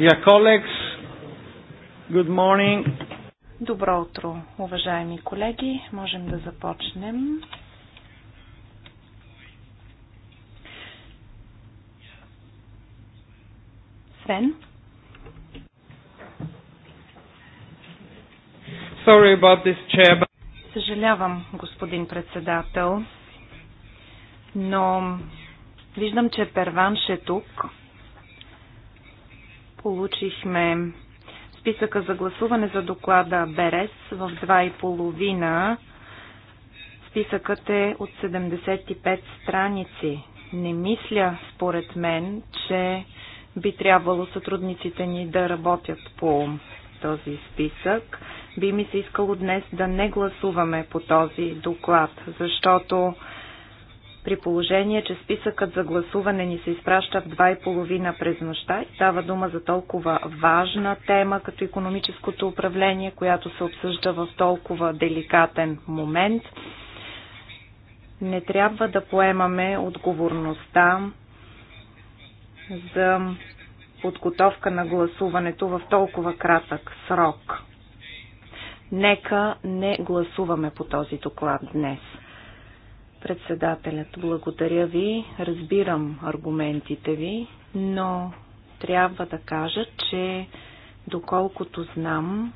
Dear colleagues, good morning. Добро утро, уважаеми колеги. Можем да започнем. Свен. Sorry about this chair. but... Съжалявам, господин председател, но виждам, че Перванш е тук Получихме списъка за гласуване за доклада БЕРЕС в 2,5. Списъкът е от 75 страници. Не мисля, според мен, че би трябвало сътрудниците ни да работят по този списък. Би ми се искало днес да не гласуваме по този доклад, защото при положение, че списъкът за гласуване ни се изпраща в 2.30 през нощта и става дума за толкова важна тема като економическото управление, която се обсъжда в толкова деликатен момент. Не трябва да поемаме отговорността за подготовка на гласуването в толкова кратък срок. Нека не гласуваме по този доклад днес. Председателят, благодаря ви. Разбирам аргументите ви, но трябва да кажа, че доколкото знам,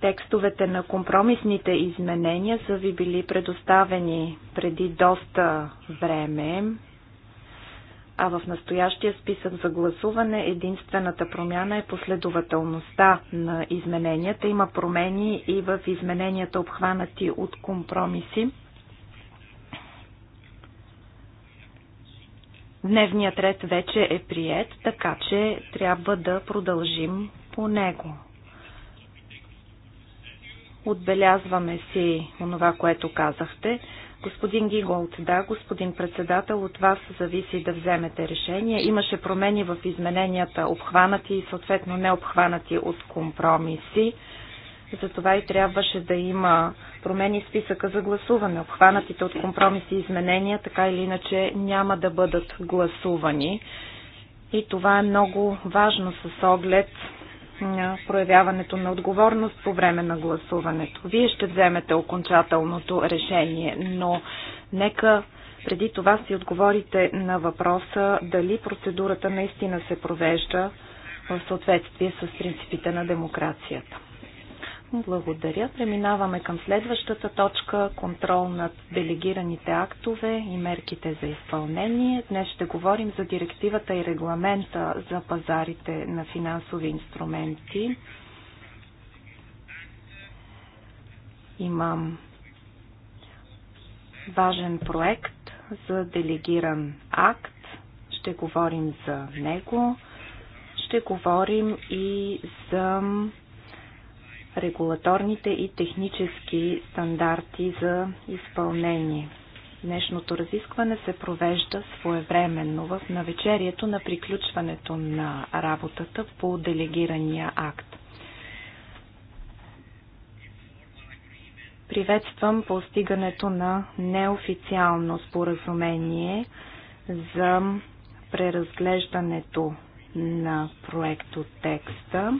текстовете на компромисните изменения са ви били предоставени преди доста време а в настоящия списък за гласуване единствената промяна е последователността на измененията. Има промени и в измененията обхванати от компромиси. Дневният ред вече е прият, така че трябва да продължим по него. Отбелязваме си онова, което казахте. Господин Гиголд, да, господин председател, от вас зависи да вземете решение. Имаше промени в измененията, обхванати и съответно необхванати от компромиси. Затова и трябваше да има промени в списъка за гласуване. Обхванатите от компромиси изменения така или иначе няма да бъдат гласувани. И това е много важно с оглед на проявяването на отговорност по време на гласуването. Вие ще вземете окончателното решение, но нека преди това си отговорите на въпроса дали процедурата наистина се провежда в съответствие с принципите на демокрацията. Благодаря. Преминаваме към следващата точка контрол над делегираните актове и мерките за изпълнение. Днес ще говорим за директивата и регламента за пазарите на финансови инструменти. Имам важен проект за делегиран акт. Ще говорим за него. Ще говорим и за регулаторните и технически стандарти за изпълнение. Днешното разискване се провежда своевременно в навечерието на приключването на работата по делегирания акт. Приветствам постигането на неофициално споразумение за преразглеждането на проекто текста.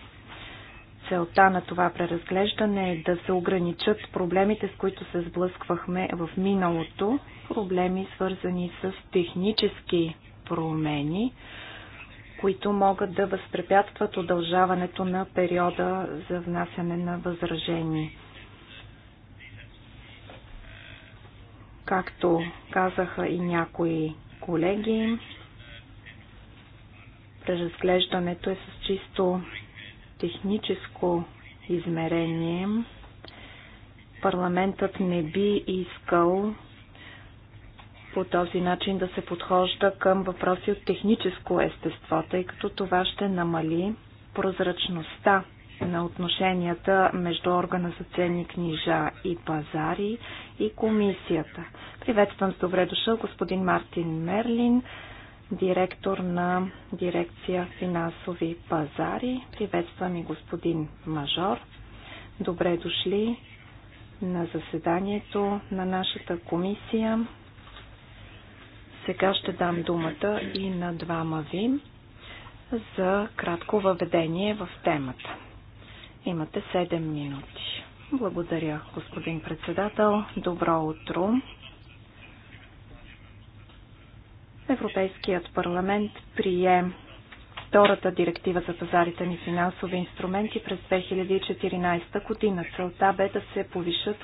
Целта на това преразглеждане е да се ограничат проблемите, с които се сблъсквахме в миналото, проблеми свързани с технически промени, които могат да възпрепятстват удължаването на периода за внасяне на възражения. Както казаха и някои колеги, преразглеждането е с чисто техническо измерение парламентът не би искал по този начин да се подхожда към въпроси от техническо естество, тъй като това ще намали прозрачността на отношенията между органа за ценни книжа и пазари и комисията. Приветствам с добре дошъл господин Мартин Мерлин, директор на дирекция финансови пазари. Приветствам и господин Мажор. Добре дошли на заседанието на нашата комисия. Сега ще дам думата и на двама ви за кратко въведение в темата. Имате 7 минути. Благодаря, господин председател. Добро утро. Европейският парламент прие втората директива за пазарите ни финансови инструменти през 2014 година. Целта бе да се повишат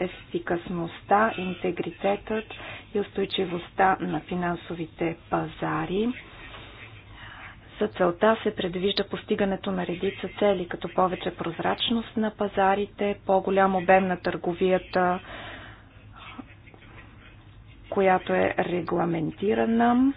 ефикасността, интегритетът и устойчивостта на финансовите пазари. За целта се предвижда постигането на редица цели, като повече прозрачност на пазарите, по-голям обем на търговията, която е регламентирана.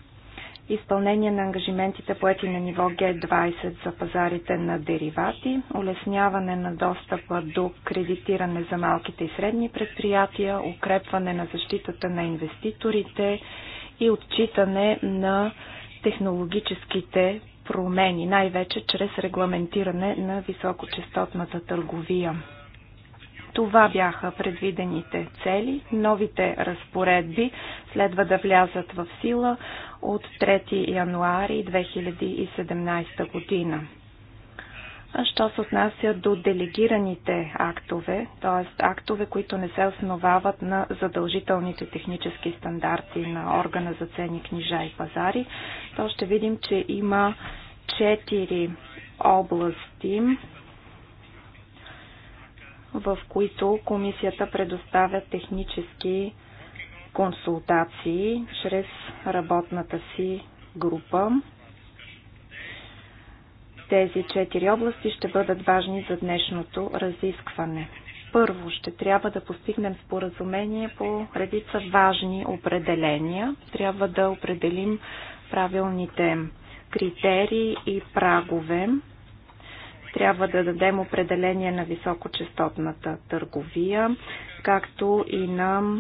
Изпълнение на ангажиментите поети на ниво Г20 за пазарите на деривати, улесняване на достъпа до кредитиране за малките и средни предприятия, укрепване на защитата на инвеститорите и отчитане на технологическите промени, най-вече чрез регламентиране на високочастотната търговия. Това бяха предвидените цели. Новите разпоредби следва да влязат в сила от 3 януари 2017 година. А що се отнася до делегираните актове, т.е. актове, които не се основават на задължителните технически стандарти на органа за цени, книжа и пазари, то ще видим, че има четири области, в които комисията предоставя технически консултации чрез работната си група. Тези четири области ще бъдат важни за днешното разискване. Първо, ще трябва да постигнем споразумение по редица важни определения. Трябва да определим правилните критерии и прагове трябва да дадем определение на високочастотната търговия, както и на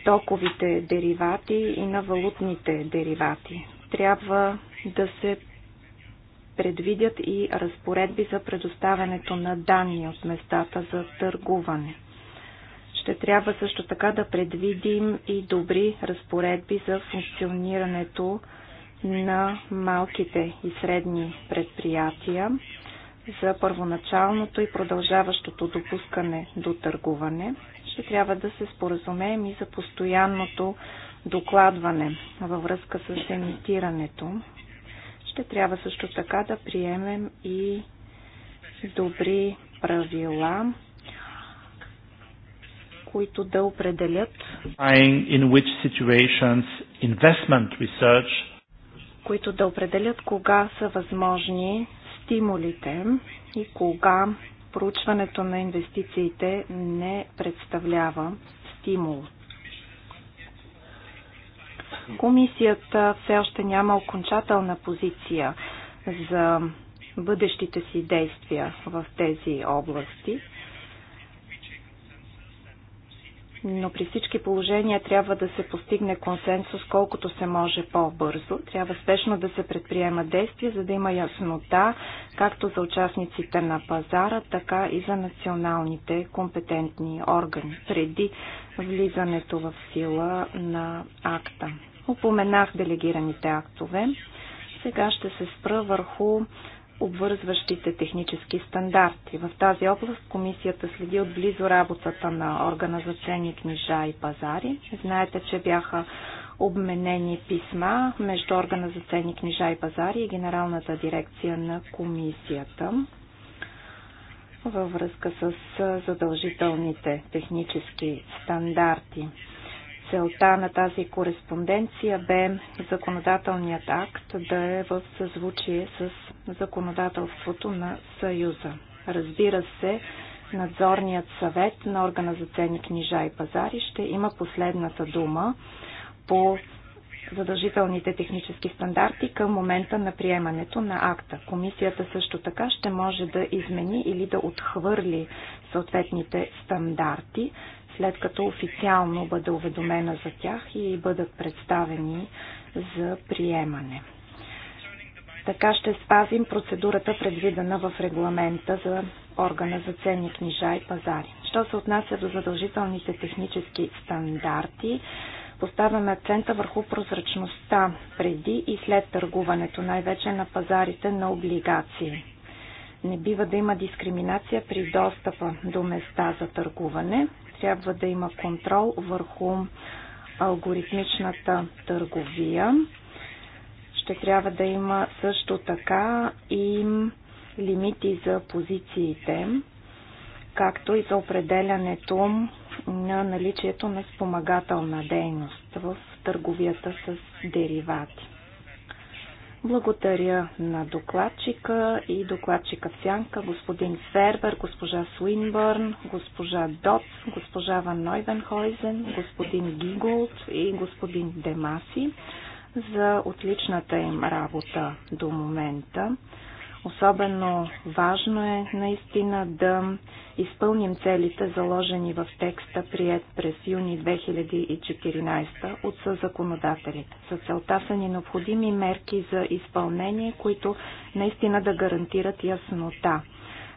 стоковите деривати и на валутните деривати. Трябва да се предвидят и разпоредби за предоставянето на данни от местата за търгуване. Ще трябва също така да предвидим и добри разпоредби за функционирането на малките и средни предприятия за първоначалното и продължаващото допускане до търгуване. Ще трябва да се споразумеем и за постоянното докладване във връзка с емитирането. Ще трябва също така да приемем и добри правила, които да определят in which situations investment research които да определят кога са възможни стимулите и кога проучването на инвестициите не представлява стимул. Комисията все още няма окончателна позиция за бъдещите си действия в тези области. но при всички положения трябва да се постигне консенсус колкото се може по-бързо. Трябва спешно да се предприема действия, за да има яснота както за участниците на пазара, така и за националните компетентни органи преди влизането в сила на акта. Упоменах делегираните актове. Сега ще се спра върху обвързващите технически стандарти. В тази област комисията следи отблизо работата на органа за ценни книжа и пазари. Знаете, че бяха обменени писма между органа за ценни книжа и пазари и генералната дирекция на комисията във връзка с задължителните технически стандарти. Целта на тази кореспонденция бе законодателният акт да е в съзвучие с законодателството на Съюза. Разбира се, надзорният съвет на органа за ценни книжа и пазари ще има последната дума по задължителните технически стандарти към момента на приемането на акта. Комисията също така ще може да измени или да отхвърли съответните стандарти след като официално бъде уведомена за тях и бъдат представени за приемане. Така ще спазим процедурата, предвидена в регламента за органа за ценни книжа и пазари. Що се отнася до задължителните технически стандарти, поставяме акцента върху прозрачността преди и след търгуването, най-вече на пазарите на облигации. Не бива да има дискриминация при достъпа до места за търгуване. Трябва да има контрол върху алгоритмичната търговия. Ще трябва да има също така и лимити за позициите, както и за определянето на наличието на спомагателна дейност в търговията с деривати. Благодаря на докладчика и докладчика сянка, господин Фербер, госпожа Суинбърн, госпожа Дот, госпожа Ван Нойвенхойзен, господин Гиголд и господин Демаси за отличната им работа до момента. Особено важно е наистина да изпълним целите, заложени в текста, прият през юни 2014 от съзаконодателите. За целта са ни необходими мерки за изпълнение, които наистина да гарантират яснота.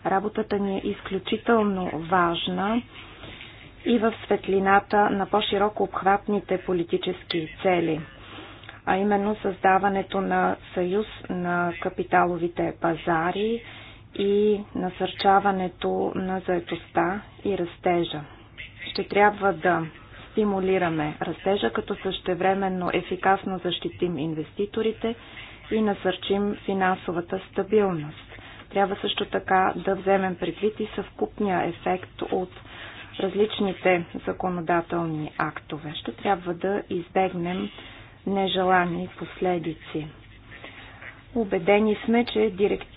Работата ни е изключително важна и в светлината на по-широко обхватните политически цели – а именно създаването на съюз на капиталовите пазари и насърчаването на заетостта и растежа. Ще трябва да стимулираме растежа, като същевременно ефикасно защитим инвеститорите и насърчим финансовата стабилност. Трябва също така да вземем предвид и съвкупния ефект от различните законодателни актове. Ще трябва да избегнем нежелани последици. Убедени сме, че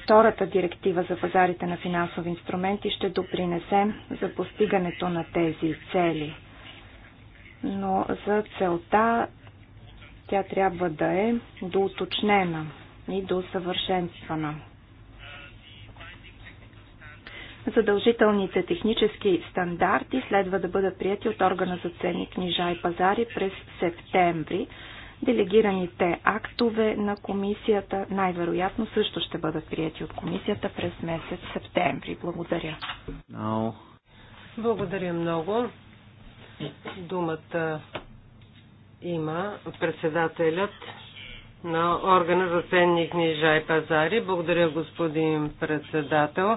втората директива за пазарите на финансови инструменти ще допринесе за постигането на тези цели. Но за целта тя трябва да е доуточнена и доусъвършенствана. Задължителните технически стандарти следва да бъдат прияти от органа за ценни книжа и пазари през септември. Делегираните актове на комисията най-вероятно също ще бъдат прияти от комисията през месец септември. Благодаря. No. Благодаря много. Думата има председателят на органа за ценни книжа и пазари. Благодаря, господин председател.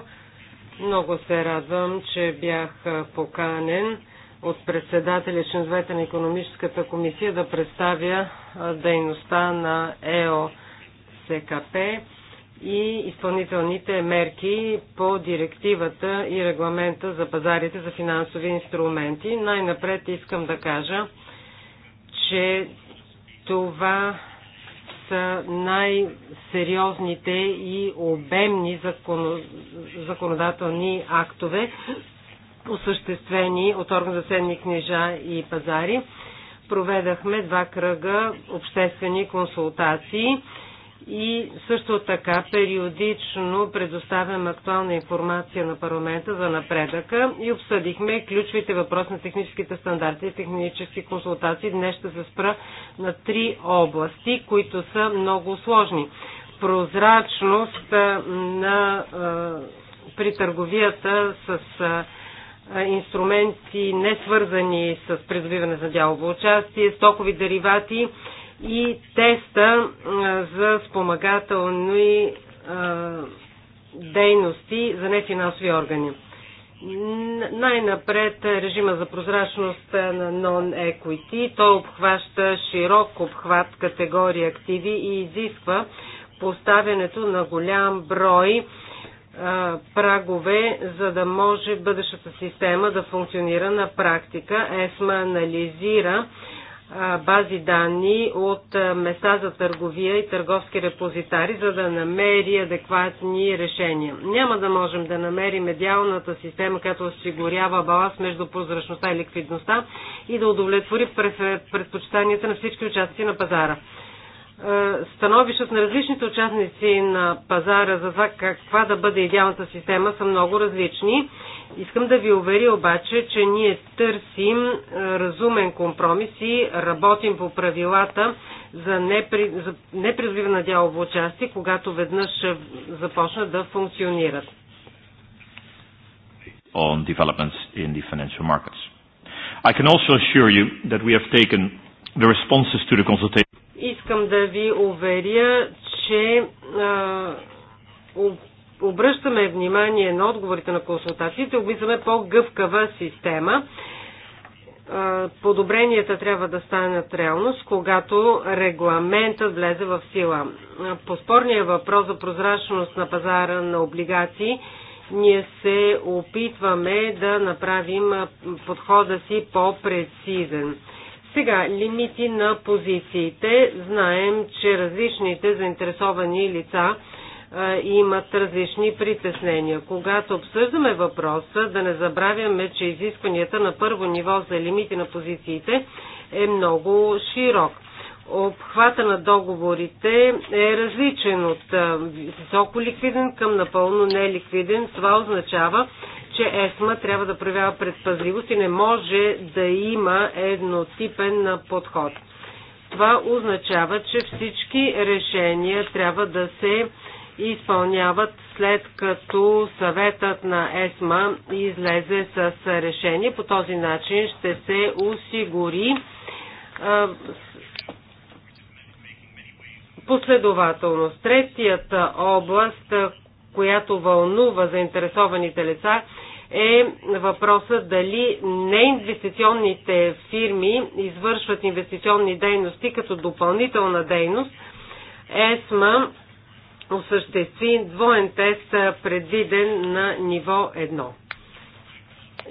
Много се радвам, че бях поканен от председателя и членовете на економическата комисия да представя дейността на ЕОСКП и изпълнителните мерки по директивата и регламента за пазарите за финансови инструменти. Най-напред искам да кажа, че това са най-сериозните и обемни законодателни актове, осъществени от орган за ценни книжа и пазари. Проведахме два кръга обществени консултации и също така периодично предоставям актуална информация на парламента за напредъка и обсъдихме ключовите въпроси на техническите стандарти и технически консултации. Днес ще се спра на три области, които са много сложни. Прозрачност на, при търговията с инструменти, не свързани с придобиване за дялово участие, стокови деривати и теста за спомагателни дейности за нефинансови органи. Най-напред режима за прозрачност на Non-Equity. Той обхваща широк обхват категории активи и изисква поставянето на голям брой прагове, за да може бъдещата система да функционира на практика. ЕСМА анализира бази данни от места за търговия и търговски репозитари, за да намери адекватни решения. Няма да можем да намерим идеалната система, която осигурява баланс между прозрачността и ликвидността и да удовлетвори предпочитанията на всички участници на пазара. Е, становищата на различните участници на пазара за това каква да бъде идеалната система са много различни. Искам да ви уверя обаче, че ние търсим е, разумен компромис и работим по правилата за, непри... за непризливане на дялово участие, когато веднъж е, започнат да функционират. On developments in the financial markets. I can also assure you that we have taken the responses to the consultation Искам да ви уверя, че а, обръщаме внимание на отговорите на консултациите, обмисляме по-гъвкава система. Подобренията трябва да станат реалност, когато регламентът влезе в сила. По спорния въпрос за прозрачност на пазара на облигации, ние се опитваме да направим подхода си по-прецизен. Сега, лимити на позициите. Знаем, че различните заинтересовани лица имат различни притеснения. Когато обсъждаме въпроса, да не забравяме, че изискванията на първо ниво за лимити на позициите е много широк обхвата на договорите е различен от високо ликвиден към напълно неликвиден. Това означава, че ЕСМА трябва да проявява предпазливост и не може да има еднотипен подход. Това означава, че всички решения трябва да се изпълняват след като съветът на ЕСМА излезе с решение. По този начин ще се осигури последователност. Третият област, която вълнува заинтересованите лица, е въпроса дали неинвестиционните фирми извършват инвестиционни дейности като допълнителна дейност. ЕСМА осъществи двоен тест, предвиден на ниво 1.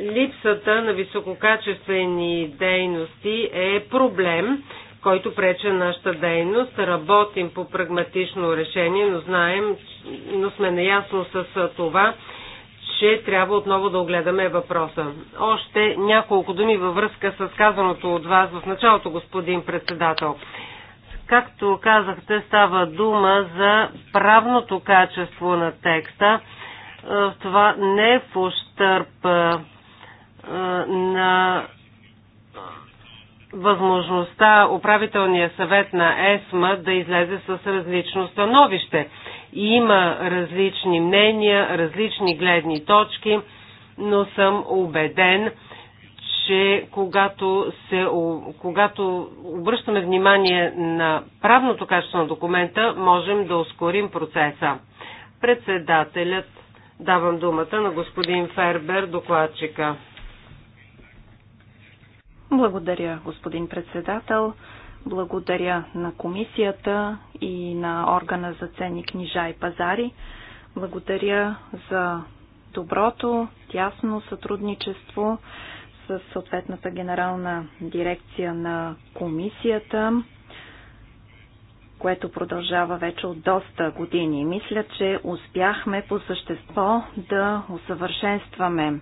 Липсата на висококачествени дейности е проблем който преча нашата дейност. Работим по прагматично решение, но знаем, но сме наясно с това, че трябва отново да огледаме въпроса. Още няколко думи във връзка с казаното от вас в началото, господин председател. Както казахте, става дума за правното качество на текста. Това не е в ущърп на възможността управителния съвет на ЕСМА да излезе с различно становище. И има различни мнения, различни гледни точки, но съм убеден, че когато, се, когато обръщаме внимание на правното качество на документа, можем да ускорим процеса. Председателят, давам думата на господин Фербер, докладчика. Благодаря, господин председател. Благодаря на комисията и на органа за ценни книжа и пазари. Благодаря за доброто, тясно сътрудничество с съответната генерална дирекция на комисията, което продължава вече от доста години. Мисля, че успяхме по същество да усъвършенстваме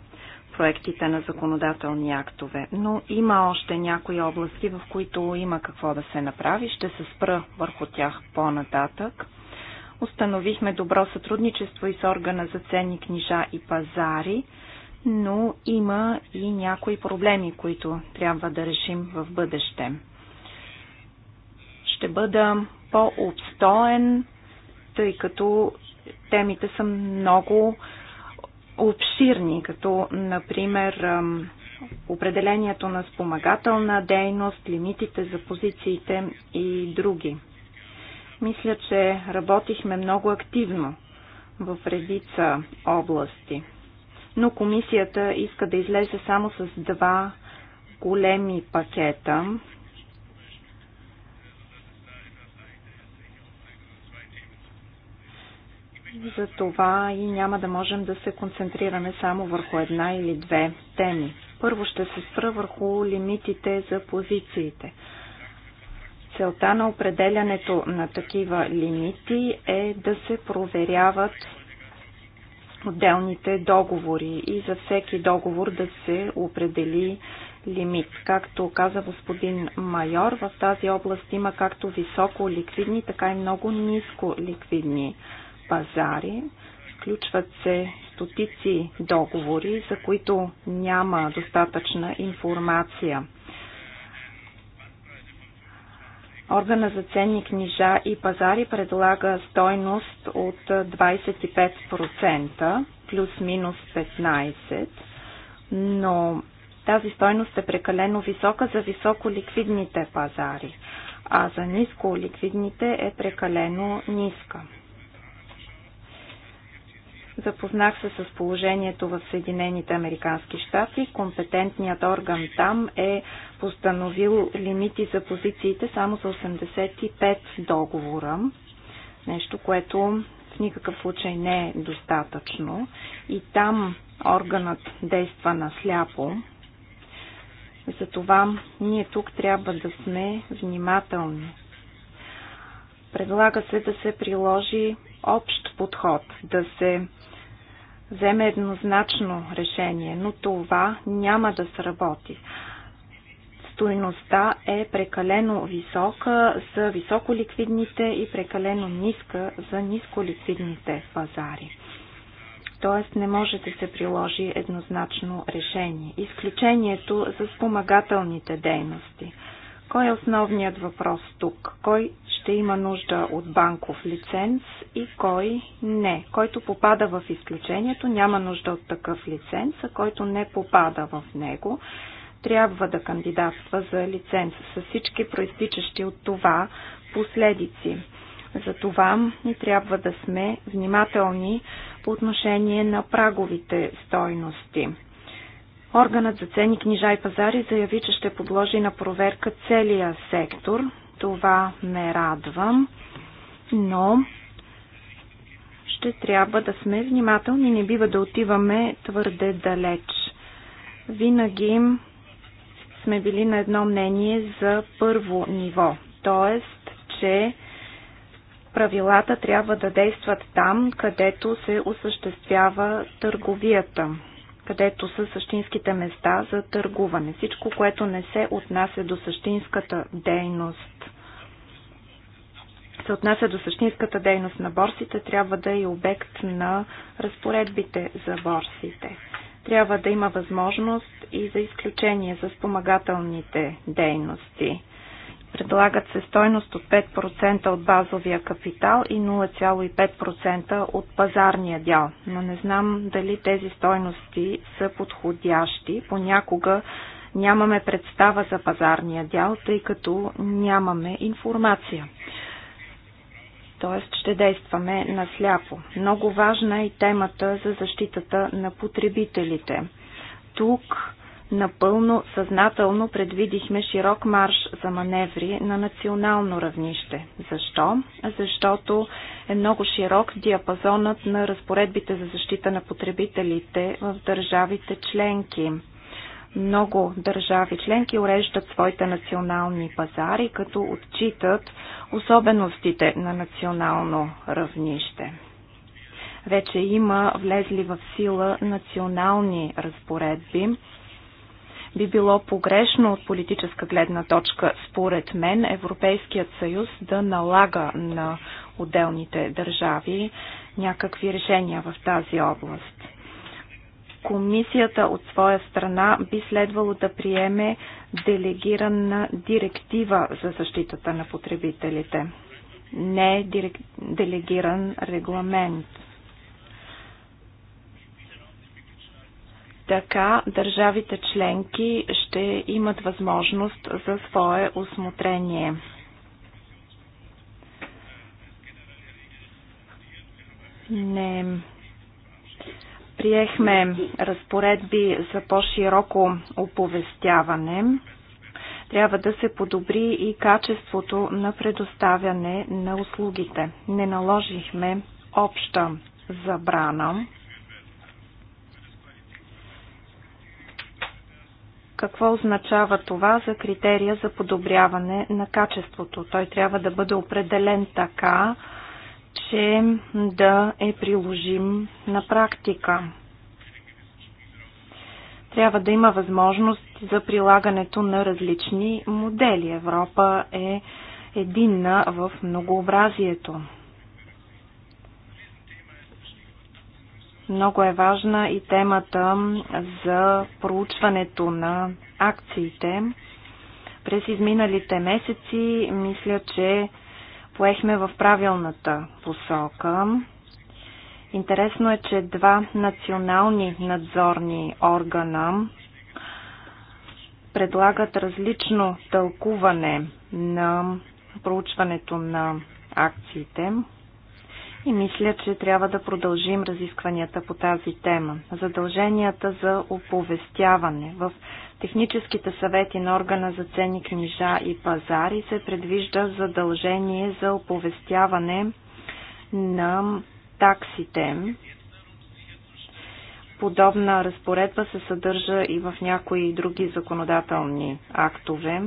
проектите на законодателни актове, но има още някои области, в които има какво да се направи. Ще се спра върху тях по-нататък. Установихме добро сътрудничество и с органа за ценни книжа и пазари, но има и някои проблеми, които трябва да решим в бъдеще. Ще бъда по-обстоен, тъй като темите са много обширни, като например определението на спомагателна дейност, лимитите за позициите и други. Мисля, че работихме много активно в редица области. Но комисията иска да излезе само с два големи пакета, За това и няма да можем да се концентрираме само върху една или две теми. Първо ще се спра върху лимитите за позициите. Целта на определянето на такива лимити е да се проверяват отделните договори и за всеки договор да се определи лимит. Както каза господин майор, в тази област има както високо ликвидни, така и много ниско ликвидни пазари. Включват се стотици договори, за които няма достатъчна информация. Органа за ценни книжа и пазари предлага стойност от 25%, плюс-минус 15%, но тази стойност е прекалено висока за високо ликвидните пазари, а за ниско ликвидните е прекалено ниска. Запознах се с положението в Съединените Американски щати. Компетентният орган там е постановил лимити за позициите само за 85 договора. Нещо, което в никакъв случай не е достатъчно. И там органът действа на сляпо. Затова ние тук трябва да сме внимателни. Предлага се да се приложи общ подход, да се вземе еднозначно решение, но това няма да сработи. Стойността е прекалено висока за високоликвидните и прекалено ниска за нисколиквидните пазари. Тоест не може да се приложи еднозначно решение. Изключението за спомагателните дейности – кой е основният въпрос тук? Кой ще има нужда от банков лиценз и кой не? Който попада в изключението, няма нужда от такъв лиценз, а който не попада в него, трябва да кандидатства за лиценз с всички проистичащи от това последици. За това ни трябва да сме внимателни по отношение на праговите стойности. Органът за цени книжа и пазари заяви, че ще подложи на проверка целия сектор. Това ме радвам, но ще трябва да сме внимателни, не бива да отиваме твърде далеч. Винаги сме били на едно мнение за първо ниво, т.е. че правилата трябва да действат там, където се осъществява търговията където са същинските места за търгуване. Всичко, което не се отнася до същинската дейност, се отнася до същинската дейност на борсите, трябва да е обект на разпоредбите за борсите. Трябва да има възможност и за изключение за спомагателните дейности. Предлагат се стойност от 5% от базовия капитал и 0,5% от пазарния дял. Но не знам дали тези стойности са подходящи. Понякога нямаме представа за пазарния дял, тъй като нямаме информация. Тоест ще действаме насляпо. Много важна е и темата за защитата на потребителите. Тук напълно съзнателно предвидихме широк марш за маневри на национално равнище. Защо? Защото е много широк диапазонът на разпоредбите за защита на потребителите в държавите членки. Много държави членки уреждат своите национални пазари, като отчитат особеностите на национално равнище вече има влезли в сила национални разпоредби, би било погрешно от политическа гледна точка, според мен, Европейският съюз да налага на отделните държави някакви решения в тази област. Комисията от своя страна би следвало да приеме делегирана директива за защитата на потребителите, не делегиран регламент. Така държавите членки ще имат възможност за свое осмотрение. Не приехме разпоредби за по-широко оповестяване. Трябва да се подобри и качеството на предоставяне на услугите. Не наложихме обща забрана. Какво означава това за критерия за подобряване на качеството? Той трябва да бъде определен така, че да е приложим на практика. Трябва да има възможност за прилагането на различни модели. Европа е единна в многообразието. Много е важна и темата за проучването на акциите. През изминалите месеци мисля, че поехме в правилната посока. Интересно е, че два национални надзорни органа предлагат различно тълкуване на проучването на акциите. И мисля, че трябва да продължим разискванията по тази тема. Задълженията за оповестяване. В техническите съвети на органа за ценни книжа и пазари се предвижда задължение за оповестяване на таксите. Подобна разпоредба се съдържа и в някои други законодателни актове.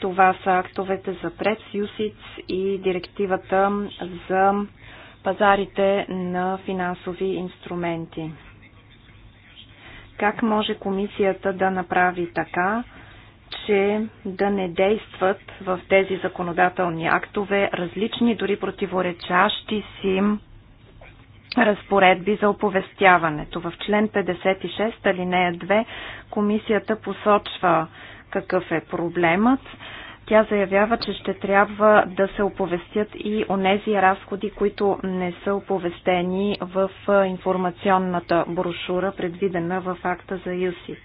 Това са актовете за ПРЕПС, ЮСИЦ и директивата за пазарите на финансови инструменти. Как може комисията да направи така, че да не действат в тези законодателни актове различни, дори противоречащи си разпоредби за оповестяването. В член 56, алинея 2, комисията посочва какъв е проблемът. Тя заявява, че ще трябва да се оповестят и онези разходи, които не са оповестени в информационната брошура, предвидена в акта за ЮСИЦ.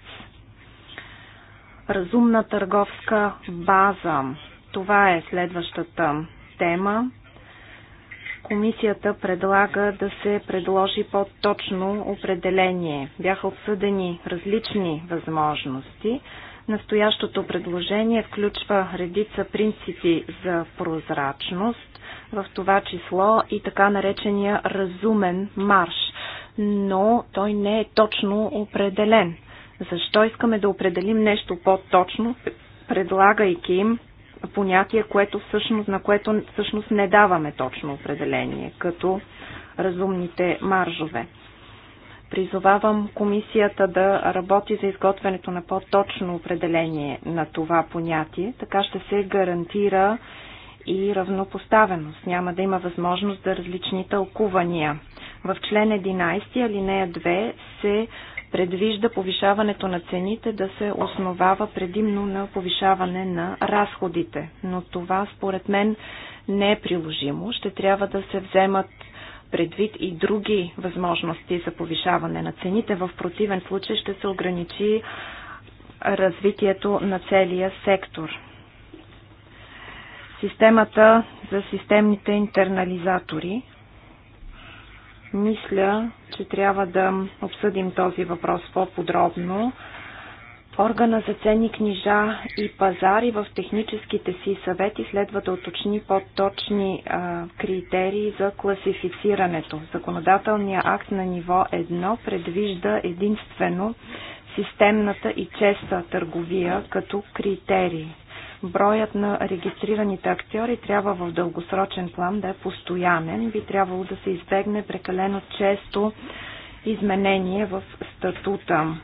Разумна търговска база. Това е следващата тема. Комисията предлага да се предложи по-точно определение. Бяха обсъдени различни възможности. Настоящото предложение включва редица принципи за прозрачност, в това число и така наречения разумен марш, но той не е точно определен. Защо искаме да определим нещо по-точно, предлагайки им понятие, което всъщност, на което всъщност не даваме точно определение, като разумните маржове. Призовавам комисията да работи за изготвянето на по-точно определение на това понятие. Така ще се гарантира и равнопоставеност. Няма да има възможност за различни тълкувания. В член 11, алинея 2 се предвижда повишаването на цените да се основава предимно на повишаване на разходите. Но това според мен не е приложимо. Ще трябва да се вземат предвид и други възможности за повишаване на цените. В противен случай ще се ограничи развитието на целия сектор. Системата за системните интернализатори. Мисля, че трябва да обсъдим този въпрос по-подробно. Органа за ценни книжа и пазари в техническите си съвети следва да уточни по-точни критерии за класифицирането. Законодателният акт на ниво 1 предвижда единствено системната и честа търговия като критерии. Броят на регистрираните актьори трябва в дългосрочен план да е постоянен. Би трябвало да се избегне прекалено често изменение в статута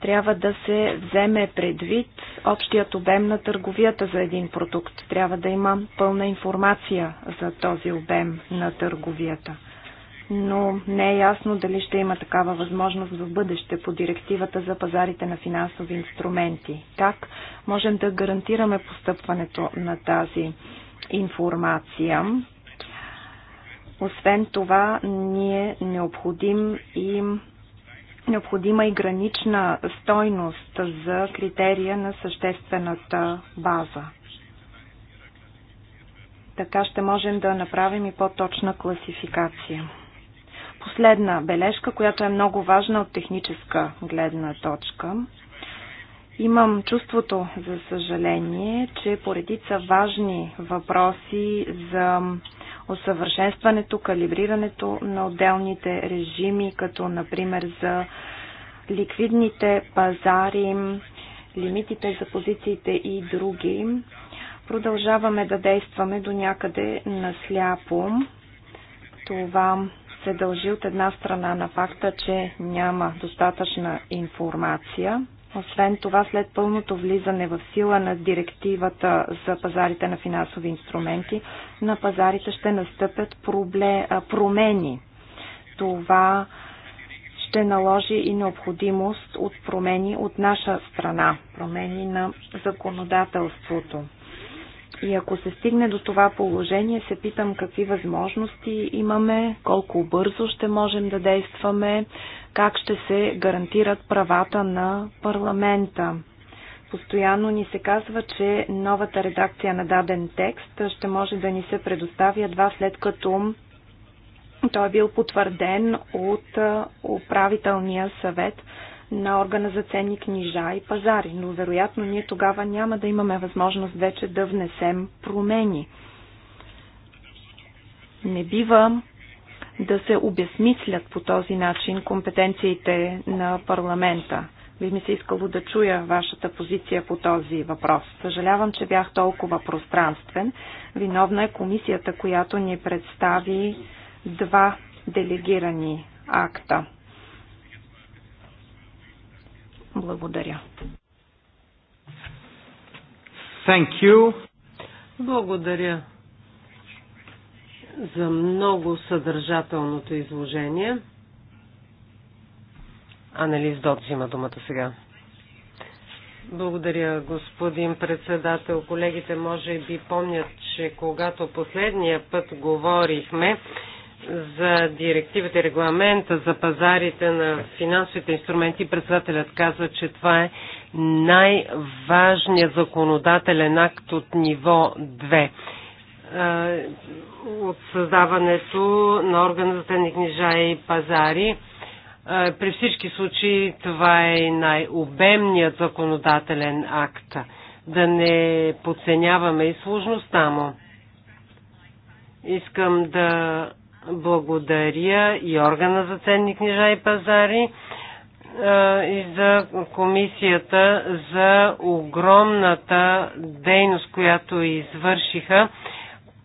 трябва да се вземе предвид общият обем на търговията за един продукт. Трябва да има пълна информация за този обем на търговията. Но не е ясно дали ще има такава възможност в бъдеще по директивата за пазарите на финансови инструменти. Как можем да гарантираме постъпването на тази информация? Освен това, ние е необходим и Необходима и гранична стойност за критерия на съществената база. Така ще можем да направим и по-точна класификация. Последна бележка, която е много важна от техническа гледна точка. Имам чувството, за съжаление, че поредица важни въпроси за усъвършенстването, калибрирането на отделните режими, като например за ликвидните пазари, лимитите за позициите и други. Продължаваме да действаме до някъде насляпо. Това се дължи от една страна на факта, че няма достатъчна информация освен това, след пълното влизане в сила на директивата за пазарите на финансови инструменти, на пазарите ще настъпят промени. Това ще наложи и необходимост от промени от наша страна, промени на законодателството. И ако се стигне до това положение, се питам какви възможности имаме, колко бързо ще можем да действаме, как ще се гарантират правата на парламента. Постоянно ни се казва, че новата редакция на даден текст ще може да ни се предостави едва след като той е бил потвърден от управителния съвет на органа за ценни книжа и пазари, но вероятно ние тогава няма да имаме възможност вече да внесем промени. Не бива да се обясмислят по този начин компетенциите на парламента. Би ми се искало да чуя вашата позиция по този въпрос. Съжалявам, че бях толкова пространствен. Виновна е комисията, която ни представи два делегирани акта. Благодаря. Thank you. Благодаря за много съдържателното изложение. Анализ Дот взима думата сега. Благодаря, господин председател. Колегите може би помнят, че когато последния път говорихме, за директивата и регламента за пазарите на финансовите инструменти, председателят казва, че това е най-важният законодателен акт от ниво 2 от създаването на органа за ценни книжа и пазари. При всички случаи това е най-обемният законодателен акт. Да не подценяваме и сложността му. Искам да благодаря и органа за ценни книжа и пазари е, и за комисията за огромната дейност, която извършиха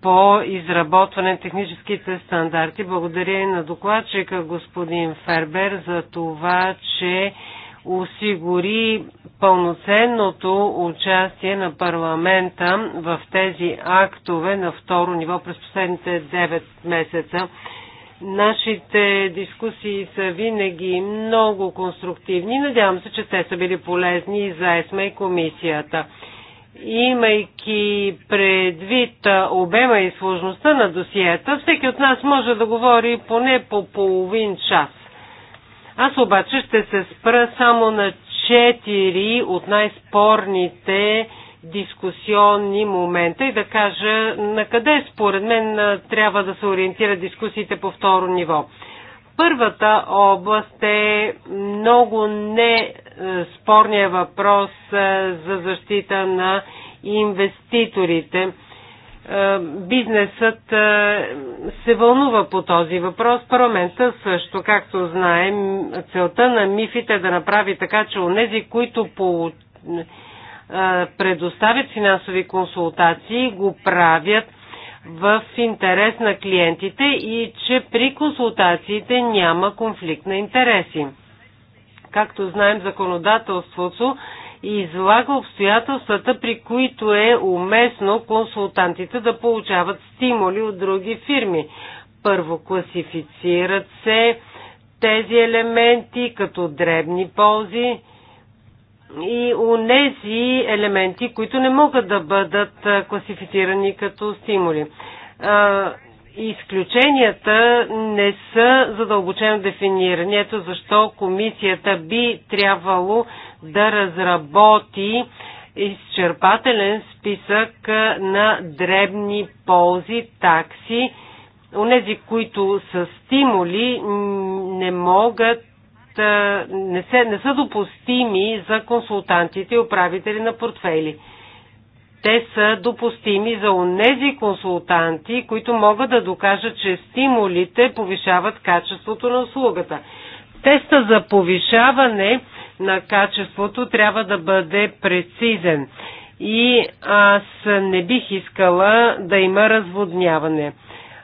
по изработване на техническите стандарти. Благодаря и на докладчика господин Фербер за това, че осигури пълноценното участие на парламента в тези актове на второ ниво през последните 9 месеца. Нашите дискусии са винаги много конструктивни. Надявам се, че те са били полезни и за ЕСМА и комисията. Имайки предвид обема и сложността на досиета, всеки от нас може да говори поне по половин час. Аз обаче ще се спра само на четири от най-спорните дискусионни момента и да кажа на къде според мен трябва да се ориентира дискусиите по второ ниво. Първата област е много не спорния въпрос за защита на инвеститорите. Е, бизнесът е, се вълнува по този въпрос. Парламента също, както знаем, целта на МИФИТ е да направи така, че нези, които по, е, предоставят финансови консултации, го правят в интерес на клиентите и че при консултациите няма конфликт на интереси. Както знаем, законодателството и излага обстоятелствата, при които е уместно консултантите да получават стимули от други фирми. Първо класифицират се тези елементи като дребни ползи и унези елементи, които не могат да бъдат класифицирани като стимули изключенията не са задълбочено дефинирани. Ето защо комисията би трябвало да разработи изчерпателен списък на дребни ползи, такси. Онези, които са стимули, не могат не, се, не са допустими за консултантите и управители на портфели те са допустими за онези консултанти, които могат да докажат, че стимулите повишават качеството на услугата. Теста за повишаване на качеството трябва да бъде прецизен и аз не бих искала да има разводняване.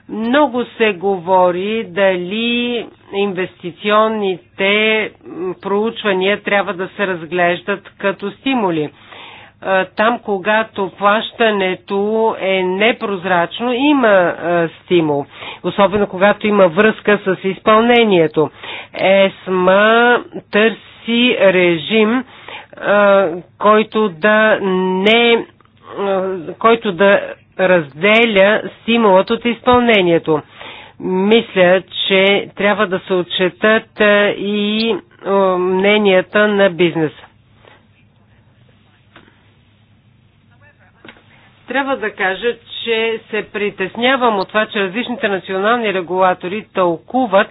Много се говори дали инвестиционните проучвания трябва да се разглеждат като стимули там, когато плащането е непрозрачно, има стимул, особено когато има връзка с изпълнението. ЕСМА търси режим, който да не който да разделя стимулът от изпълнението. Мисля, че трябва да се отчетат и мненията на бизнеса. Трябва да кажа, че се притеснявам от това, че различните национални регулатори тълкуват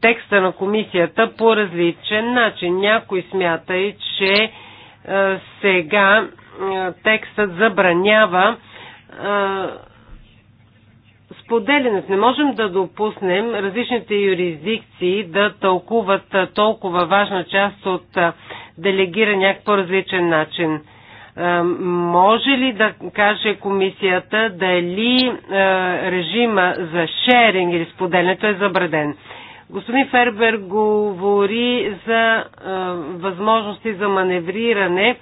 текста на комисията по различен начин. Някой смята и, че а, е, сега а, е, текстът забранява а, е, споделянето. Не можем да допуснем различните юрисдикции да тълкуват толкова важна част от делегирания по различен начин. Е, може ли да каже комисията дали е, режима за шеринг или споделянето е забраден? Господин Фербер говори за е, възможности за маневриране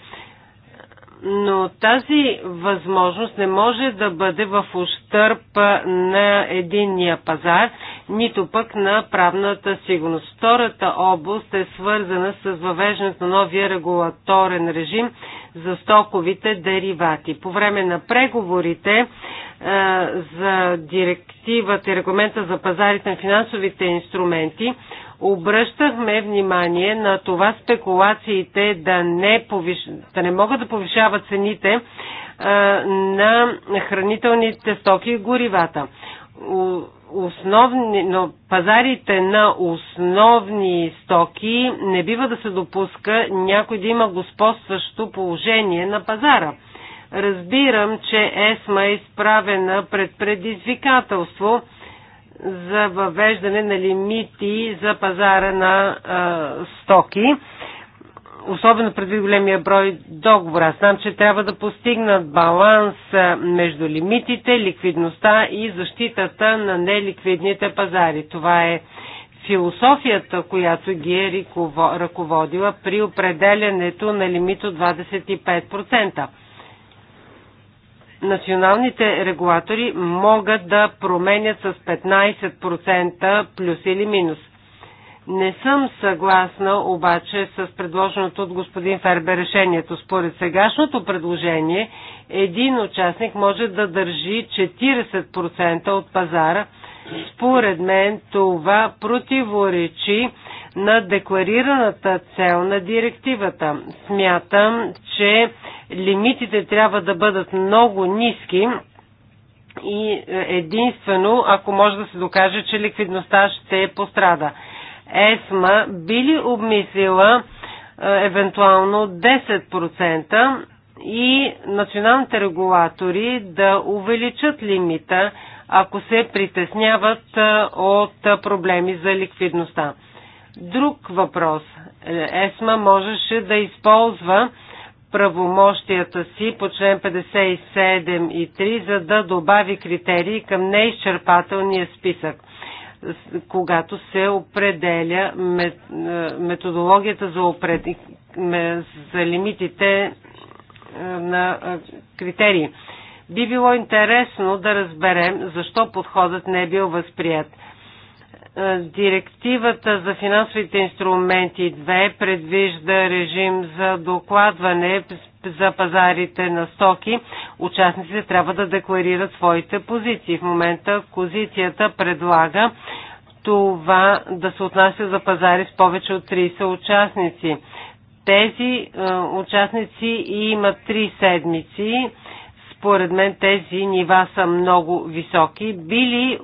но тази възможност не може да бъде в ущърп на единния пазар, нито пък на правната сигурност. Втората област е свързана с въвеждането на новия регулаторен режим за стоковите деривати. По време на преговорите за директивата и регламента за пазарите на финансовите инструменти, Обръщахме внимание на това спекулациите да не, повиш... да не могат да повишават цените а, на хранителните стоки и горивата. Основни, но пазарите на основни стоки не бива да се допуска някой да има господстващо положение на пазара. Разбирам, че ЕСМА е изправена пред предизвикателство – за въвеждане на лимити за пазара на а, стоки, особено предвид големия брой договора. знам, че трябва да постигнат баланс между лимитите, ликвидността и защитата на неликвидните пазари. Това е философията, която ги е ръководила при определянето на лимит от 25% националните регулатори могат да променят с 15% плюс или минус. Не съм съгласна обаче с предложеното от господин Фербе решението. Според сегашното предложение, един участник може да държи 40% от пазара. Според мен това противоречи на декларираната цел на директивата. Смятам, че лимитите трябва да бъдат много ниски и е, единствено, ако може да се докаже, че ликвидността ще пострада. ЕСМА би ли обмислила е, евентуално 10% и националните регулатори да увеличат лимита, ако се притесняват е, от проблеми за ликвидността. Друг въпрос. ЕСМА можеше да използва правомощията си по член 57 и 3, за да добави критерии към неизчерпателния списък, когато се определя е, методологията за, опред... за лимитите е, на е, критерии. Би било интересно да разберем защо подходът не е бил възприят. Е, директивата за финансовите инструменти 2 предвижда режим за докладване за пазарите на стоки. Участниците трябва да декларират своите позиции. В момента позицията предлага това да се отнася за пазари с повече от 30 участници. Тези е, участници имат 3 седмици. Според мен тези нива са много високи. Били е,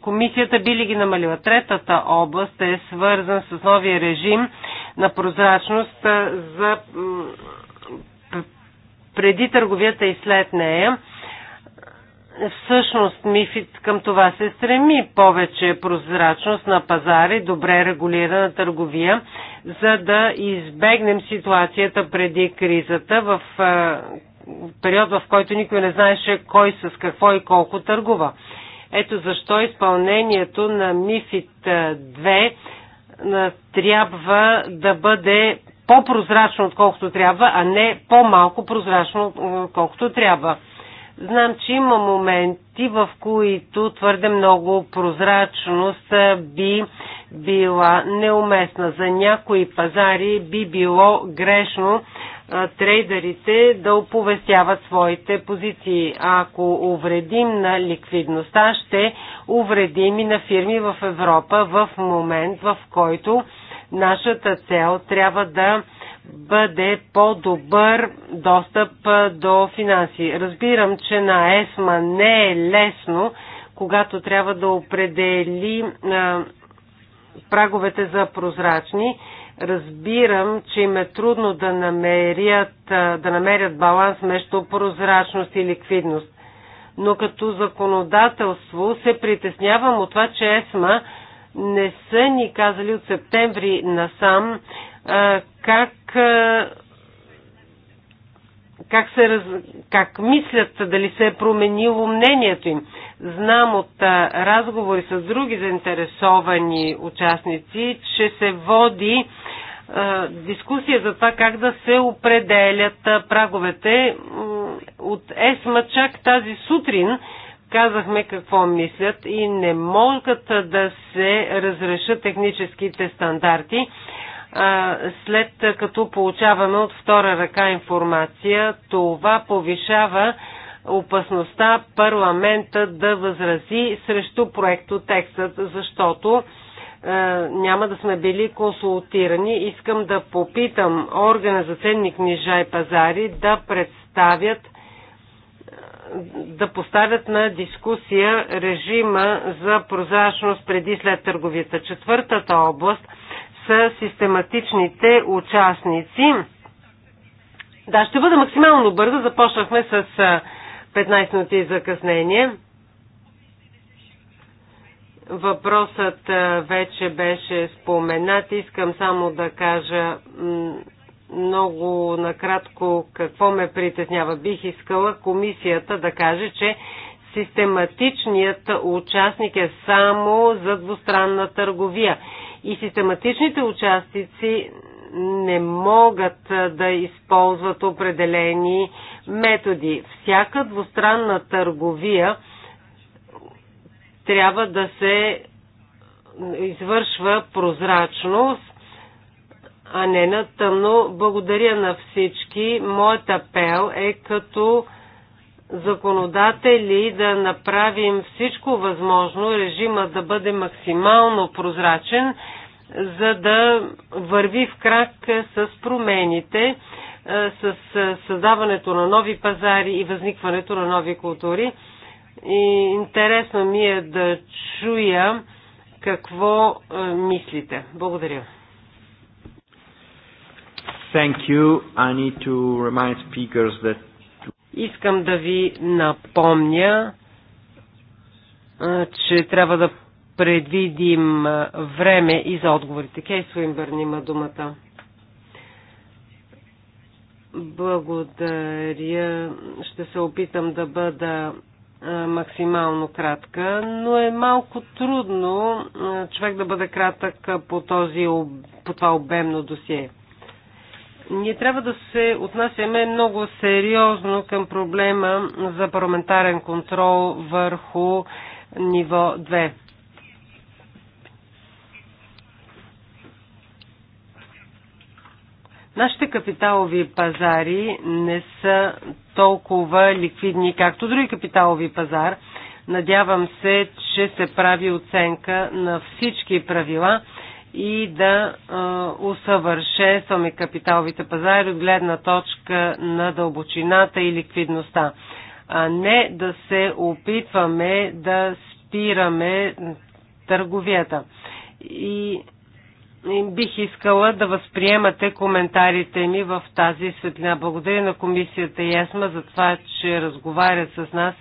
комисията би ли ги намалила? Третата област е свързан с новия режим на прозрачност за преди търговията и след нея. Всъщност МИФИД към това се стреми повече прозрачност на пазари, добре регулирана търговия, за да избегнем ситуацията преди кризата в период, в който никой не знаеше кой с какво и колко търгува. Ето защо изпълнението на МИФИТ 2 трябва да бъде по-прозрачно, отколкото трябва, а не по-малко прозрачно, отколкото трябва. Знам, че има моменти, в които твърде много прозрачност би била неуместна. За някои пазари би било грешно трейдерите да оповестяват своите позиции. Ако увредим на ликвидността, ще увредим и на фирми в Европа в момент, в който нашата цел трябва да бъде по-добър достъп до финанси. Разбирам, че на ЕСМА не е лесно, когато трябва да определи праговете за прозрачни Разбирам, че им е трудно да намерят, да намерят баланс между прозрачност и ликвидност. Но като законодателство се притеснявам от това, че ЕСМА не са ни казали от септември насам как, как, се, как мислят дали се е променило мнението им. Знам от разговори с други заинтересовани участници, че се води дискусия за това как да се определят праговете. От ЕСМА чак тази сутрин казахме какво мислят и не могат да се разрешат техническите стандарти, след като получаваме от втора ръка информация. Това повишава опасността парламента да възрази срещу проекто текстът, защото е, няма да сме били консултирани. Искам да попитам органа за ценни книжа и пазари да представят е, да поставят на дискусия режима за прозрачност преди след търговията. Четвъртата област са систематичните участници. Да, ще бъда максимално бърза. Започнахме с 15 е, минути закъснение. Въпросът вече беше споменат. Искам само да кажа много накратко какво ме притеснява. Бих искала комисията да каже, че систематичният участник е само за двустранна търговия. И систематичните участници не могат да използват определени методи. Всяка двустранна търговия трябва да се извършва прозрачност, а не на тъмно. Благодаря на всички. Моят апел е като законодатели да направим всичко възможно, режима да бъде максимално прозрачен, за да върви в крак с промените, е, с е, създаването на нови пазари и възникването на нови култури. И интересно ми е да чуя какво е, мислите. Благодаря. Thank you. I need to remind speakers that... Искам да ви напомня, е, че трябва да предвидим е, време и за отговорите. Кей Суинбърн има думата. Благодаря. Ще се опитам да бъда е, максимално кратка, но е малко трудно е, човек да бъде кратък по, този, по това обемно досие. Ние трябва да се отнасяме много сериозно към проблема за парламентарен контрол върху ниво 2. Нашите капиталови пазари не са толкова ликвидни, както други капиталови пазар. Надявам се, че се прави оценка на всички правила и да усъвършенстваме капиталовите пазари от гледна точка на дълбочината и ликвидността. А не да се опитваме да спираме търговията. И бих искала да възприемате коментарите ми в тази светлина. Благодаря на комисията ЕСМА за това, че разговарят с нас.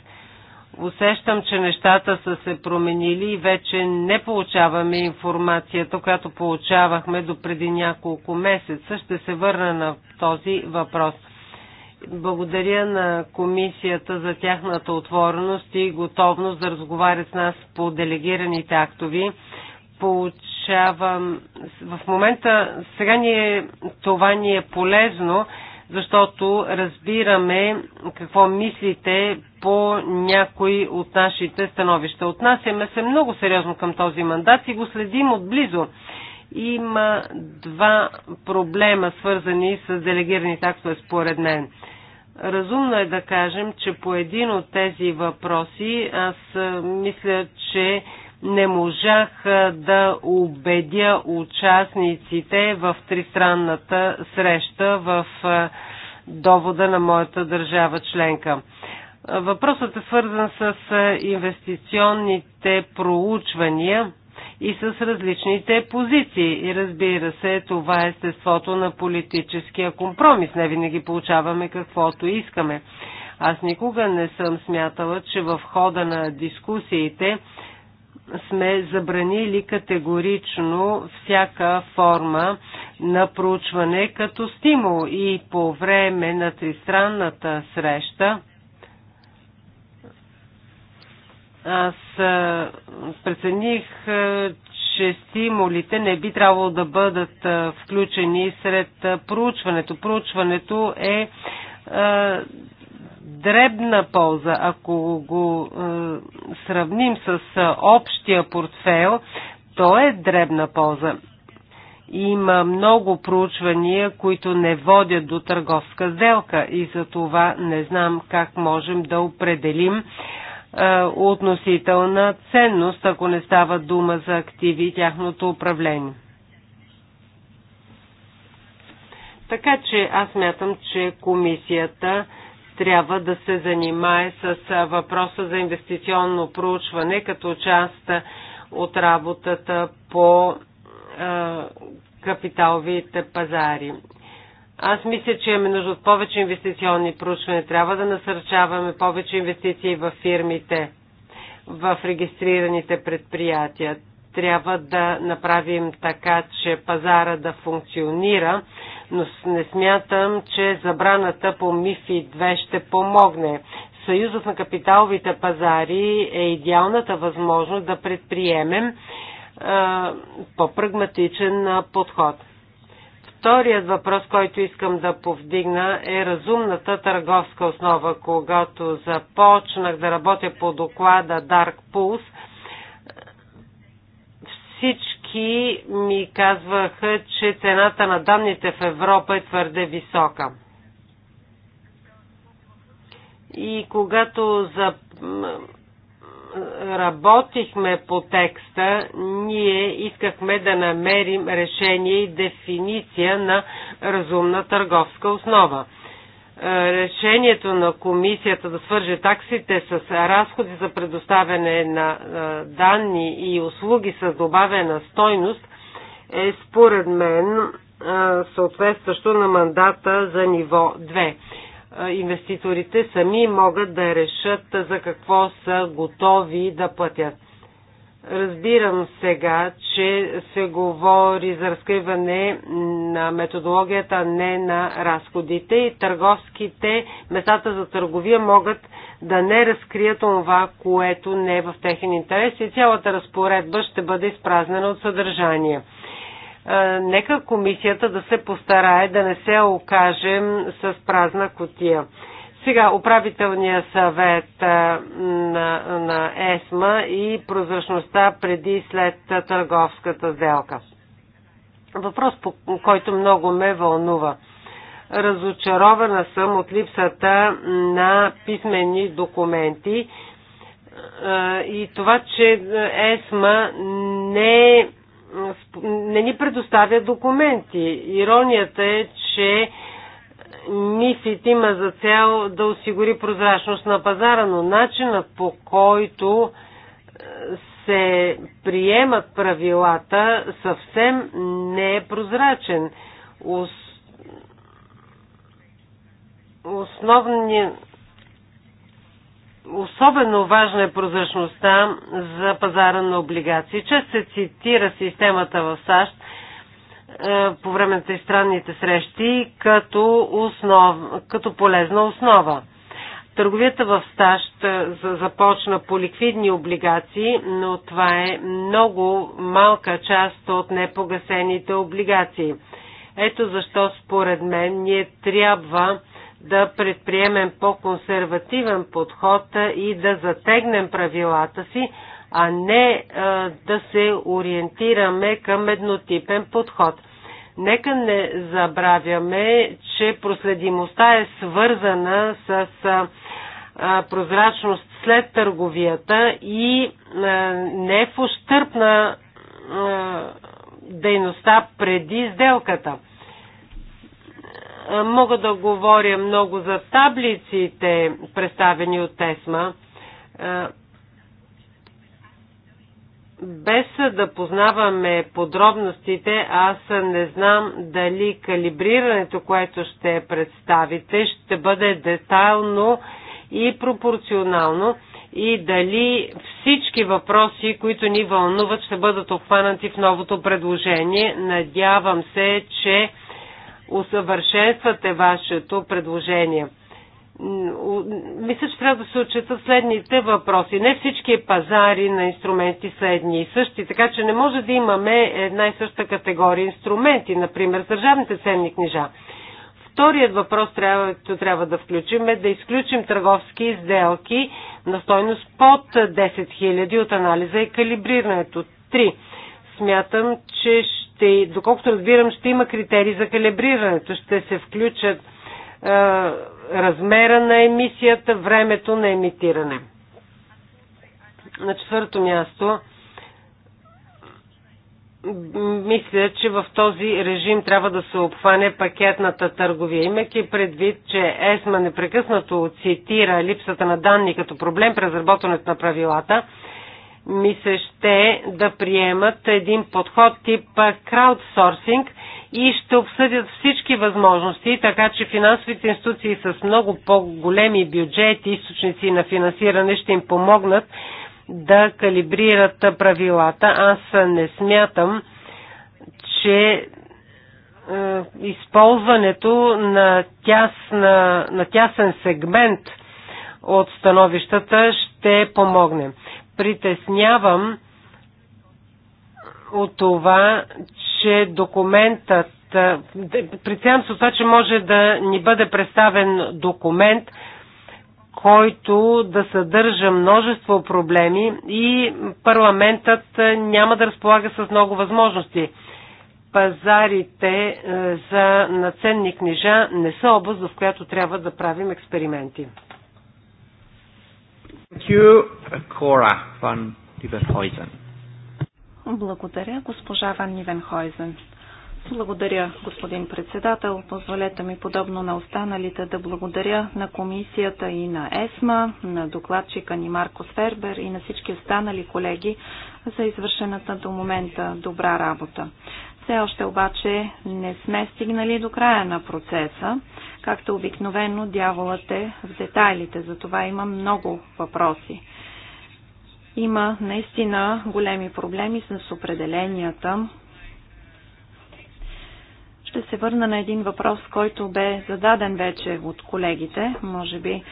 Усещам, че нещата са се променили и вече не получаваме информацията, която получавахме до преди няколко месеца. Ще се върна на този въпрос. Благодаря на комисията за тяхната отвореност и готовност да разговарят с нас по делегираните актови. Получ насърчавам. В момента сега ни е, това ни е полезно, защото разбираме какво мислите по някои от нашите становища. Отнасяме се много сериозно към този мандат и го следим отблизо. Има два проблема, свързани с делегирани таксове, според мен. Разумно е да кажем, че по един от тези въпроси аз мисля, че не можах да убедя участниците в тристранната среща в довода на моята държава членка. Въпросът е свързан с инвестиционните проучвания и с различните позиции. И разбира се, това е естеството на политическия компромис. Не винаги получаваме каквото искаме. Аз никога не съм смятала, че в хода на дискусиите сме забранили категорично всяка форма на проучване като стимул и по време на тристранната среща аз прецених, че стимулите не би трябвало да бъдат включени сред проучването. Проучването е дребна полза, ако го е, сравним с е, общия портфейл, то е дребна полза. Има много проучвания, които не водят до търговска сделка и за това не знам как можем да определим е, относителна ценност, ако не става дума за активи и тяхното управление. Така че аз мятам, че комисията трябва да се занимае с въпроса за инвестиционно проучване като част от работата по капиталовите пазари. Аз мисля, че имаме нужда от повече инвестиционни проучвания. Трябва да насърчаваме повече инвестиции в фирмите, в регистрираните предприятия. Трябва да направим така, че пазара да функционира но не смятам, че забраната по МИФИ 2 ще помогне. Съюзът на капиталовите пазари е идеалната възможност да предприемем по-прагматичен подход. Вторият въпрос, който искам да повдигна е разумната търговска основа. Когато започнах да работя по доклада Dark Pulse, всички банки ми казваха, че цената на данните в Европа е твърде висока. И когато за... работихме по текста, ние искахме да намерим решение и дефиниция на разумна търговска основа. Е, решението на комисията да свърже таксите с разходи за предоставяне на е, данни и услуги с добавена стойност е според мен е, съответстващо на мандата за ниво 2. Инвеститорите сами могат да решат за какво са готови да платят. Разбирам сега, че се говори за разкриване на методологията, не на разходите и търговските местата за търговия могат да не разкрият това, което не е в техен интерес и цялата разпоредба ще бъде изпразнена от съдържание. Нека комисията да се постарае да не се окажем с празна котия. Сега управителния съвет на, на ЕСМА и прозрачността преди и след търговската сделка. Въпрос, по който много ме вълнува. Разочарована съм от липсата на писмени документи и това, че ЕСМА не, не ни предоставя документи. Иронията е, че МИФИТ има за цел да осигури прозрачност на пазара, но начина по който е, се приемат правилата съвсем не е прозрачен. Основният Особено важна е прозрачността за пазара на облигации. Често се цитира системата в САЩ, е, по време на тристранните срещи като, основ, като полезна основа. Търговията в САЩ е, започна по ликвидни облигации, но това е много малка част от непогасените облигации. Ето защо според мен ние трябва да предприемем по-консервативен подход и да затегнем правилата си, а не да се ориентираме към еднотипен подход. Нека не забравяме, че проследимостта е свързана с прозрачност след търговията и не е в ощърпна дейността преди сделката. Мога да говоря много за таблиците, представени от ТЕСМА без да познаваме подробностите, аз не знам дали калибрирането, което ще представите, ще бъде детайлно и пропорционално и дали всички въпроси, които ни вълнуват, ще бъдат обхванати в новото предложение. Надявам се, че усъвършенствате вашето предложение мисля, че трябва да се отчетат следните въпроси. Не всички пазари на инструменти са едни и същи, така че не може да имаме една и съща категория инструменти, например държавните ценни книжа. Вторият въпрос, който трябва да включим е да изключим търговски изделки на стойност под 10 000 от анализа и калибрирането. 3. Смятам, че ще, доколкото разбирам, ще има критерии за калибрирането. Ще се включат е, размера на емисията, времето на емитиране. На четвърто място, мисля, че в този режим трябва да се обхване пакетната търговия. Имайки предвид, че ЕСМА непрекъснато цитира липсата на данни като проблем при разработването на правилата, ми се ще е да приемат един подход тип краудсорсинг – и ще обсъдят всички възможности, така че финансовите институции с много по-големи бюджети, източници на финансиране ще им помогнат да калибрират правилата. Аз не смятам, че е, използването на, тясна, на тясен сегмент от становищата ще помогне. Притеснявам от това, че документът е, Притеснявам се от това, че може да ни бъде представен документ, който да съдържа множество проблеми и парламентът е, няма да разполага с много възможности. Пазарите е, за наценни книжа не са област, в която трябва да правим експерименти. Thank you, Cora van благодаря, госпожа Ван Нивенхойзен. Благодаря, господин председател. Позволете ми подобно на останалите да благодаря на комисията и на ЕСМА, на докладчика ни Марко Сфербер и на всички останали колеги за извършената до момента добра работа. Все още обаче не сме стигнали до края на процеса. Както обикновено, дяволът е в детайлите, затова има много въпроси. Има наистина големи проблеми с определенията. Ще се върна на един въпрос, който бе зададен вече от колегите. Може би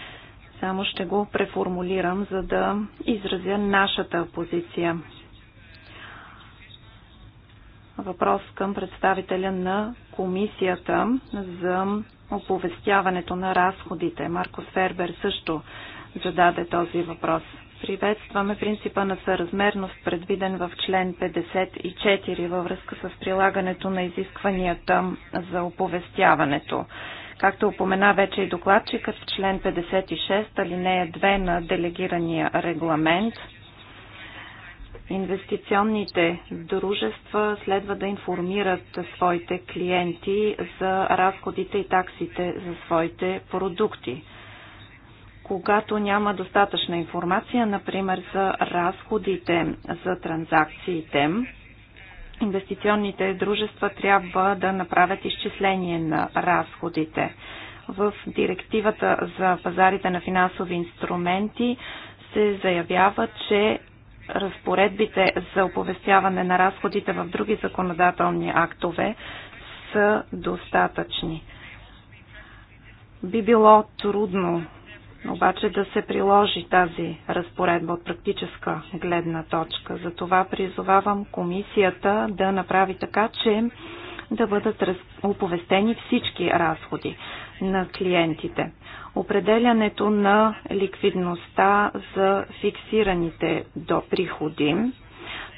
само ще го преформулирам, за да изразя нашата позиция. Въпрос към представителя на комисията за оповестяването на разходите. Маркос Фербер също зададе този въпрос. Приветстваме принципа на съразмерност, предвиден в член 54 във връзка с прилагането на изискванията за оповестяването. Както упомена вече и докладчикът в член 56, алинея 2 на делегирания регламент, инвестиционните дружества следва да информират своите клиенти за разходите и таксите за своите продукти когато няма достатъчна информация, например за разходите за транзакциите. Инвестиционните дружества трябва да направят изчисление на разходите. В директивата за пазарите на финансови инструменти се заявява, че разпоредбите за оповестяване на разходите в други законодателни актове са достатъчни. Би било трудно обаче да се приложи тази разпоредба от практическа гледна точка. Затова призовавам комисията да направи така, че да бъдат оповестени всички разходи на клиентите. Определянето на ликвидността за фиксираните до приходи.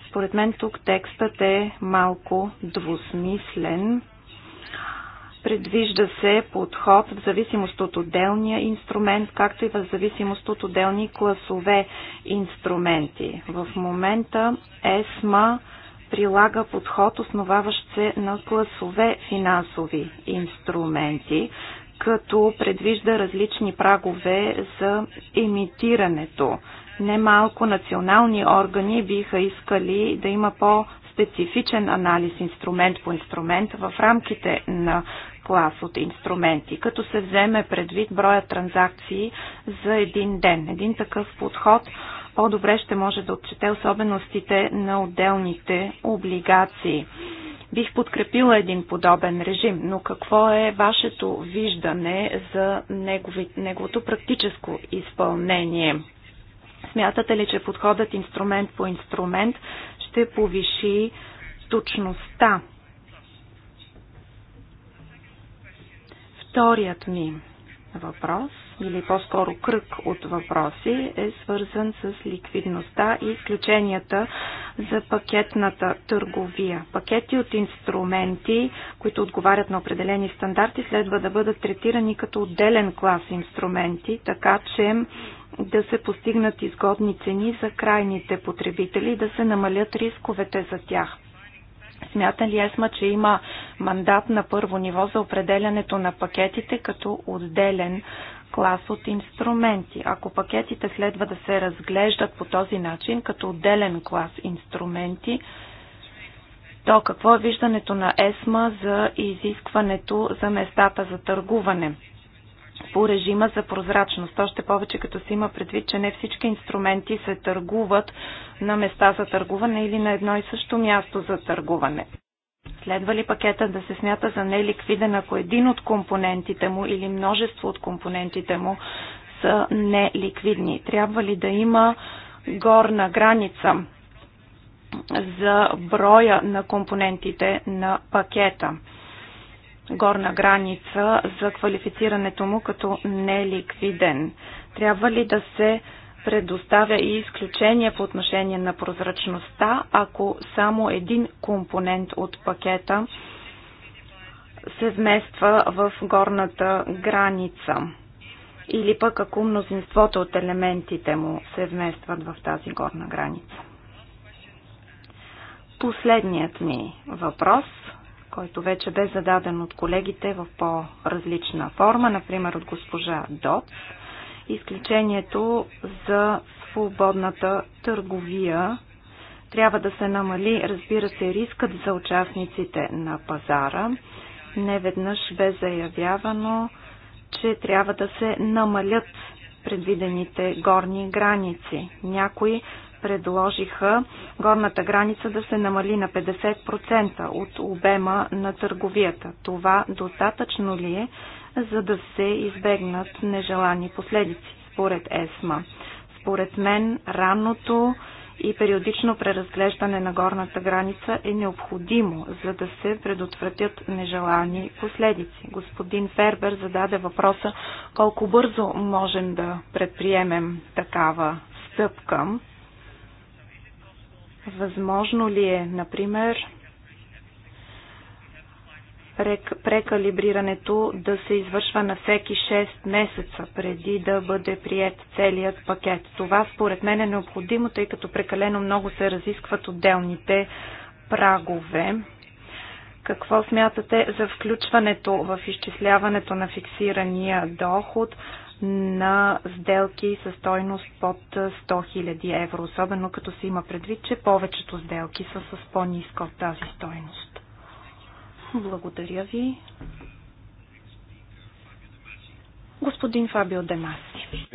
Според мен тук текстът е малко двусмислен. Предвижда се подход в зависимост от отделния инструмент, както и в зависимост от отделни класове инструменти. В момента ЕСМА прилага подход, основаващ се на класове финансови инструменти, като предвижда различни прагове за имитирането. Немалко национални органи биха искали да има по- специфичен анализ инструмент по инструмент в рамките на клас от инструменти, като се вземе предвид броя транзакции за един ден. Един такъв подход по-добре ще може да отчете особеностите на отделните облигации. Бих подкрепила един подобен режим, но какво е вашето виждане за негови, неговото практическо изпълнение? Смятате ли, че подходът инструмент по инструмент ще повиши точността. Вторият ми въпрос, или по-скоро кръг от въпроси, е свързан с ликвидността и изключенията за пакетната търговия. Пакети от инструменти, които отговарят на определени стандарти, следва да бъдат третирани като отделен клас инструменти, така че да се постигнат изгодни цени за крайните потребители и да се намалят рисковете за тях. Смята ли ЕСМА, че има мандат на първо ниво за определянето на пакетите като отделен клас от инструменти? Ако пакетите следва да се разглеждат по този начин, като отделен клас инструменти, то какво е виждането на ЕСМА за изискването за местата за търгуване? по режима за прозрачност. Още повече като се има предвид, че не всички инструменти се търгуват на места за търгуване или на едно и също място за търгуване. Следва ли пакета да се смята за неликвиден, ако един от компонентите му или множество от компонентите му са неликвидни? Трябва ли да има горна граница за броя на компонентите на пакета? горна граница за квалифицирането му като неликвиден? Трябва ли да се предоставя и изключение по отношение на прозрачността, ако само един компонент от пакета се вмества в горната граница? Или пък ако мнозинството от елементите му се вместват в тази горна граница? Последният ми въпрос – който вече бе зададен от колегите в по-различна форма, например от госпожа Доц. Изключението за свободната търговия трябва да се намали, разбира се, рискът за участниците на пазара. Неведнъж бе заявявано, че трябва да се намалят предвидените горни граници. Някои предложиха горната граница да се намали на 50% от обема на търговията. Това достатъчно ли е, за да се избегнат нежелани последици, според ЕСМА? Според мен, ранното и периодично преразглеждане на горната граница е необходимо, за да се предотвратят нежелани последици. Господин Фербер зададе въпроса колко бързо можем да предприемем такава стъпка. Възможно ли е, например, прекалибрирането да се извършва на всеки 6 месеца преди да бъде прият целият пакет. Това според мен е необходимо, тъй като прекалено много се разискват отделните прагове. Какво смятате за включването в изчисляването на фиксирания доход на сделки със стойност под 100 000 евро, особено като се има предвид, че повечето сделки са с по-ниска от тази стойност. Благодаря ви. Господин Фабио Демаси.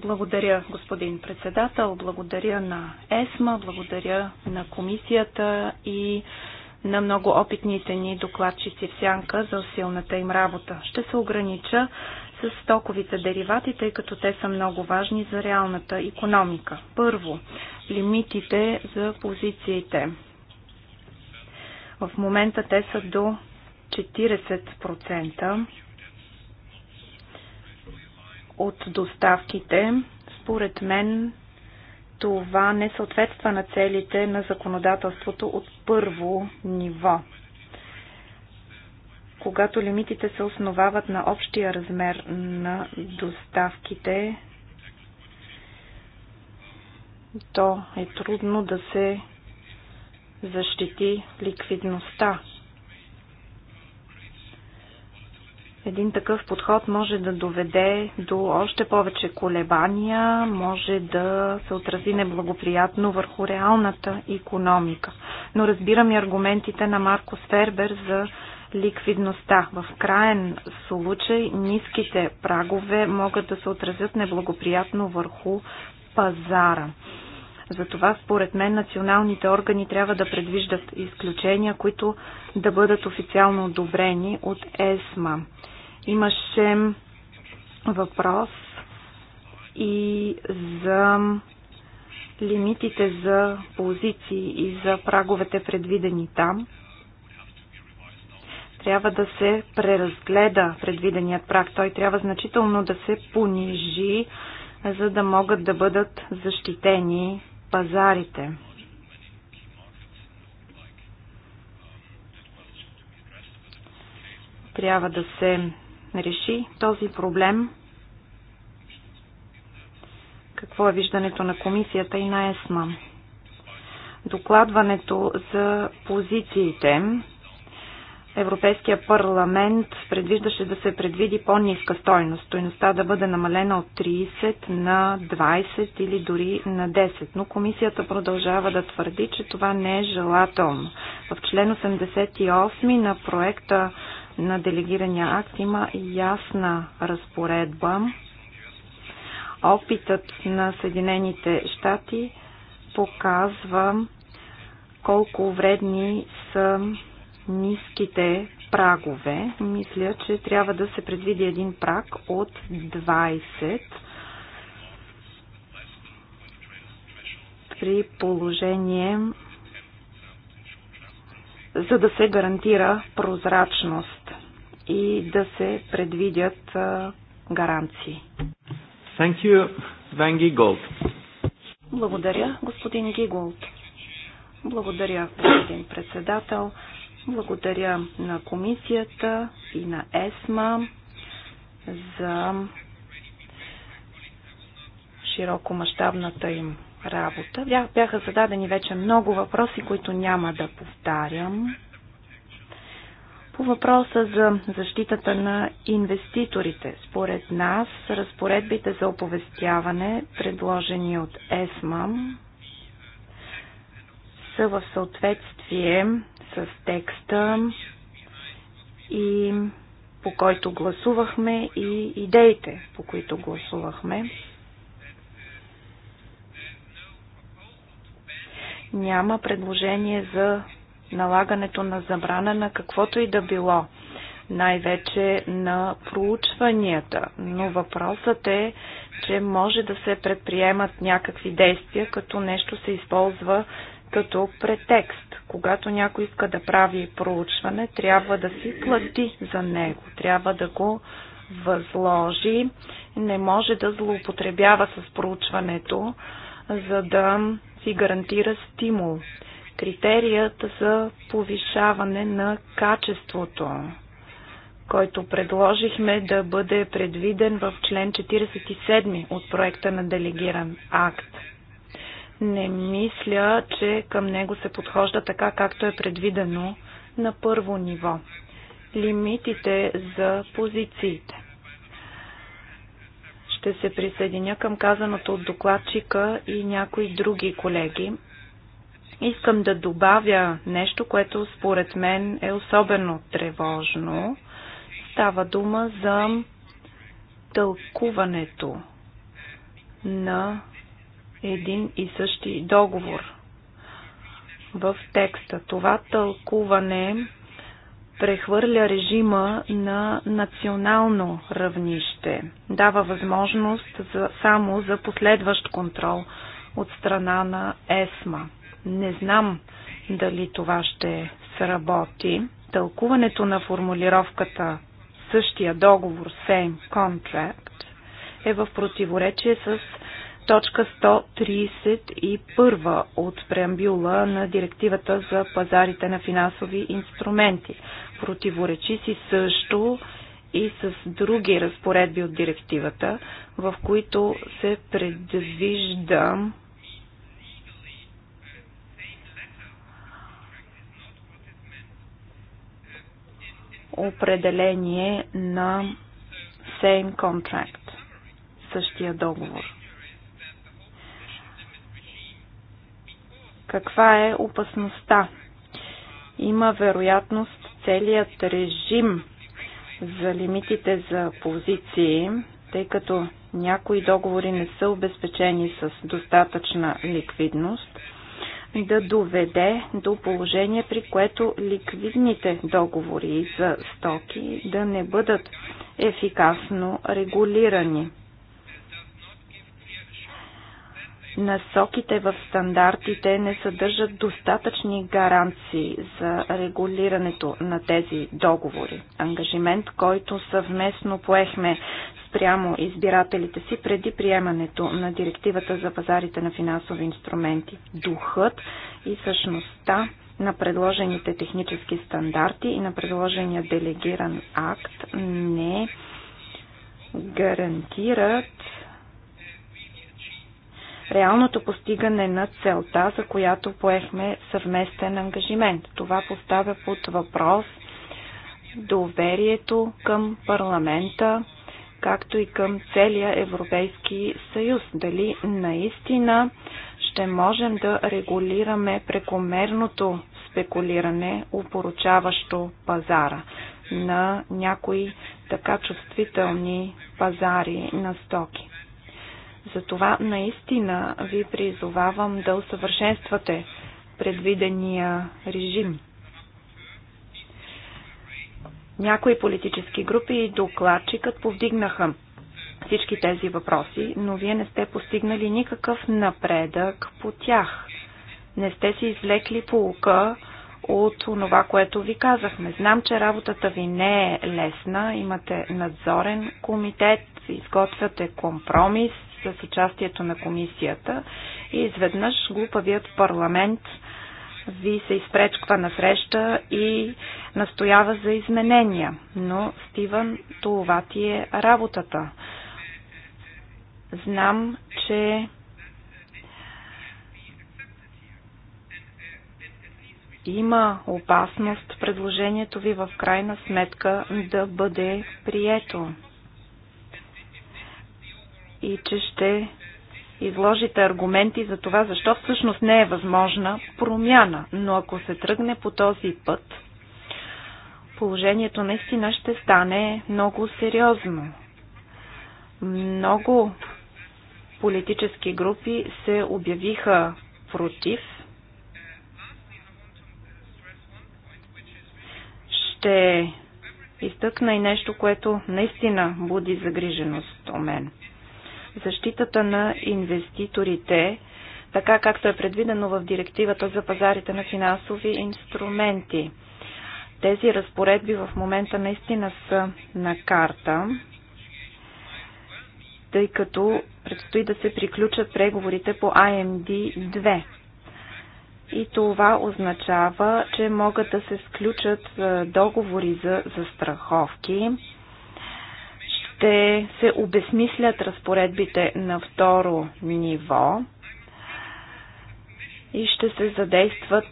Благодаря, господин председател. Благодаря на ЕСМА, благодаря на комисията и на много опитните ни докладчици в сянка за усилната им работа. Ще се огранича с стоковите деривати, тъй като те са много важни за реалната економика. Първо, лимитите за позициите. В момента те са до 40% от доставките. Според мен това не съответства на целите на законодателството от първо ниво. Когато лимитите се основават на общия размер на доставките, то е трудно да се защити ликвидността Един такъв подход може да доведе до още повече колебания, може да се отрази неблагоприятно върху реалната економика. Но разбирам и аргументите на Марко Фербер за ликвидността. В крайен случай ниските прагове могат да се отразят неблагоприятно върху пазара. Затова, според мен, националните органи трябва да предвиждат изключения, които да бъдат официално одобрени от ЕСМА. Имаше въпрос и за лимитите за позиции и за праговете предвидени там трябва да се преразгледа предвиденият прак. Той трябва значително да се понижи, за да могат да бъдат защитени пазарите. Трябва да се реши този проблем. Какво е виждането на комисията и на ЕСМА? Докладването за позициите Европейския парламент предвиждаше да се предвиди по низка стойност. Стойността да бъде намалена от 30 на 20 или дори на 10. Но комисията продължава да твърди, че това не е желателно. В член 88 на проекта на делегирания акт има ясна разпоредба. Опитът на Съединените щати показва колко вредни са ниските прагове, мисля, че трябва да се предвиди един праг от 20 при положение за да се гарантира прозрачност и да се предвидят гаранции. Thank you, Благодаря, господин Гиголд. Благодаря, господин председател. Благодаря на комисията и на ЕСМА за широко мащабната им работа. Бяха зададени вече много въпроси, които няма да повтарям. По въпроса за защитата на инвеститорите, според нас разпоредбите за оповестяване, предложени от ЕСМА, са в съответствие с текста и по който гласувахме и идеите, по които гласувахме. Няма предложение за налагането на забрана на каквото и да било, най-вече на проучванията. Но въпросът е, че може да се предприемат някакви действия, като нещо се използва като претекст. Когато някой иска да прави проучване, трябва да си плати за него, трябва да го възложи, не може да злоупотребява с проучването, за да си гарантира стимул. Критерият за повишаване на качеството, който предложихме да бъде предвиден в член 47 от проекта на делегиран акт. Не мисля, че към него се подхожда така, както е предвидено на първо ниво. Лимитите за позициите. Ще се присъединя към казаното от докладчика и някои други колеги. Искам да добавя нещо, което според мен е особено тревожно. Става дума за тълкуването на един и същи договор в текста. Това тълкуване прехвърля режима на национално равнище. Дава възможност за, само за последващ контрол от страна на ЕСМА. Не знам дали това ще сработи. Тълкуването на формулировката същия договор, same contract, е в противоречие с точка 131 от преамбюла на директивата за пазарите на финансови инструменти. Противоречи си също и с други разпоредби от директивата, в които се предвижда определение на same contract, същия договор. Каква е опасността? Има вероятност целият режим за лимитите за позиции, тъй като някои договори не са обезпечени с достатъчна ликвидност, да доведе до положение, при което ликвидните договори за стоки да не бъдат ефикасно регулирани. Насоките в стандартите не съдържат достатъчни гаранции за регулирането на тези договори. Ангажимент, който съвместно поехме спрямо избирателите си преди приемането на директивата за пазарите на финансови инструменти. Духът и същността на предложените технически стандарти и на предложения делегиран акт не гарантират реалното постигане на целта, за която поехме съвместен ангажимент. Това поставя под въпрос доверието към парламента, както и към целия Европейски съюз. Дали наистина ще можем да регулираме прекомерното спекулиране, упоручаващо пазара на някои така чувствителни пазари на стоки. Затова наистина ви призовавам да усъвършенствате предвидения режим. Някои политически групи и докладчикът повдигнаха всички тези въпроси, но вие не сте постигнали никакъв напредък по тях. Не сте си извлекли полука от това, което ви казахме. Знам, че работата ви не е лесна. Имате надзорен комитет, изготвяте компромис, с участието на комисията и изведнъж глупавият парламент ви се изпречква на среща и настоява за изменения. Но, Стивън, това ти е работата. Знам, че има опасност предложението ви в крайна сметка да бъде прието и че ще изложите аргументи за това, защо всъщност не е възможна промяна. Но ако се тръгне по този път, положението наистина ще стане много сериозно. Много политически групи се обявиха против. Ще изтъкна и нещо, което наистина буди загриженост у мен защитата на инвеститорите, така както е предвидено в директивата за пазарите на финансови инструменти. Тези разпоредби в момента наистина са на карта, тъй като предстои да се приключат преговорите по IMD-2. И това означава, че могат да се сключат договори за застраховки, ще се обесмислят разпоредбите на второ ниво и ще се задействат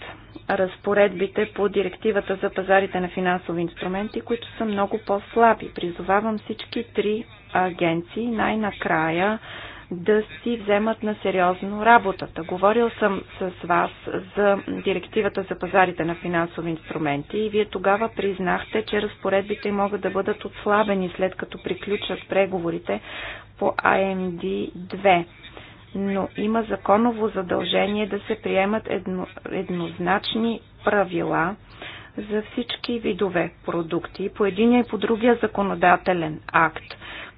разпоредбите по директивата за пазарите на финансови инструменти, които са много по-слаби. Призовавам всички три агенции най-накрая да си вземат на сериозно работата. Говорил съм с вас за директивата за пазарите на финансови инструменти и вие тогава признахте, че разпоредбите могат да бъдат отслабени след като приключат преговорите по AMD 2 но има законово задължение да се приемат едно, еднозначни правила за всички видове продукти по единия и по другия законодателен акт.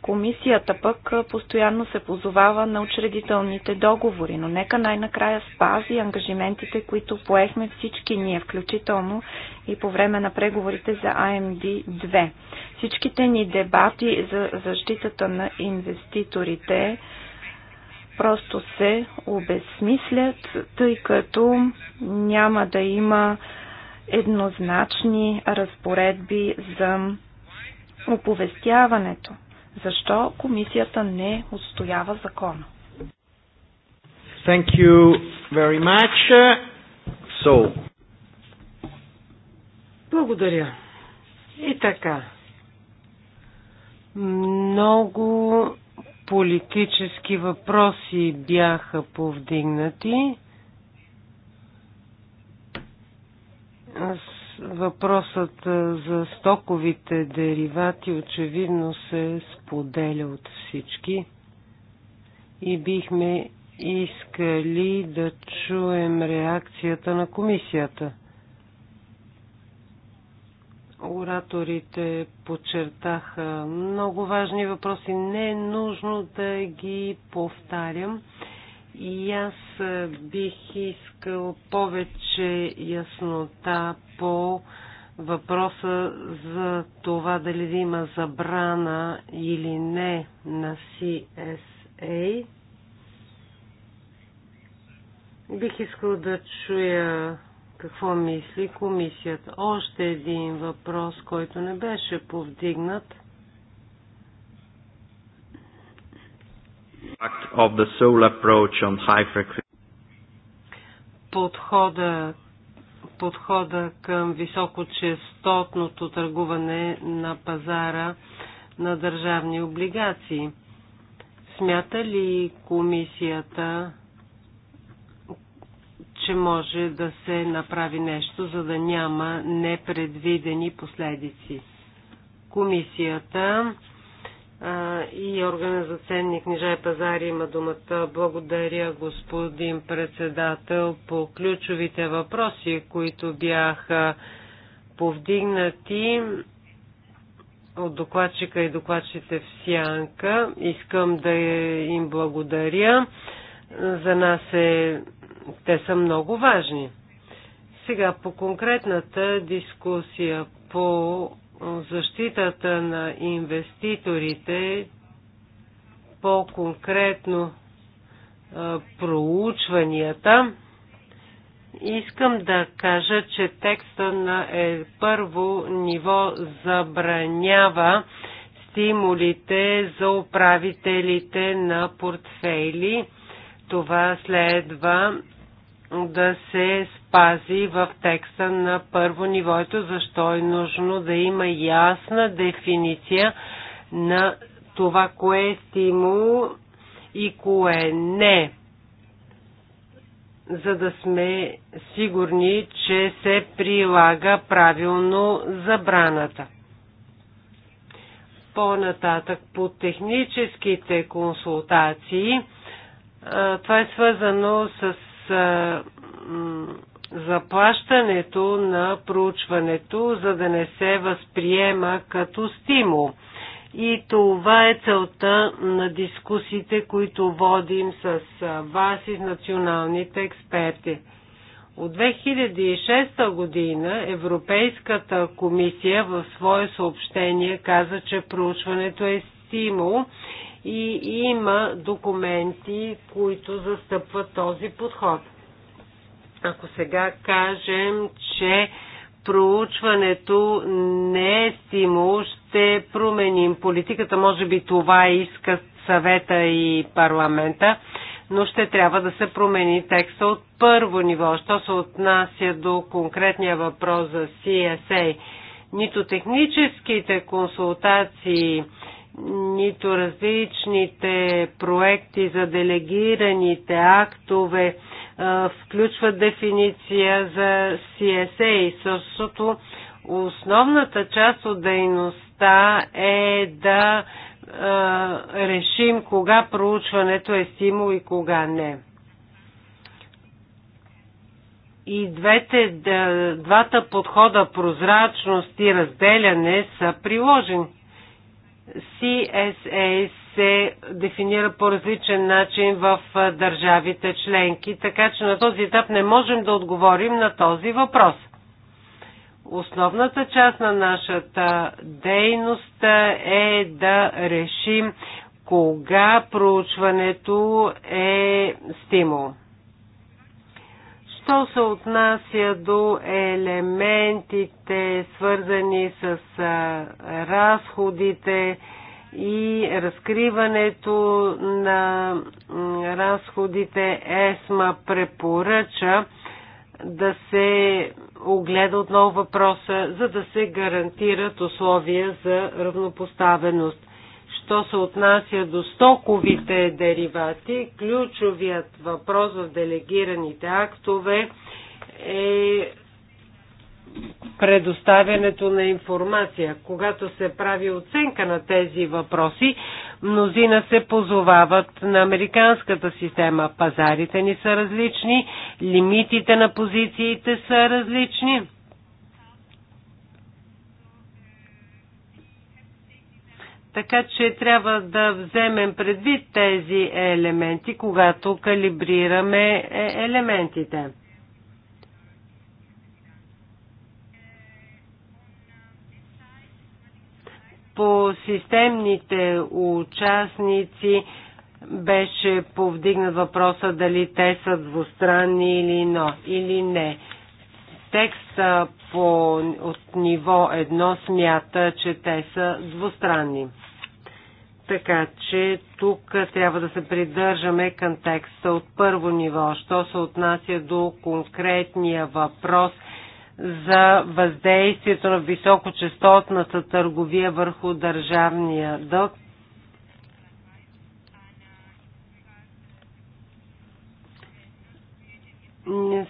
Комисията пък постоянно се позовава на учредителните договори, но нека най-накрая спази ангажиментите, които поехме всички ние, включително и по време на преговорите за АМД-2. Всичките ни дебати за защитата на инвеститорите просто се обезсмислят, тъй като няма да има еднозначни разпоредби за оповестяването. Защо комисията не отстоява закона? Thank you very much. So. Благодаря. И така. Много политически въпроси бяха повдигнати. Въпросът за стоковите деривати очевидно се споделя от всички и бихме искали да чуем реакцията на комисията. Ораторите подчертаха много важни въпроси. Не е нужно да ги повтарям. И аз бих искал повече яснота по въпроса за това дали да има забрана или не на CSA. Бих искал да чуя какво мисли комисията. Още един въпрос, който не беше повдигнат. Of the approach on high frequency. Подхода подхода към високочестотното търгуване на пазара на държавни облигации. Смята ли комисията, че може да се направи нещо, за да няма непредвидени последици? Комисията и органа за ценни книжа и пазари има думата. Благодаря, господин председател, по ключовите въпроси, които бяха повдигнати от докладчика и докладчите в Сянка. Искам да им благодаря. За нас е... те са много важни. Сега по конкретната дискусия по защитата на инвеститорите, по-конкретно проучванията, искам да кажа, че текста на е, първо ниво забранява стимулите за управителите на портфейли. Това следва да се Пази в текста на първо нивото, защо е нужно да има ясна дефиниция на това, кое е стимул и кое не, за да сме сигурни, че се прилага правилно забраната. По-нататък по техническите консултации, това е свързано с заплащането на проучването, за да не се възприема като стимул. И това е целта на дискусиите, които водим с вас и с националните експерти. От 2006 година Европейската комисия в свое съобщение каза, че проучването е стимул и има документи, които застъпват този подход. Ако сега кажем, че проучването не е стимул, ще променим политиката. Може би това иска съвета и парламента, но ще трябва да се промени текста от първо ниво. Що се отнася до конкретния въпрос за CSA, нито техническите консултации, нито различните проекти за делегираните актове, включва дефиниция за CSA и същото. Основната част от дейността е да решим кога проучването е стимул и кога не. И двете, двата подхода прозрачност и разделяне са приложени. CSA се дефинира по различен начин в държавите членки, така че на този етап не можем да отговорим на този въпрос. Основната част на нашата дейност е да решим кога проучването е стимул. Що се отнася до елементите, свързани с разходите, и разкриването на разходите ЕСМА препоръча да се огледа отново въпроса, за да се гарантират условия за равнопоставеност. Що се отнася до стоковите деривати, ключовият въпрос в делегираните актове е предоставянето на информация. Когато се прави оценка на тези въпроси, мнозина се позовават на американската система. Пазарите ни са различни, лимитите на позициите са различни. Така че трябва да вземем предвид тези елементи, когато калибрираме е, елементите. по системните участници беше повдигнат въпроса дали те са двустранни или, но, или не. Текста по, от ниво едно смята, че те са двустранни. Така че тук трябва да се придържаме към текста от първо ниво. Що се отнася до конкретния въпрос – за въздействието на високочастотната търговия върху държавния дълг. Не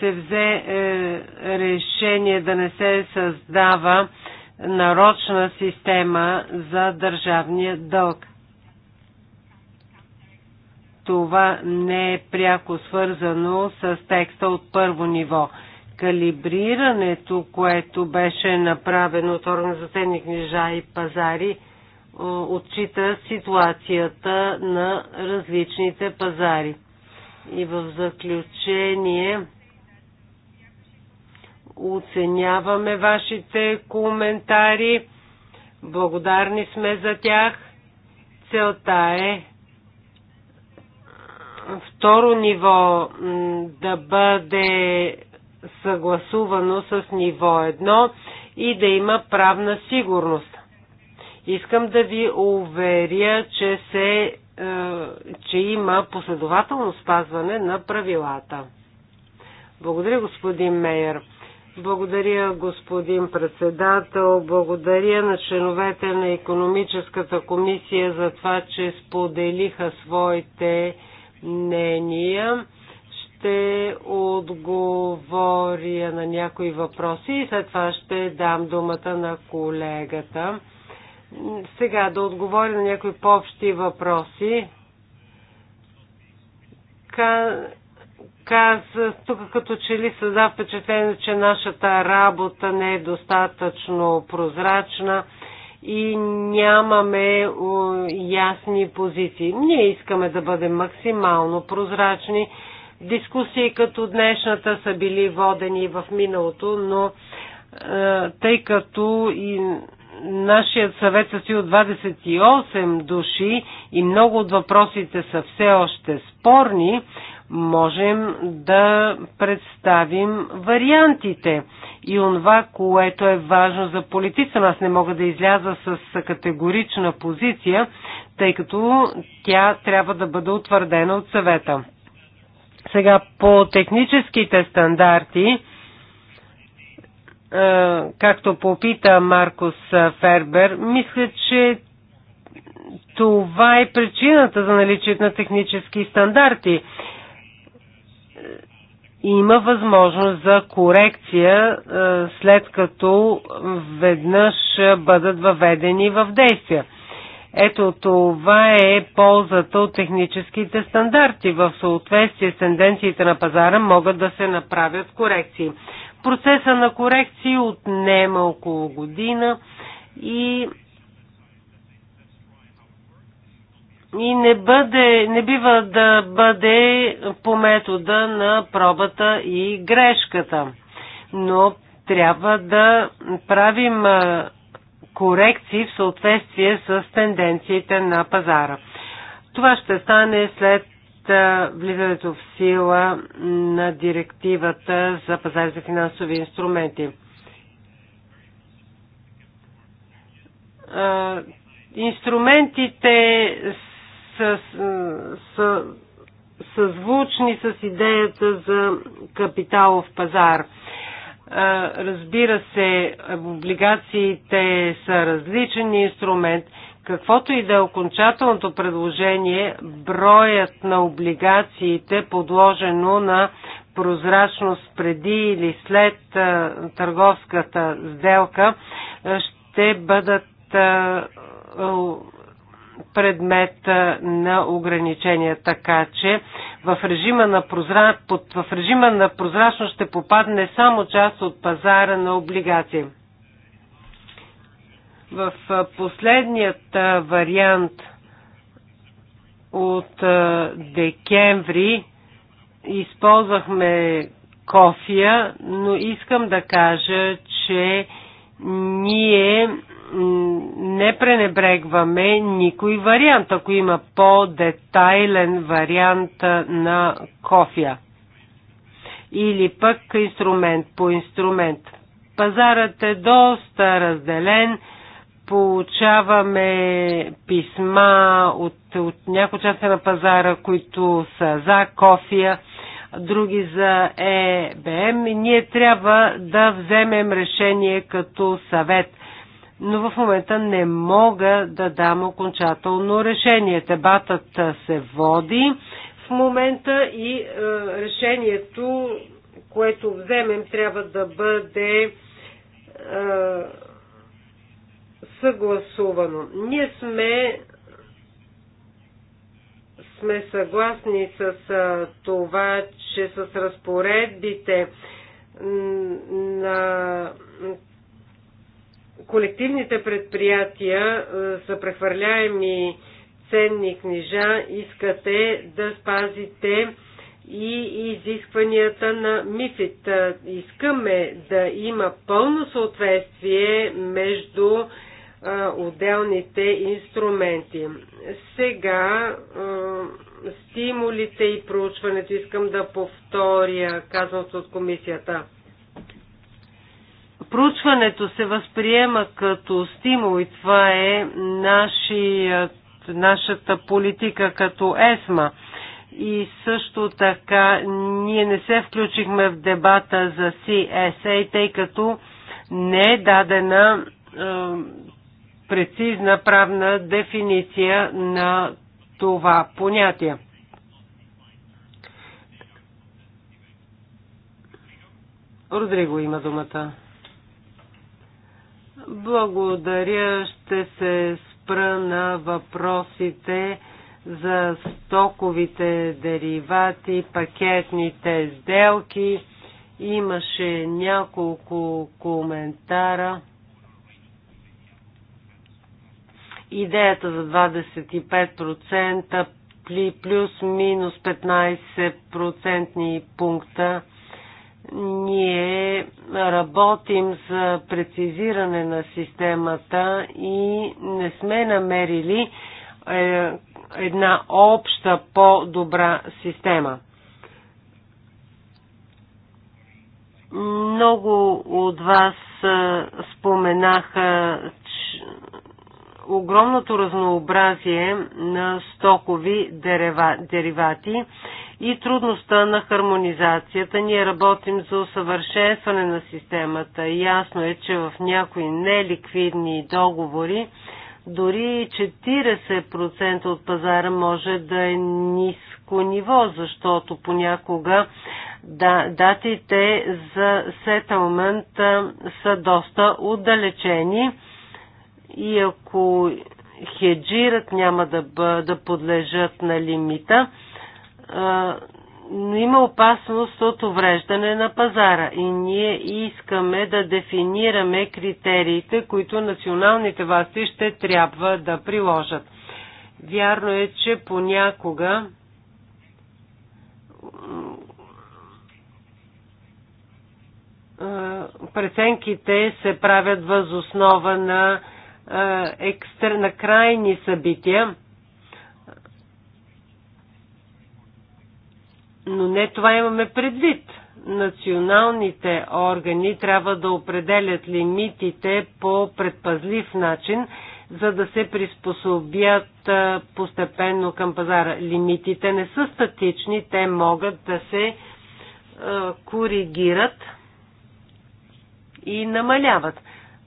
се взе е, решение да не се създава нарочна система за държавния дълг. Това не е пряко свързано с текста от първо ниво калибрирането, което беше направено от Орган за ценни книжа и пазари, отчита ситуацията на различните пазари. И в заключение оценяваме вашите коментари. Благодарни сме за тях. Целта е второ ниво да бъде съгласувано с ниво 1 и да има правна сигурност. Искам да ви уверя, че, се, е, че има последователно спазване на правилата. Благодаря, господин Мейер. Благодаря, господин председател. Благодаря на членовете на економическата комисия за това, че споделиха своите мнения ще отговоря на някои въпроси и след това ще дам думата на колегата. Сега да отговоря на някои по-общи въпроси. Каза, тук като че ли създава впечатление, че нашата работа не е достатъчно прозрачна и нямаме ясни позиции. Ние искаме да бъдем максимално прозрачни Дискусии като днешната са били водени в миналото, но е, тъй като и нашият съвет състои от 28 души и много от въпросите са все още спорни, можем да представим вариантите и онова, което е важно за политицата. Аз не мога да изляза с категорична позиция, тъй като тя трябва да бъде утвърдена от съвета. Сега по техническите стандарти, е, както попита Маркус Фербер, мисля, че това е причината за наличието на технически стандарти. Има възможност за корекция, е, след като веднъж бъдат въведени в действия. Ето това е ползата от техническите стандарти. В съответствие с тенденциите на пазара могат да се направят корекции. Процеса на корекции отнема около година и и не, бъде, не бива да бъде по метода на пробата и грешката. Но трябва да правим корекции в съответствие с тенденциите на пазара. Това ще стане след влизането в сила на директивата за пазари за финансови инструменти. Инструментите са, звучни съзвучни с идеята за капиталов пазар – Разбира се, облигациите са различен инструмент. Каквото и да е окончателното предложение, броят на облигациите, подложено на прозрачност преди или след търговската сделка, ще бъдат предмет на ограничения, така че в режима на, прозра... под... в режима на прозрачност ще попадне само част от пазара на облигации. В последният вариант от декември използвахме кофия, но искам да кажа, че ние не пренебрегваме никой вариант, ако има по-детайлен вариант на кофия. Или пък инструмент по инструмент. Пазарът е доста разделен. Получаваме писма от, от някои части на пазара, които са за кофия други за ЕБМ. Ние трябва да вземем решение като съвет но в момента не мога да дам окончателно решение. Дебатът се води в момента и е, решението, което вземем, трябва да бъде е, съгласувано. Ние сме сме съгласни с това, че с разпоредбите на колективните предприятия е, са прехвърляеми ценни книжа, искате да спазите и изискванията на МИФИТ. Е, искаме да има пълно съответствие между е, отделните инструменти. Сега стимулите и проучването искам да повторя казаното от комисията. Проучването се възприема като стимул и това е нашият, нашата политика като ЕСМА. И също така ние не се включихме в дебата за CSA, тъй като не е дадена е, прецизна правна дефиниция на това понятие. Родриго има думата. Благодаря. Ще се спра на въпросите за стоковите деривати, пакетните сделки. Имаше няколко коментара. Идеята за 25% плюс-минус 15% пункта – ние работим за прецизиране на системата и не сме намерили е, една обща по-добра система. Много от вас е, споменаха огромното разнообразие на стокови деривати и трудността на хармонизацията. Ние работим за усъвършенстване на системата. Ясно е, че в някои неликвидни договори дори 40% от пазара може да е ниско ниво, защото понякога да, датите за сетълмент са доста отдалечени и ако хеджират, няма да, бъ, да подлежат на лимита, но има опасност от увреждане на пазара и ние искаме да дефинираме критериите, които националните власти ще трябва да приложат. Вярно е, че понякога преценките се правят възоснова на екстр... на крайни събития, но не това имаме предвид. Националните органи трябва да определят лимитите по предпазлив начин, за да се приспособят постепенно към пазара. Лимитите не са статични, те могат да се коригират и намаляват.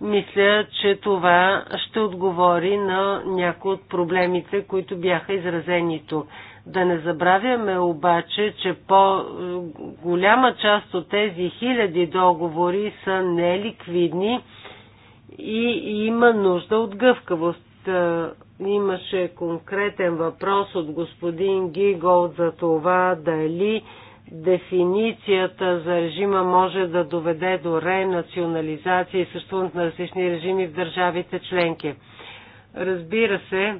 Мисля, че това ще отговори на някои от проблемите, които бяха изразени тук. Да не забравяме обаче, че по-голяма част от тези хиляди договори са неликвидни и има нужда от гъвкавост. Имаше конкретен въпрос от господин Гигол за това дали Дефиницията за режима може да доведе до ренационализация и съществуването на различни режими в държавите членки. Разбира се,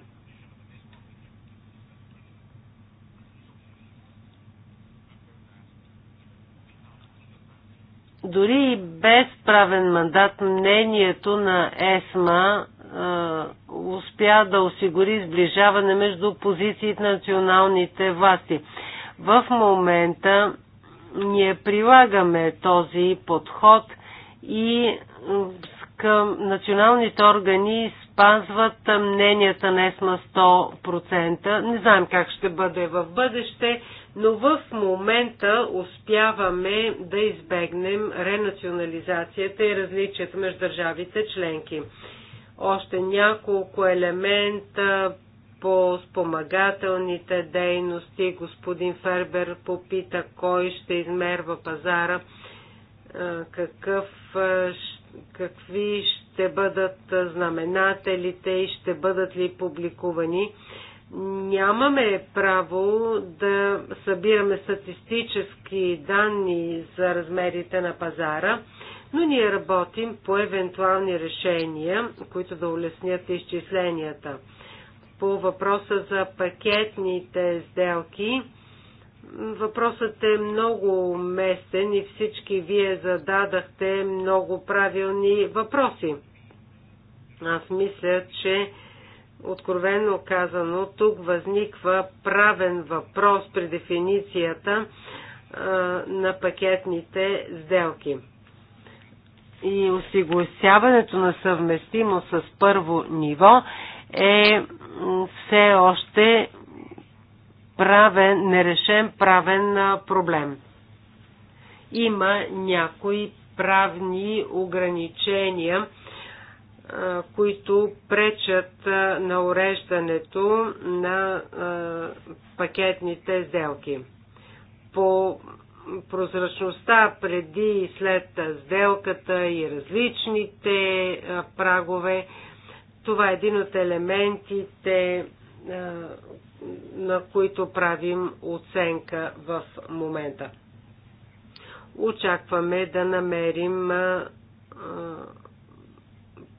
дори и без правен мандат, мнението на ЕСМА успя да осигури сближаване между позициите на националните власти. В момента ние прилагаме този подход и към националните органи спазват мненията на 100%. Не знаем как ще бъде в бъдеще, но в момента успяваме да избегнем ренационализацията и различията между държавите членки. Още няколко елемента по спомагателните дейности. Господин Фербер попита кой ще измерва пазара, какъв, какви ще бъдат знаменателите и ще бъдат ли публикувани. Нямаме право да събираме статистически данни за размерите на пазара но ние работим по евентуални решения, които да улеснят изчисленията по въпроса за пакетните сделки. Въпросът е много местен и всички вие зададахте много правилни въпроси. Аз мисля, че откровенно казано, тук възниква правен въпрос при дефиницията а, на пакетните сделки. И осигуряването на съвместимост с първо ниво е все още правен, нерешен правен проблем. Има някои правни ограничения, които пречат на уреждането на пакетните сделки. По прозрачността преди и след сделката и различните прагове, това е един от елементите, на които правим оценка в момента. Очакваме да намерим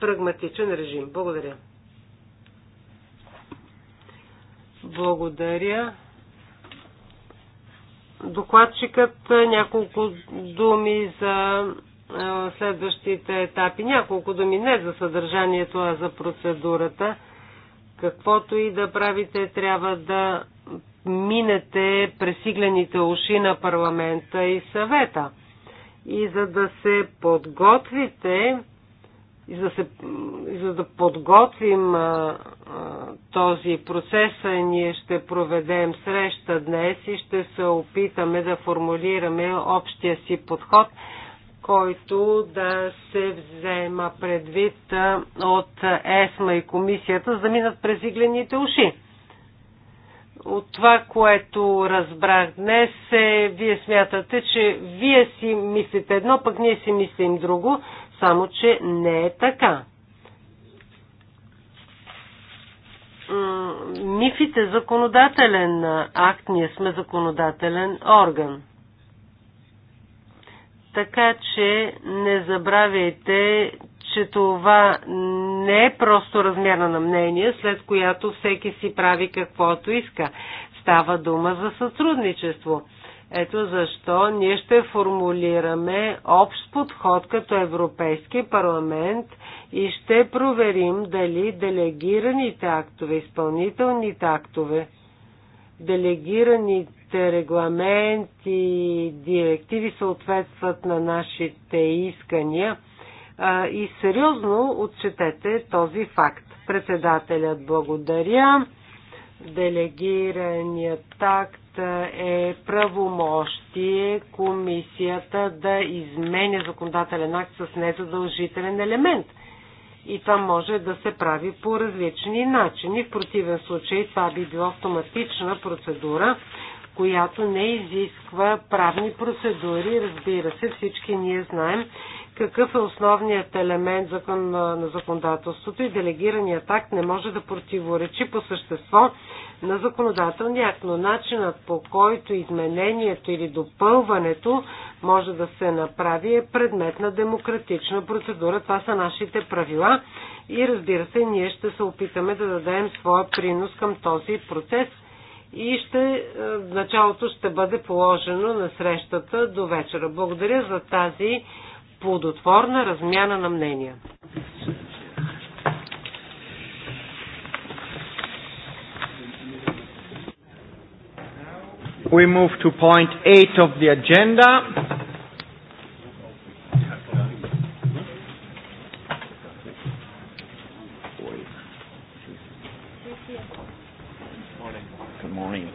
прагматичен режим. Благодаря. Благодаря. Докладчикът няколко думи за следващите етапи. Няколко думи не за съдържанието, а за процедурата. Каквото и да правите, трябва да минете пресиглените уши на парламента и съвета. И за да се подготвите, и за, се, и за да подготвим а, а, този процес, а ние ще проведем среща днес и ще се опитаме да формулираме общия си подход – който да се взема предвид от ЕСМА и комисията, за да минат през иглените уши. От това, което разбрах днес, е, вие смятате, че вие си мислите едно, пък ние си мислим друго, само че не е така. Мифите законодателен акт, ние сме законодателен орган. Така че не забравяйте, че това не е просто размяна на мнение, след която всеки си прави каквото иска. Става дума за сътрудничество. Ето защо ние ще формулираме общ подход като Европейски парламент и ще проверим дали делегираните актове, изпълнителните актове, делегираните нашите регламенти и директиви съответстват на нашите искания и сериозно отчетете този факт. Председателят благодаря. Делегираният такт е правомощие комисията да изменя законодателен акт с незадължителен елемент. И това може да се прави по различни начини. В противен случай това би било автоматична процедура която не изисква правни процедури. Разбира се, всички ние знаем какъв е основният елемент на законодателството и делегираният акт не може да противоречи по същество на законодателния акт, но начинът по който изменението или допълването може да се направи е предмет на демократична процедура. Това са нашите правила и разбира се, ние ще се опитаме да дадем своя принос към този процес и ще, е, началото ще бъде положено на срещата до вечера. Благодаря за тази плодотворна размяна на мнения. We move to point 8 of the agenda. morning.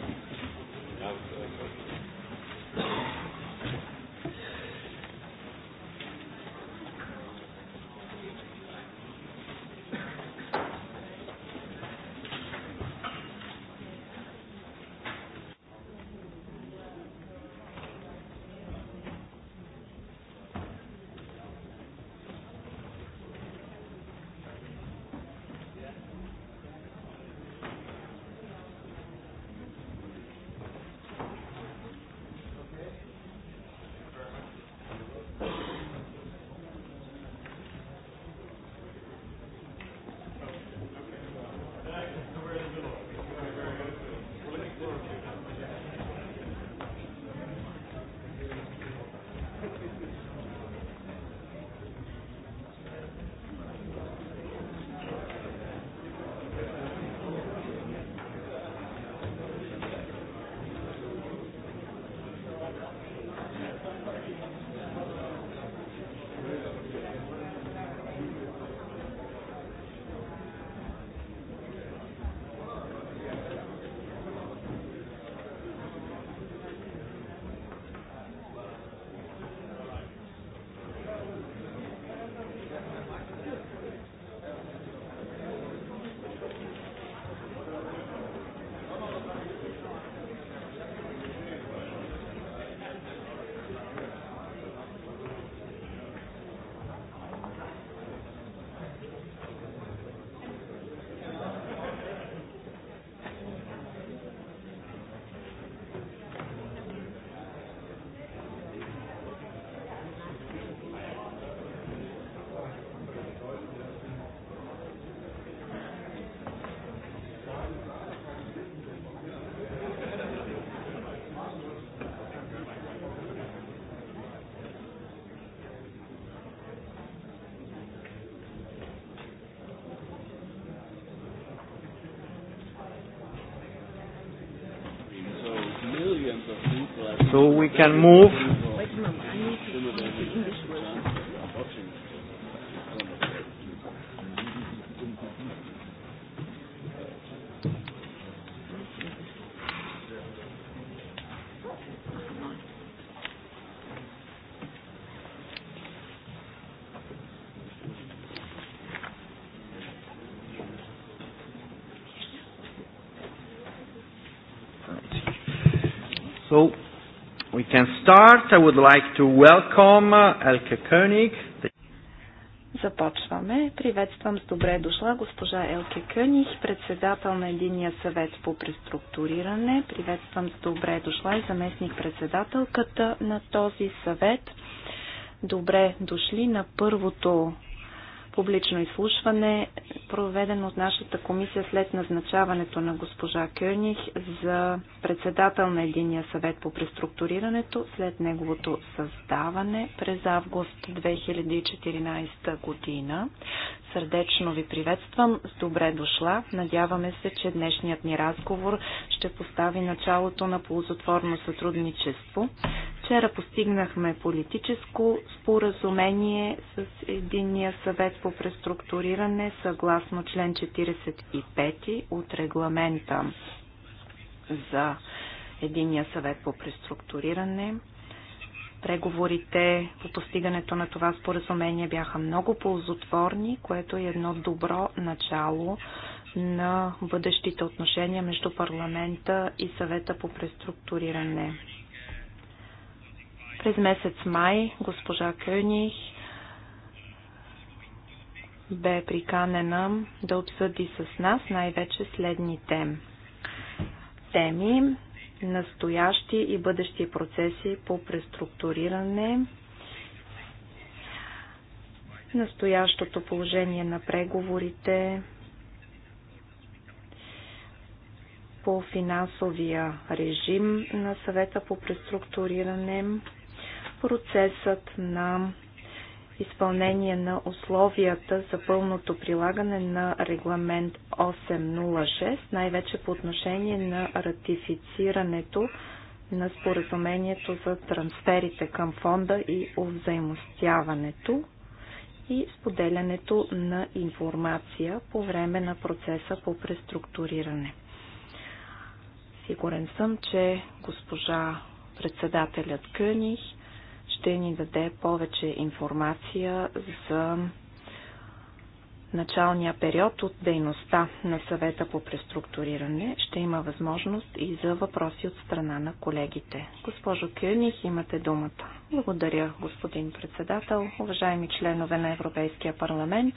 can move can start. I would like to welcome uh, Elke König. Започваме. Приветствам с добре дошла госпожа Елке Къних, председател на Единия съвет по преструктуриране. Приветствам с добре дошла и заместник председателката на този съвет. Добре дошли на първото публично изслушване Проведен от нашата комисия след назначаването на госпожа Кюних за председател на Единия съвет по преструктурирането след неговото създаване през август 2014 година. Сърдечно ви приветствам, с добре дошла. Надяваме се, че днешният ни разговор ще постави началото на ползотворно сътрудничество Вчера постигнахме политическо споразумение с Единния съвет по преструктуриране съгласно член 45 от регламента за Единния съвет по преструктуриране. Преговорите по постигането на това споразумение бяха много ползотворни, което е едно добро начало на бъдещите отношения между парламента и съвета по преструктуриране. През месец май госпожа Кюних бе приканена да обсъди с нас най-вече следните теми настоящи и бъдещи процеси по преструктуриране, настоящото положение на преговорите по финансовия режим на съвета по преструктуриране, процесът на изпълнение на условията за пълното прилагане на регламент 806, най-вече по отношение на ратифицирането на споразумението за трансферите към фонда и взаимостяването и споделянето на информация по време на процеса по преструктуриране. Сигурен съм, че госпожа председателят Къних ще ни даде повече информация за началния период от дейността на съвета по преструктуриране ще има възможност и за въпроси от страна на колегите. Госпожо Кюних, имате думата. Благодаря, господин председател, уважаеми членове на Европейския парламент.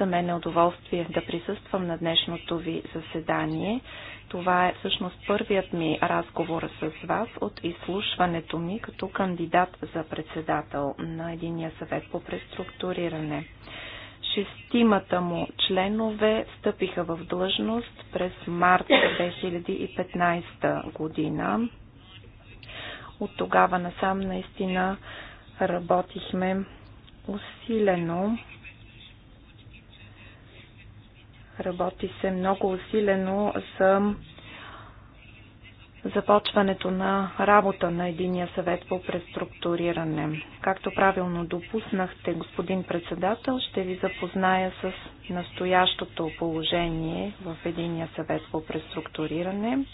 За мен е удоволствие да присъствам на днешното ви заседание. Това е всъщност първият ми разговор с вас от изслушването ми като кандидат за председател на Единия съвет по преструктуриране. Шестимата му членове стъпиха в длъжност през март 2015 година. От тогава насам наистина работихме усилено Работи се много усилено за започването на работа на Единия съвет по преструктуриране. Както правилно допуснахте, господин председател, ще ви запозная с настоящото положение в Единия съвет по преструктуриране.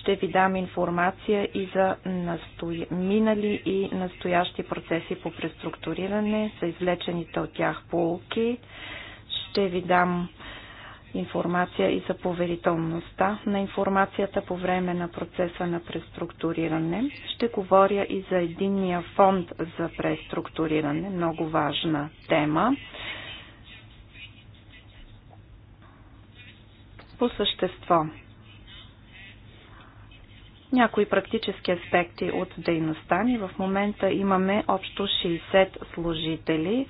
Ще ви дам информация и за настоя... минали и настоящи процеси по преструктуриране, за извлечените от тях полки. Ще ви дам информация и за поверителността на информацията по време на процеса на преструктуриране. Ще говоря и за единния фонд за преструктуриране, много важна тема. По същество. Някои практически аспекти от дейността ни. В момента имаме общо 60 служители,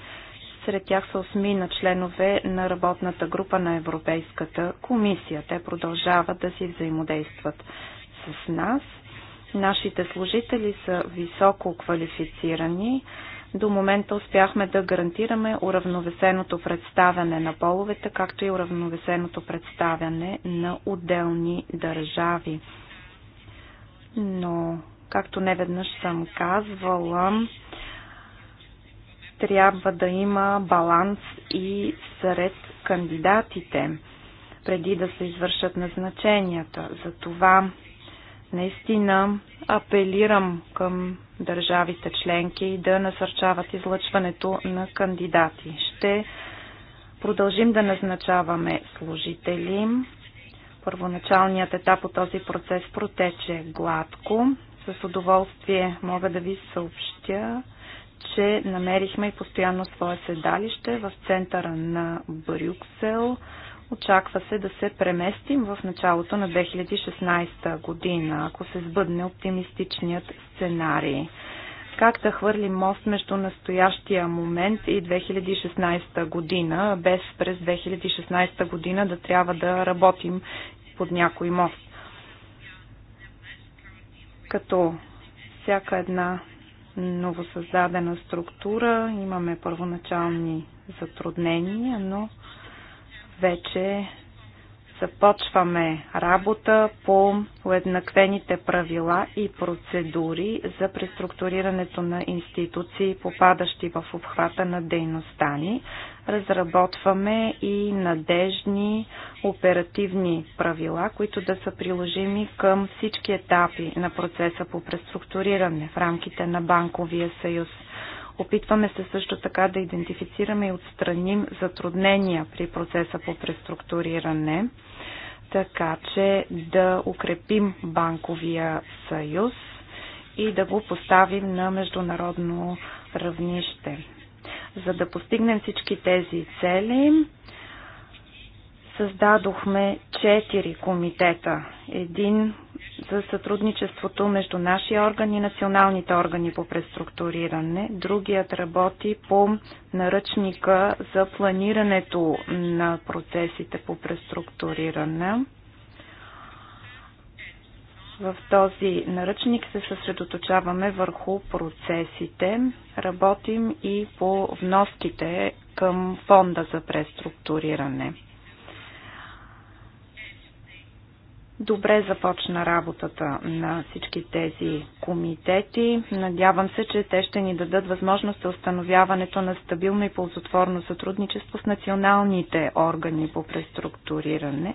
сред тях са осмина членове на работната група на Европейската комисия. Те продължават да си взаимодействат с нас. Нашите служители са високо квалифицирани. До момента успяхме да гарантираме уравновесеното представяне на половете, както и уравновесеното представяне на отделни държави. Но, както неведнъж съм казвала, трябва да има баланс и сред кандидатите, преди да се извършат назначенията. Затова наистина апелирам към държавите членки да насърчават излъчването на кандидати. Ще продължим да назначаваме служители. Първоначалният етап от този процес протече гладко. С удоволствие мога да ви съобщя, че намерихме и постоянно свое седалище в центъра на Брюксел. Очаква се да се преместим в началото на 2016 година, ако се сбъдне оптимистичният сценарий. Как да хвърлим мост между настоящия момент и 2016 година, без през 2016 година да трябва да работим под някой мост? Като всяка една новосъздадена структура имаме първоначални затруднения, но вече започваме работа по уеднаквените правила и процедури за преструктурирането на институции, попадащи в обхвата на дейността ни. Разработваме и надежни оперативни правила, които да са приложими към всички етапи на процеса по преструктуриране в рамките на Банковия съюз. Опитваме се също така да идентифицираме и отстраним затруднения при процеса по преструктуриране така че да укрепим банковия съюз и да го поставим на международно равнище. За да постигнем всички тези цели, създадохме четири комитета. Един за сътрудничеството между нашия орган и националните органи по преструктуриране. Другият работи по наръчника за планирането на процесите по преструктуриране. В този наръчник се съсредоточаваме върху процесите. Работим и по вноските към фонда за преструктуриране. Добре започна работата на всички тези комитети. Надявам се, че те ще ни дадат възможност за установяването на стабилно и ползотворно сътрудничество с националните органи по преструктуриране.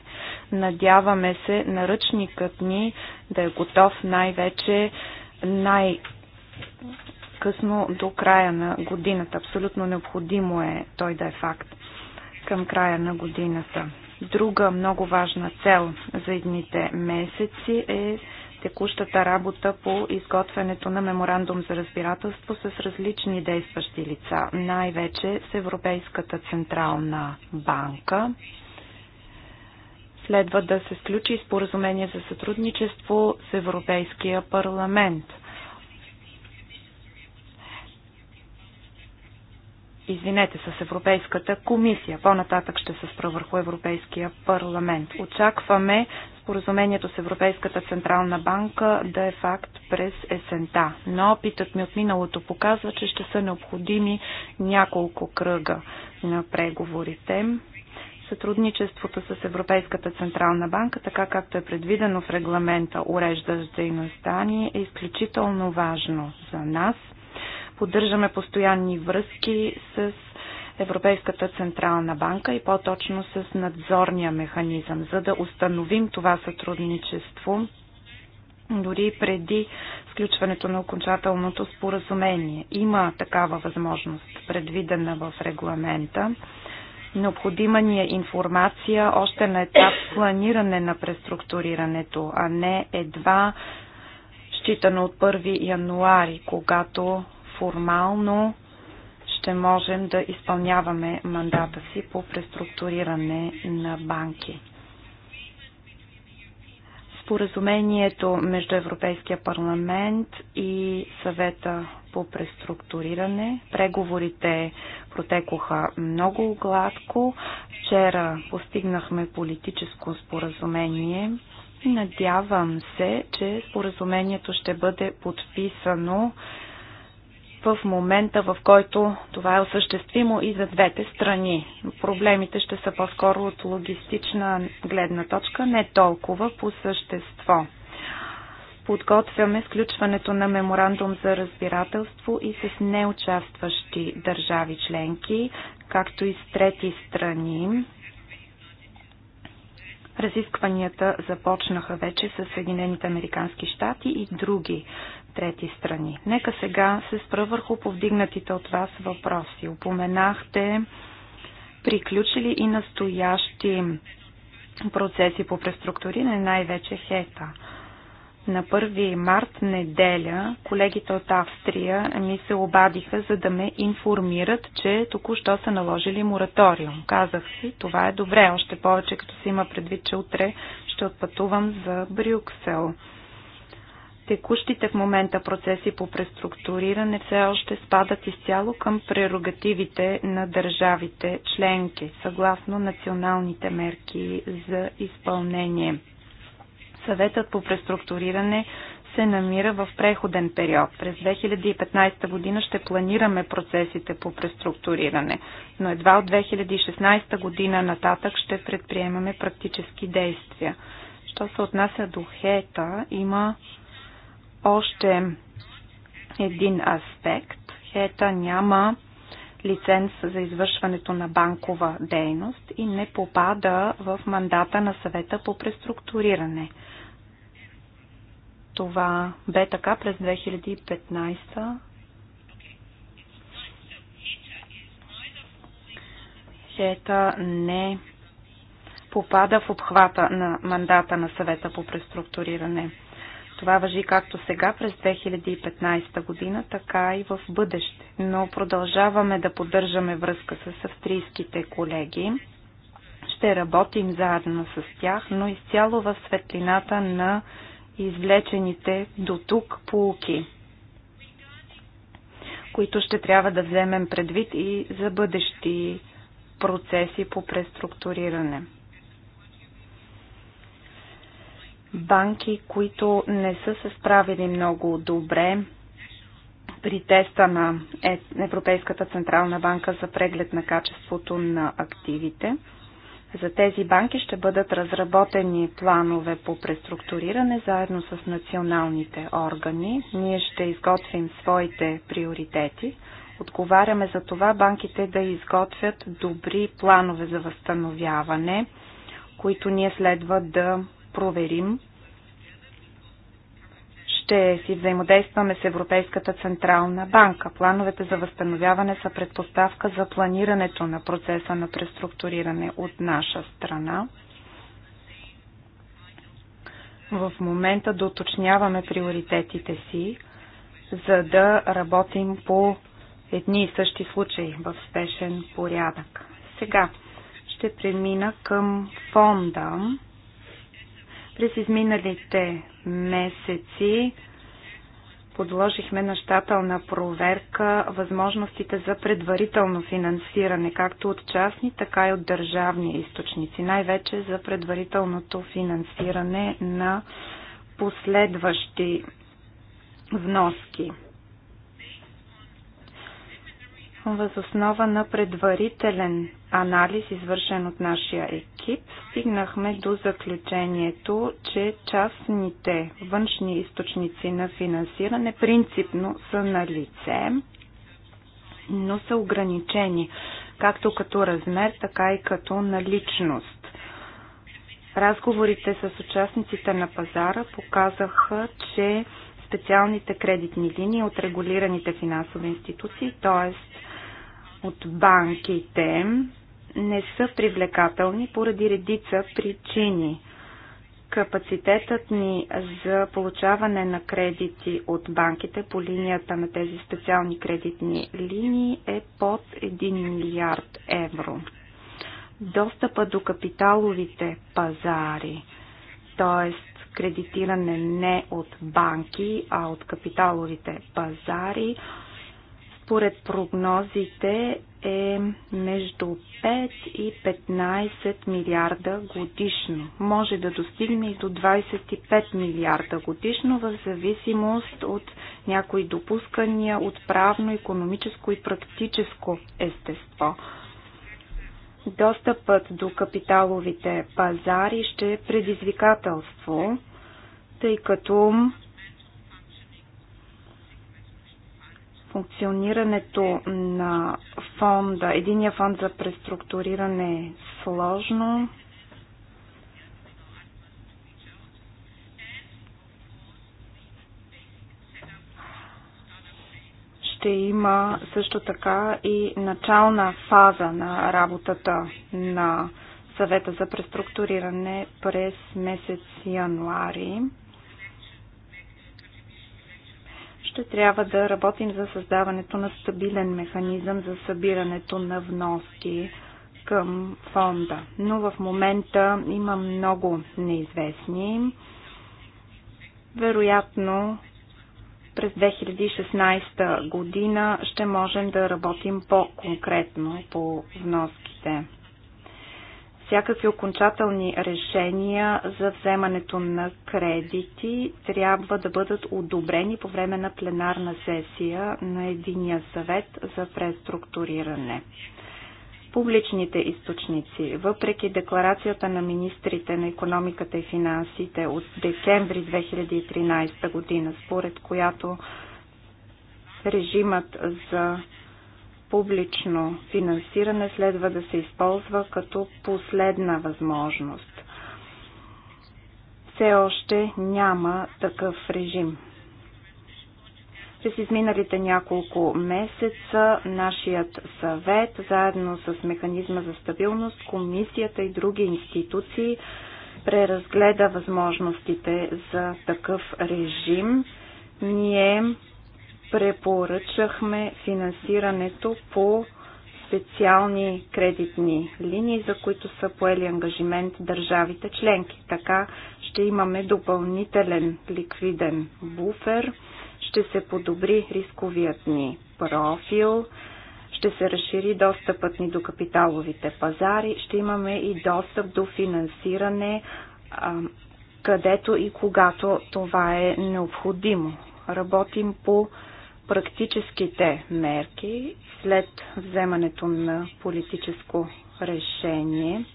Надяваме се наръчникът ни да е готов най-вече най късно до края на годината. Абсолютно необходимо е той да е факт към края на годината. Друга много важна цел за едните месеци е текущата работа по изготвянето на меморандум за разбирателство с различни действащи лица, най-вече с Европейската централна банка. Следва да се сключи споразумение за сътрудничество с Европейския парламент – извинете, с Европейската комисия. По-нататък ще се спра върху Европейския парламент. Очакваме споразумението с Европейската централна банка да е факт през есента. Но опитът ми от миналото показва, че ще са необходими няколко кръга на преговорите. Сътрудничеството с Европейската централна банка, така както е предвидено в регламента, уреждащ дейността ни, е изключително важно за нас – Поддържаме постоянни връзки с Европейската централна банка и по-точно с надзорния механизъм, за да установим това сътрудничество дори преди сключването на окончателното споразумение. Има такава възможност, предвидена в регламента. Необходима ни е информация още на етап планиране на преструктурирането, а не едва считано от 1 януари, когато формално ще можем да изпълняваме мандата си по преструктуриране на банки. Споразумението между Европейския парламент и съвета по преструктуриране. Преговорите протекоха много гладко. Вчера постигнахме политическо споразумение. Надявам се, че споразумението ще бъде подписано в момента, в който това е осъществимо и за двете страни. Проблемите ще са по-скоро от логистична гледна точка, не толкова по същество. Подготвяме сключването на меморандум за разбирателство и с неучастващи държави членки, както и с трети страни. Разискванията започнаха вече с Съединените Американски щати и други трети страни. Нека сега се спра върху повдигнатите от вас въпроси. Упоменахте приключили и настоящи процеси по преструктуриране, най-вече ХЕТА. На 1 март неделя колегите от Австрия ми се обадиха, за да ме информират, че току-що са наложили мораториум. Казах си, това е добре, още повече като се има предвид, че утре ще отпътувам за Брюксел. Текущите в момента процеси по преструктуриране все още спадат изцяло към прерогативите на държавите членки, съгласно националните мерки за изпълнение. Съветът по преструктуриране се намира в преходен период. През 2015 година ще планираме процесите по преструктуриране, но едва от 2016 година нататък ще предприемаме практически действия. Що се отнася до ХЕТА, има още един аспект. Хета няма лиценз за извършването на банкова дейност и не попада в мандата на съвета по преструктуриране. Това бе така през 2015 Хета е, не попада в обхвата на мандата на съвета по преструктуриране. Това въжи както сега през 2015 година, така и в бъдеще. Но продължаваме да поддържаме връзка с австрийските колеги. Ще работим заедно с тях, но изцяло в светлината на извлечените до тук полуки, които ще трябва да вземем предвид и за бъдещи процеси по преструктуриране. банки, които не са се справили много добре при теста на е, Европейската Централна банка за преглед на качеството на активите. За тези банки ще бъдат разработени планове по преструктуриране заедно с националните органи. Ние ще изготвим своите приоритети. Отговаряме за това банките да изготвят добри планове за възстановяване, които ние следва да проверим. Ще си взаимодействаме с Европейската Централна банка. Плановете за възстановяване са предпоставка за планирането на процеса на преструктуриране от наша страна. В момента да уточняваме приоритетите си, за да работим по едни и същи случаи в спешен порядък. Сега ще премина към фонда. През изминалите месеци подложихме на щателна проверка възможностите за предварително финансиране, както от частни, така и от държавни източници, най-вече за предварителното финансиране на последващи вноски. Въз основа на предварителен анализ, извършен от нашия екип, стигнахме до заключението, че частните външни източници на финансиране принципно са на лице, но са ограничени както като размер, така и като наличност. Разговорите с участниците на пазара показаха, че специалните кредитни линии от регулираните финансови институции, т.е от банките не са привлекателни поради редица причини. Капацитетът ни за получаване на кредити от банките по линията на тези специални кредитни линии е под 1 милиард евро. Достъпа до капиталовите пазари, т.е. кредитиране не от банки, а от капиталовите пазари, според прогнозите е между 5 и 15 милиарда годишно. Може да достигне и до 25 милиарда годишно в зависимост от някои допускания от правно, економическо и практическо естество. Достъпът до капиталовите пазари ще е предизвикателство, тъй като Функционирането на фонда, единия фонд за преструктуриране е сложно. ще има също така и начална фаза на работата на съвета за преструктуриране през месец януари. ще трябва да работим за създаването на стабилен механизъм за събирането на вноски към фонда. Но в момента има много неизвестни. Вероятно през 2016 година ще можем да работим по-конкретно по вноските всякакви окончателни решения за вземането на кредити трябва да бъдат одобрени по време на пленарна сесия на Единия съвет за преструктуриране. Публичните източници, въпреки декларацията на министрите на економиката и финансите от декември 2013 година, според която режимът за публично финансиране следва да се използва като последна възможност. Все още няма такъв режим. През изминалите няколко месеца нашият съвет, заедно с механизма за стабилност, комисията и други институции преразгледа възможностите за такъв режим. Ние препоръчахме финансирането по специални кредитни линии, за които са поели ангажимент държавите членки. Така ще имаме допълнителен ликвиден буфер, ще се подобри рисковият ни профил, ще се разшири достъпът ни до капиталовите пазари, ще имаме и достъп до финансиране, където и когато това е необходимо. Работим по практическите мерки след вземането на политическо решение,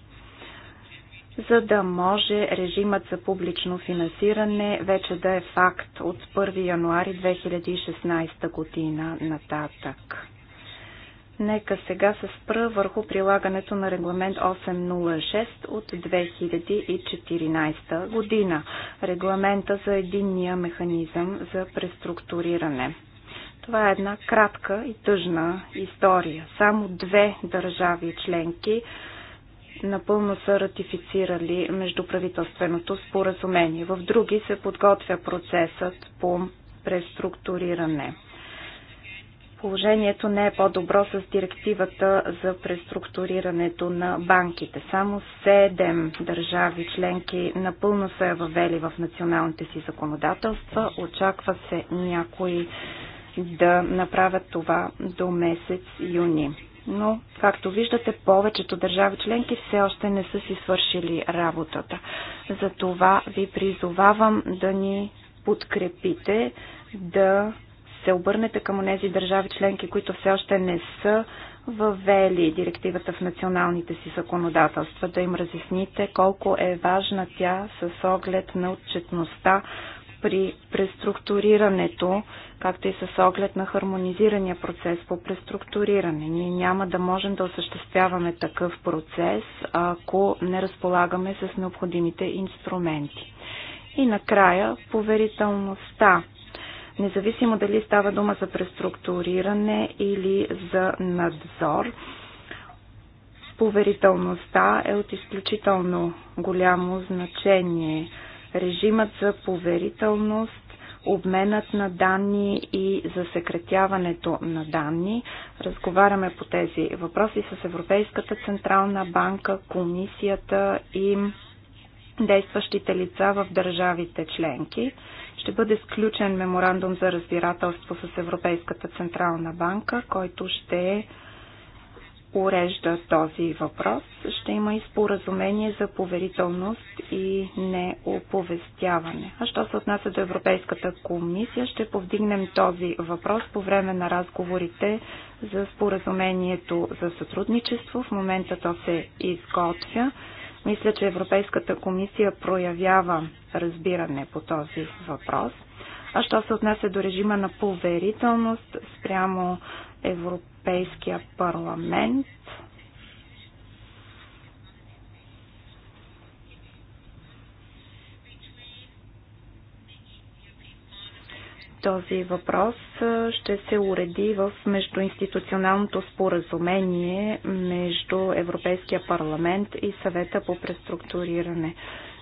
за да може режимът за публично финансиране вече да е факт от 1 януари 2016 година нататък. Нека сега се спра върху прилагането на регламент 806 от 2014 година, регламента за единния механизъм за преструктуриране. Това е една кратка и тъжна история. Само две държави членки напълно са ратифицирали междуправителственото споразумение. В други се подготвя процесът по преструктуриране. Положението не е по-добро с директивата за преструктурирането на банките. Само 7 държави членки напълно са я въвели в националните си законодателства. Очаква се някои да направят това до месец юни. Но, както виждате, повечето държави членки все още не са си свършили работата. Затова ви призовавам да ни подкрепите, да се обърнете към тези държави членки, които все още не са въвели директивата в националните си законодателства, да им разясните колко е важна тя с оглед на отчетността при преструктурирането, както и с оглед на хармонизирания процес по преструктуриране. Ние няма да можем да осъществяваме такъв процес, ако не разполагаме с необходимите инструменти. И накрая поверителността. Независимо дали става дума за преструктуриране или за надзор, поверителността е от изключително голямо значение – режимът за поверителност, обменът на данни и засекретяването на данни. Разговаряме по тези въпроси с Европейската Централна банка, комисията и действащите лица в държавите членки. Ще бъде сключен меморандум за разбирателство с Европейската Централна банка, който ще е урежда този въпрос. Ще има и споразумение за поверителност и неоповестяване. А що се отнася до Европейската комисия, ще повдигнем този въпрос по време на разговорите за споразумението за сътрудничество. В момента то се изготвя. Мисля, че Европейската комисия проявява разбиране по този въпрос. А що се отнася до режима на поверителност спрямо Европейския парламент. Този въпрос ще се уреди в междуинституционалното споразумение между Европейския парламент и съвета по преструктуриране.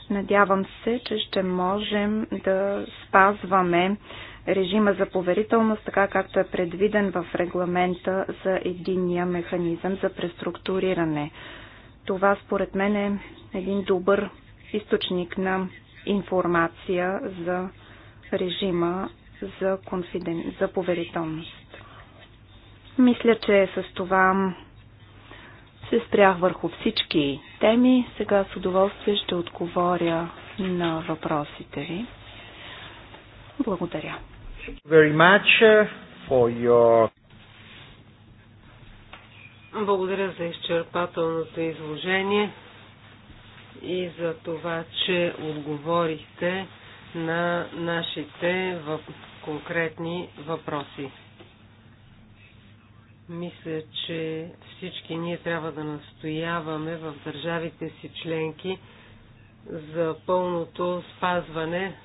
Надявам се, че ще можем да спазваме режима за поверителност, така както е предвиден в регламента за единния механизъм за преструктуриране. Това според мен е един добър източник на информация за режима за, конфиден... за поверителност. Мисля, че с това се спрях върху всички теми. Сега с удоволствие ще отговоря на въпросите ви. Благодаря. Very much uh, for your... Благодаря за изчерпателното изложение и за това, че отговорихте на нашите въп... конкретни въпроси. Мисля, че всички ние трябва да настояваме в държавите си членки за пълното спазване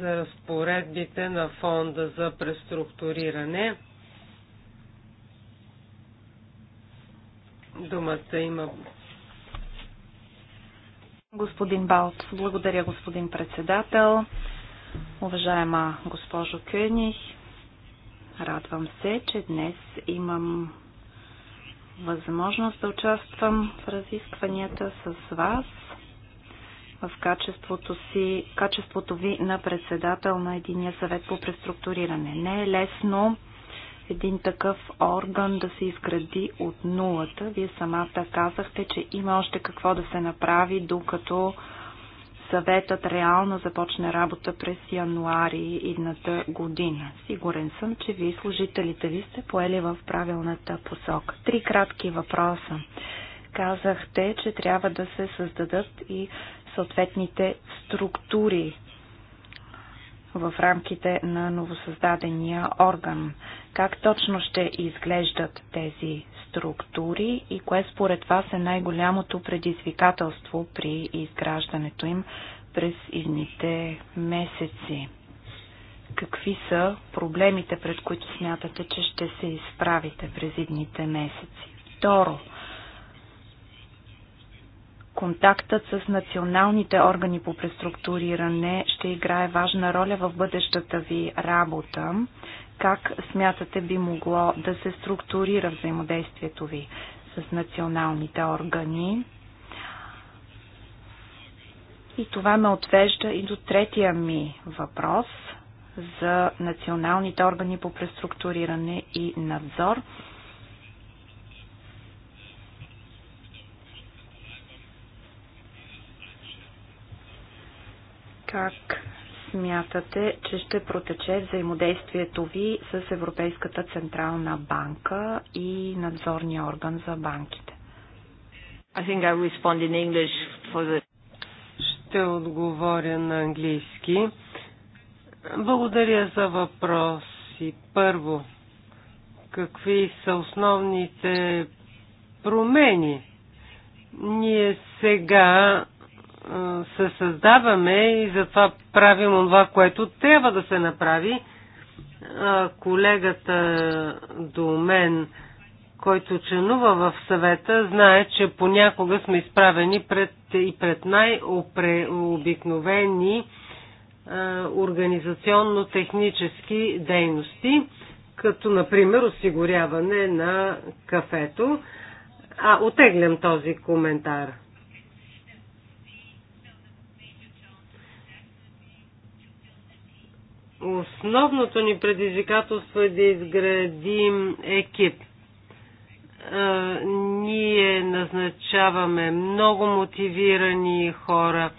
за разпоредбите на фонда за преструктуриране. Думата има господин Балт. Благодаря, господин председател. Уважаема госпожо Кених, радвам се, че днес имам възможност да участвам в разискванията с вас в качеството, си, качеството ви на председател на Единия съвет по преструктуриране. Не е лесно един такъв орган да се изгради от нулата. Вие самата казахте, че има още какво да се направи, докато съветът реално започне работа през януари идната година. Сигурен съм, че вие служителите ви сте поели в правилната посока. Три кратки въпроса. Казахте, че трябва да се създадат и съответните структури в рамките на новосъздадения орган. Как точно ще изглеждат тези структури и кое според вас е най-голямото предизвикателство при изграждането им през идните месеци? Какви са проблемите, пред които смятате, че ще се изправите през идните месеци? Второ, Контактът с националните органи по преструктуриране ще играе важна роля в бъдещата ви работа. Как смятате би могло да се структурира взаимодействието ви с националните органи? И това ме отвежда и до третия ми въпрос за националните органи по преструктуриране и надзор. Как смятате, че ще протече взаимодействието ви с Европейската централна банка и надзорния орган за банките? I think I respond in English for the... Ще отговоря на английски. Благодаря за въпроси. Първо, какви са основните промени? Ние сега се създаваме и затова правим това, което трябва да се направи. Колегата до мен, който членува в съвета, знае, че понякога сме изправени пред, и пред най-обикновени организационно-технически дейности, като например осигуряване на кафето. А, отеглям този коментар. основното ни предизвикателство е да изградим екип. Ние назначаваме много мотивирани хора,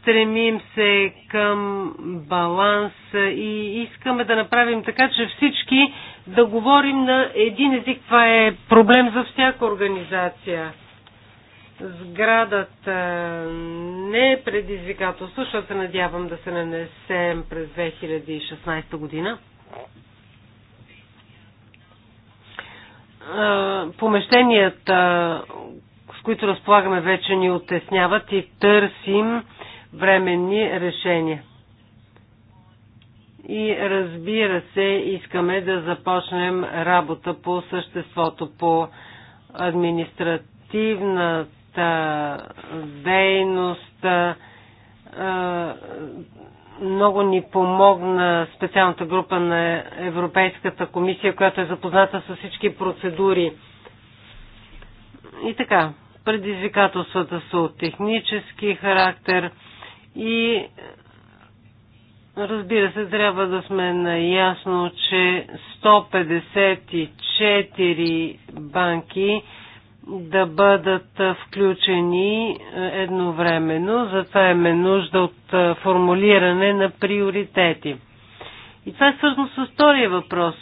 стремим се към баланс и искаме да направим така, че всички да говорим на един език. Това е проблем за всяка организация. Сградата не е предизвикателство, защото се надявам да се нанесем през 2016 година. Помещенията, с които разполагаме, вече ни оттесняват и търсим временни решения. И разбира се, искаме да започнем работа по съществото, по административната дейност. Много ни помогна специалната група на Европейската комисия, която е запозната с всички процедури. И така, предизвикателствата са от технически характер и разбира се, трябва да сме наясно, че 154 банки да бъдат включени едновременно. Затова имаме е нужда от формулиране на приоритети. И това е свързано с втория въпрос.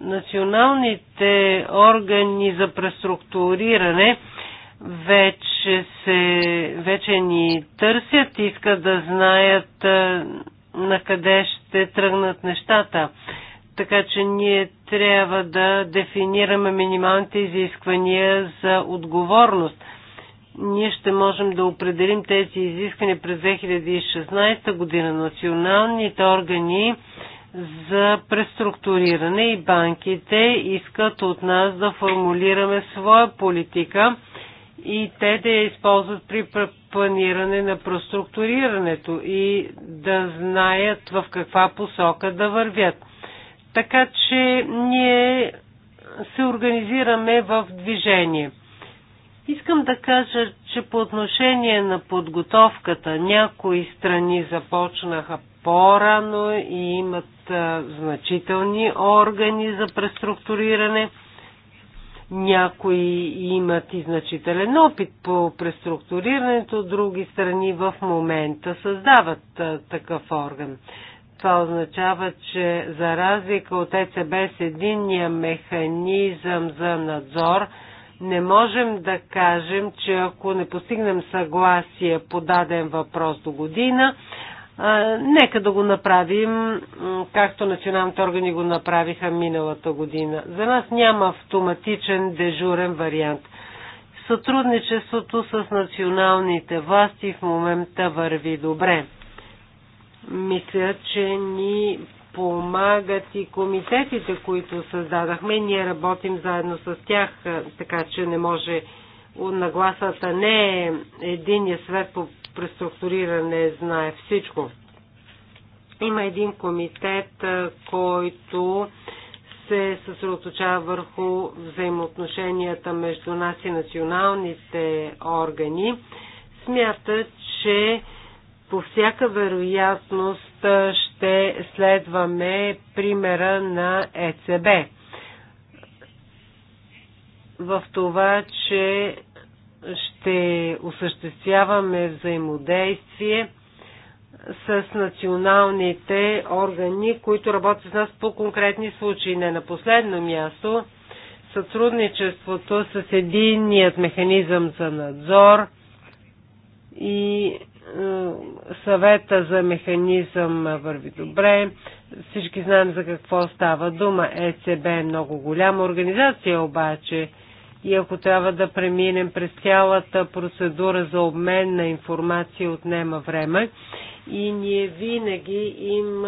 Националните органи за преструктуриране вече, се, вече ни търсят, искат да знаят на къде ще тръгнат нещата. Така че ние трябва да дефинираме минималните изисквания за отговорност. Ние ще можем да определим тези изисквания през 2016 година. Националните органи за преструктуриране и банките искат от нас да формулираме своя политика и те да я използват при планиране на преструктурирането и да знаят в каква посока да вървят. Така че ние се организираме в движение. Искам да кажа, че по отношение на подготовката някои страни започнаха по-рано и имат значителни органи за преструктуриране. Някои имат и значителен опит по преструктурирането, други страни в момента създават такъв орган. Това означава, че за разлика от ЕЦБ с единния механизъм за надзор, не можем да кажем, че ако не постигнем съгласие по даден въпрос до година, нека да го направим, както националните органи го направиха миналата година. За нас няма автоматичен дежурен вариант. Сътрудничеството с националните власти в момента върви добре. Мисля, че ни помагат и комитетите, които създадахме. Ние работим заедно с тях, така че не може нагласата не е единия свет по преструктуриране знае всичко. Има един комитет, който се съсредоточава върху взаимоотношенията между нас и националните органи. Смята, че по всяка вероятност ще следваме примера на ЕЦБ в това, че ще осъществяваме взаимодействие с националните органи, които работят с нас по конкретни случаи. Не на последно място, сътрудничеството с единният механизъм за надзор и съвета за механизъм върви добре. Всички знаем за какво става дума. ЕЦБ е много голяма организация обаче. И ако трябва да преминем през цялата процедура за обмен на информация, отнема време. И ние винаги им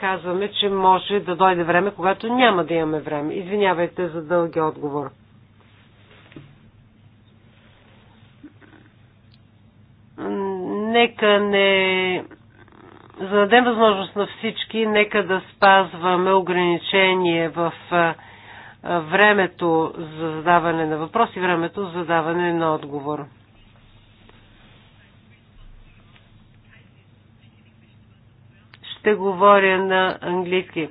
казваме, че може да дойде време, когато няма да имаме време. Извинявайте за дълги отговор. Нека не за да дадем възможност на всички, нека да спазваме ограничение в времето за задаване на въпроси, времето за задаване на отговор. Ще говоря на английски.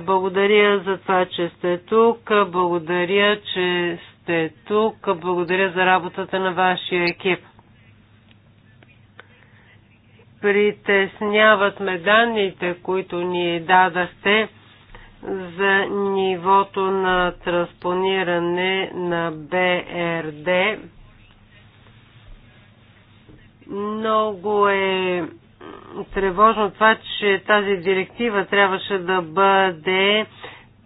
Благодаря за това, че сте тук. Благодаря, че сте тук. Благодаря за работата на вашия екип. Притесняват ме данните, които ни дадахте за нивото на транспониране на БРД. Много е тревожно това, че тази директива трябваше да бъде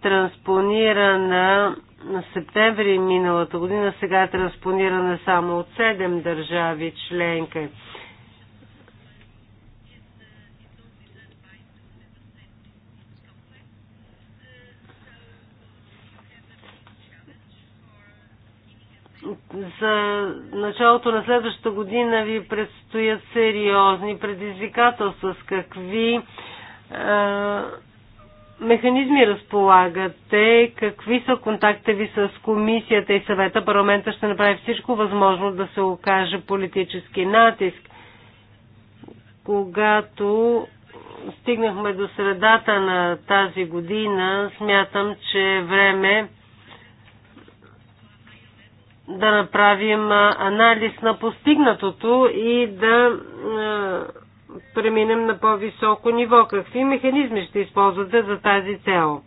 транспонирана на септември миналата година, сега е транспонирана само от 7 държави членка. за началото на следващата година ви предстоят сериозни предизвикателства. С какви е, механизми разполагате, какви са контактите ви с комисията и съвета, парламента ще направи всичко възможно да се окаже политически натиск. Когато стигнахме до средата на тази година, смятам, че е време да направим анализ на постигнатото и да преминем на по-високо ниво. Какви механизми ще използвате за тази цел?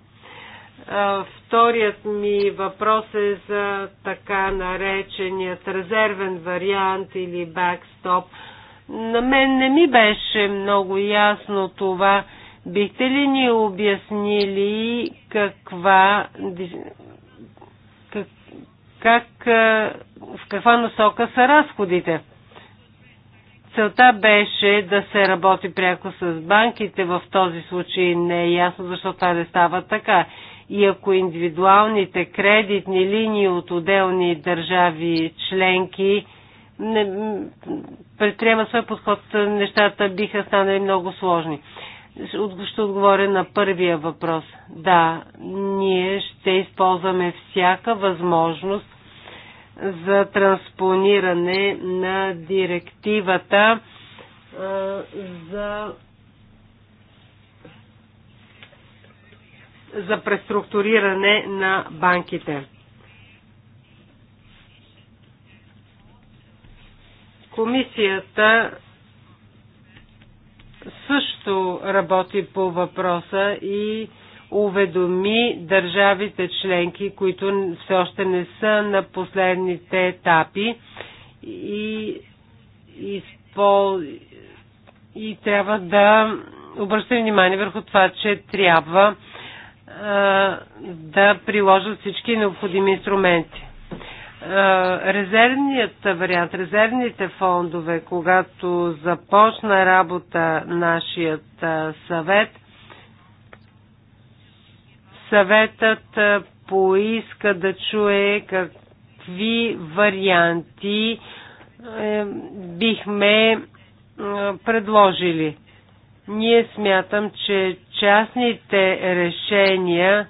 Вторият ми въпрос е за така нареченият резервен вариант или бакстоп. На мен не ми беше много ясно това. Бихте ли ни обяснили каква как, в каква насока са разходите. Целта беше да се работи пряко с банките. В този случай не е ясно защо това не става така. И ако индивидуалните кредитни линии от отделни държави членки не, предприемат своя подход, нещата биха станали много сложни. Ще отговоря на първия въпрос. Да, ние ще използваме всяка възможност за транспониране на директивата за за преструктуриране на банките. Комисията също работи по въпроса и уведоми държавите членки, които все още не са на последните етапи и, и, спол, и трябва да обръща внимание върху това, че трябва а, да приложат всички необходими инструменти. А, резервният вариант, резервните фондове, когато започна работа нашият съвет, Съветът поиска да чуе какви варианти е, бихме предложили. Ние смятам, че частните решения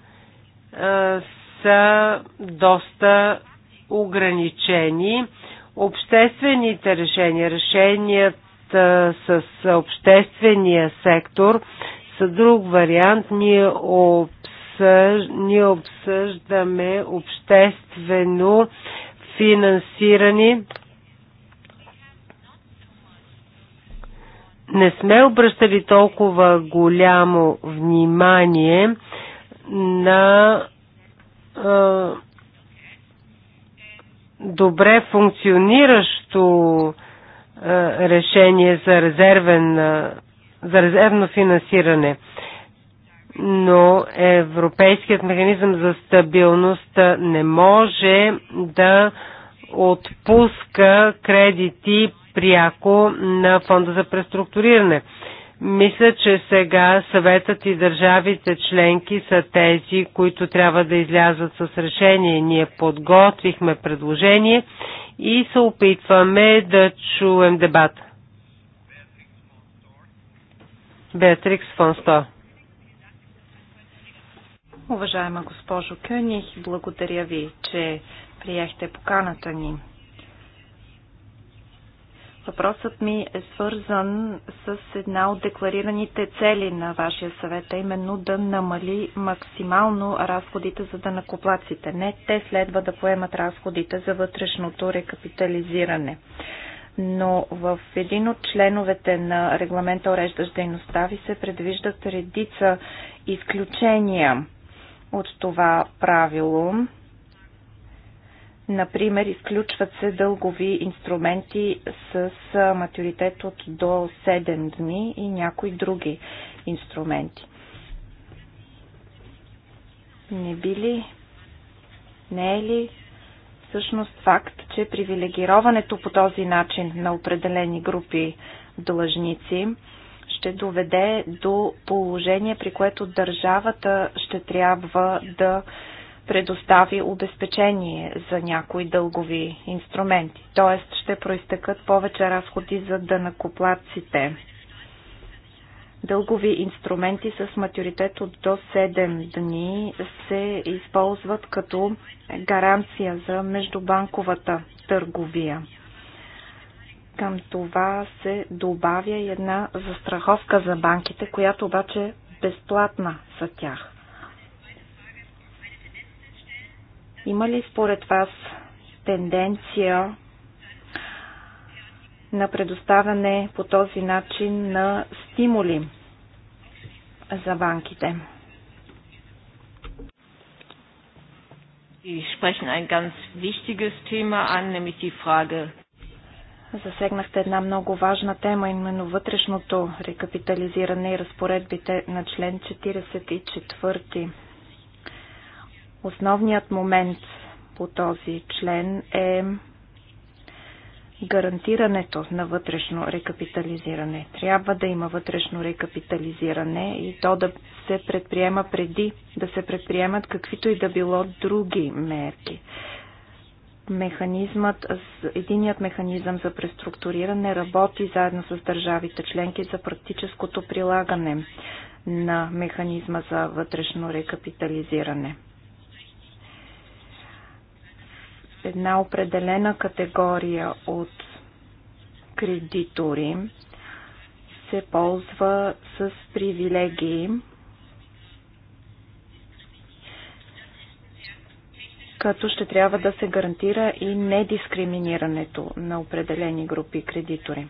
са доста ограничени. Обществените решения, решенията с обществения сектор са друг вариант. Ние обсъж... ние обсъждаме обществено финансирани. Не сме обръщали толкова голямо внимание на а, добре функциониращо а, решение за, резервен, за резервно финансиране но Европейският механизъм за стабилност не може да отпуска кредити пряко на фонда за преструктуриране. Мисля, че сега съветът и държавите членки са тези, които трябва да излязат с решение. Ние подготвихме предложение и се опитваме да чуем дебата. Беатрикс фон Стор. Уважаема госпожо Кюних, благодаря ви, че приехте поканата ни. Въпросът ми е свързан с една от декларираните цели на вашия съвет, а именно да намали максимално разходите за данакоплаците. Не те следва да поемат разходите за вътрешното рекапитализиране. Но в един от членовете на регламента уреждащ дейността ви се предвиждат редица изключения от това правило. Например, изключват се дългови инструменти с матюритет от до 7 дни и някои други инструменти. Не би ли? Не е ли всъщност факт, че привилегироването по този начин на определени групи длъжници ще доведе до положение, при което държавата ще трябва да предостави обезпечение за някои дългови инструменти. Тоест ще проистъкат повече разходи за дънакоплатците. Дългови инструменти с матюритет от до 7 дни се използват като гаранция за междубанковата търговия. Към това се добавя и една застраховка за банките, която обаче е безплатна за тях. Има ли според вас тенденция на предоставяне по този начин на стимули за банките? Sie sprechen ein ganz wichtiges Thema an, nämlich die Frage Засегнахте една много важна тема, именно вътрешното рекапитализиране и разпоредбите на член 44. Основният момент по този член е гарантирането на вътрешно рекапитализиране. Трябва да има вътрешно рекапитализиране и то да се предприема преди да се предприемат каквито и да било други мерки механизмът, единият механизъм за преструктуриране работи заедно с държавите членки за практическото прилагане на механизма за вътрешно рекапитализиране. Една определена категория от кредитори се ползва с привилегии като ще трябва да се гарантира и недискриминирането на определени групи кредитори.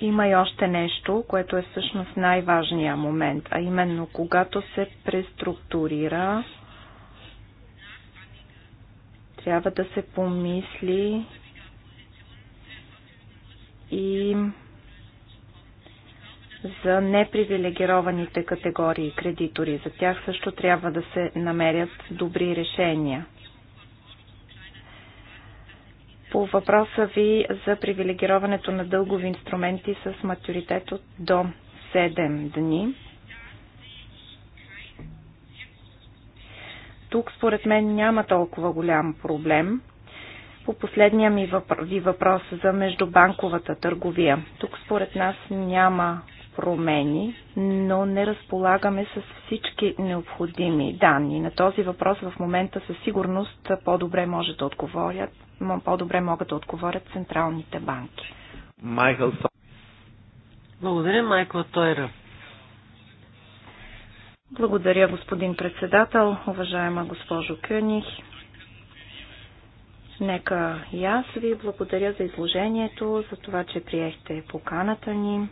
Има и още нещо, което е всъщност най важния момент, а именно когато се преструктурира, трябва да се помисли и за непривилегированите категории кредитори. За тях също трябва да се намерят добри решения. По въпроса ви за привилегироването на дългови инструменти с матюритет от до 7 дни, тук според мен няма толкова голям проблем. По последния ми въпрос, ви въпрос за междубанковата търговия. Тук според нас няма промени, но не разполагаме с всички необходими данни. На този въпрос в момента със сигурност по-добре може да отговорят, по-добре могат да отговорят централните банки. Майкъл Благодаря, Майкъл Тойра. Благодаря, господин председател, уважаема госпожо Кюних. Нека и аз ви благодаря за изложението, за това, че приехте поканата ни.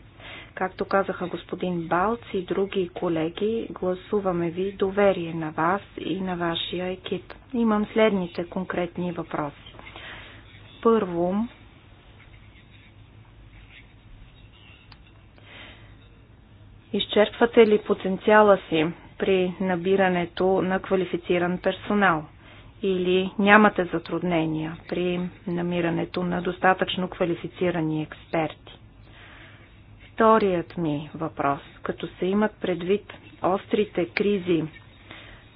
Както казаха господин Балц и други колеги, гласуваме ви доверие на вас и на вашия екип. Имам следните конкретни въпроси. Първо, изчерпвате ли потенциала си при набирането на квалифициран персонал? Или нямате затруднения при намирането на достатъчно квалифицирани експерти? вторият ми въпрос. Като се имат предвид острите кризи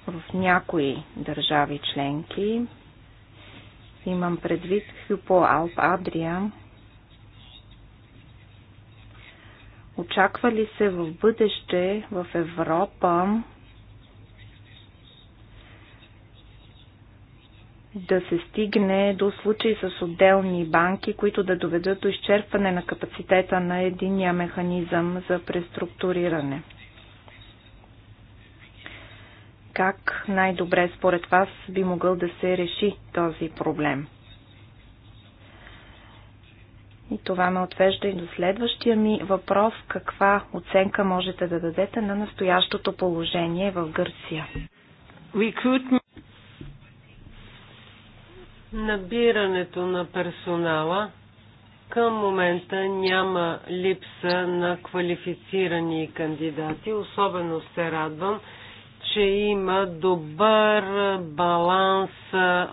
в някои държави членки, имам предвид Хюпо Алп Адрия, очаква ли се в бъдеще в Европа да се стигне до случаи с отделни банки, които да доведат до изчерпване на капацитета на единия механизъм за преструктуриране. Как най-добре според вас би могъл да се реши този проблем? И това ме отвежда и до следващия ми въпрос. Каква оценка можете да дадете на настоящото положение в Гърция? Набирането на персонала към момента няма липса на квалифицирани кандидати. Особено се радвам, че има добър баланс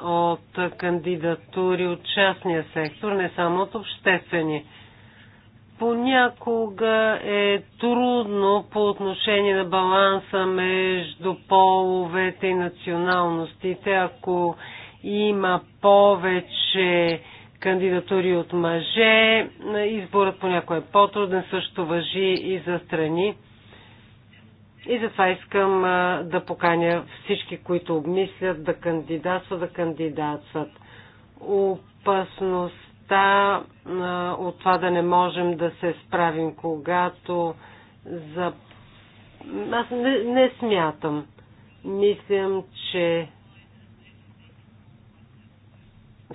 от кандидатури от частния сектор, не само от обществени. Понякога е трудно по отношение на баланса между половете и националностите, ако има повече кандидатури от мъже. Изборът понякога е по-труден, също въжи и за страни. И затова искам да поканя всички, които обмислят да кандидатстват, да кандидатстват. Опасността от това да не можем да се справим, когато за... Аз не, не смятам. Мислям, че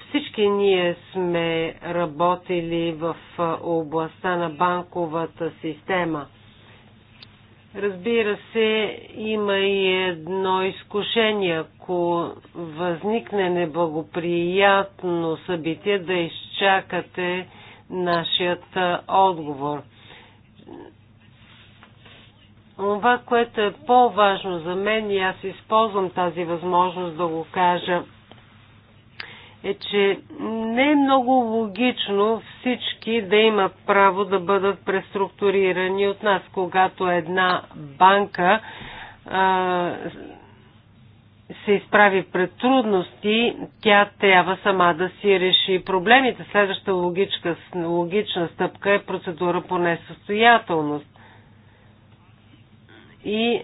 всички ние сме работили в областта на банковата система. Разбира се, има и едно изкушение, ако възникне неблагоприятно събитие, да изчакате нашият отговор. Това, което е по-важно за мен и аз използвам тази възможност да го кажа е, че не е много логично всички да имат право да бъдат преструктурирани от нас, когато една банка а, се изправи пред трудности, тя трябва сама да си реши проблемите. Следваща логичка, логична стъпка е процедура по несъстоятелност. И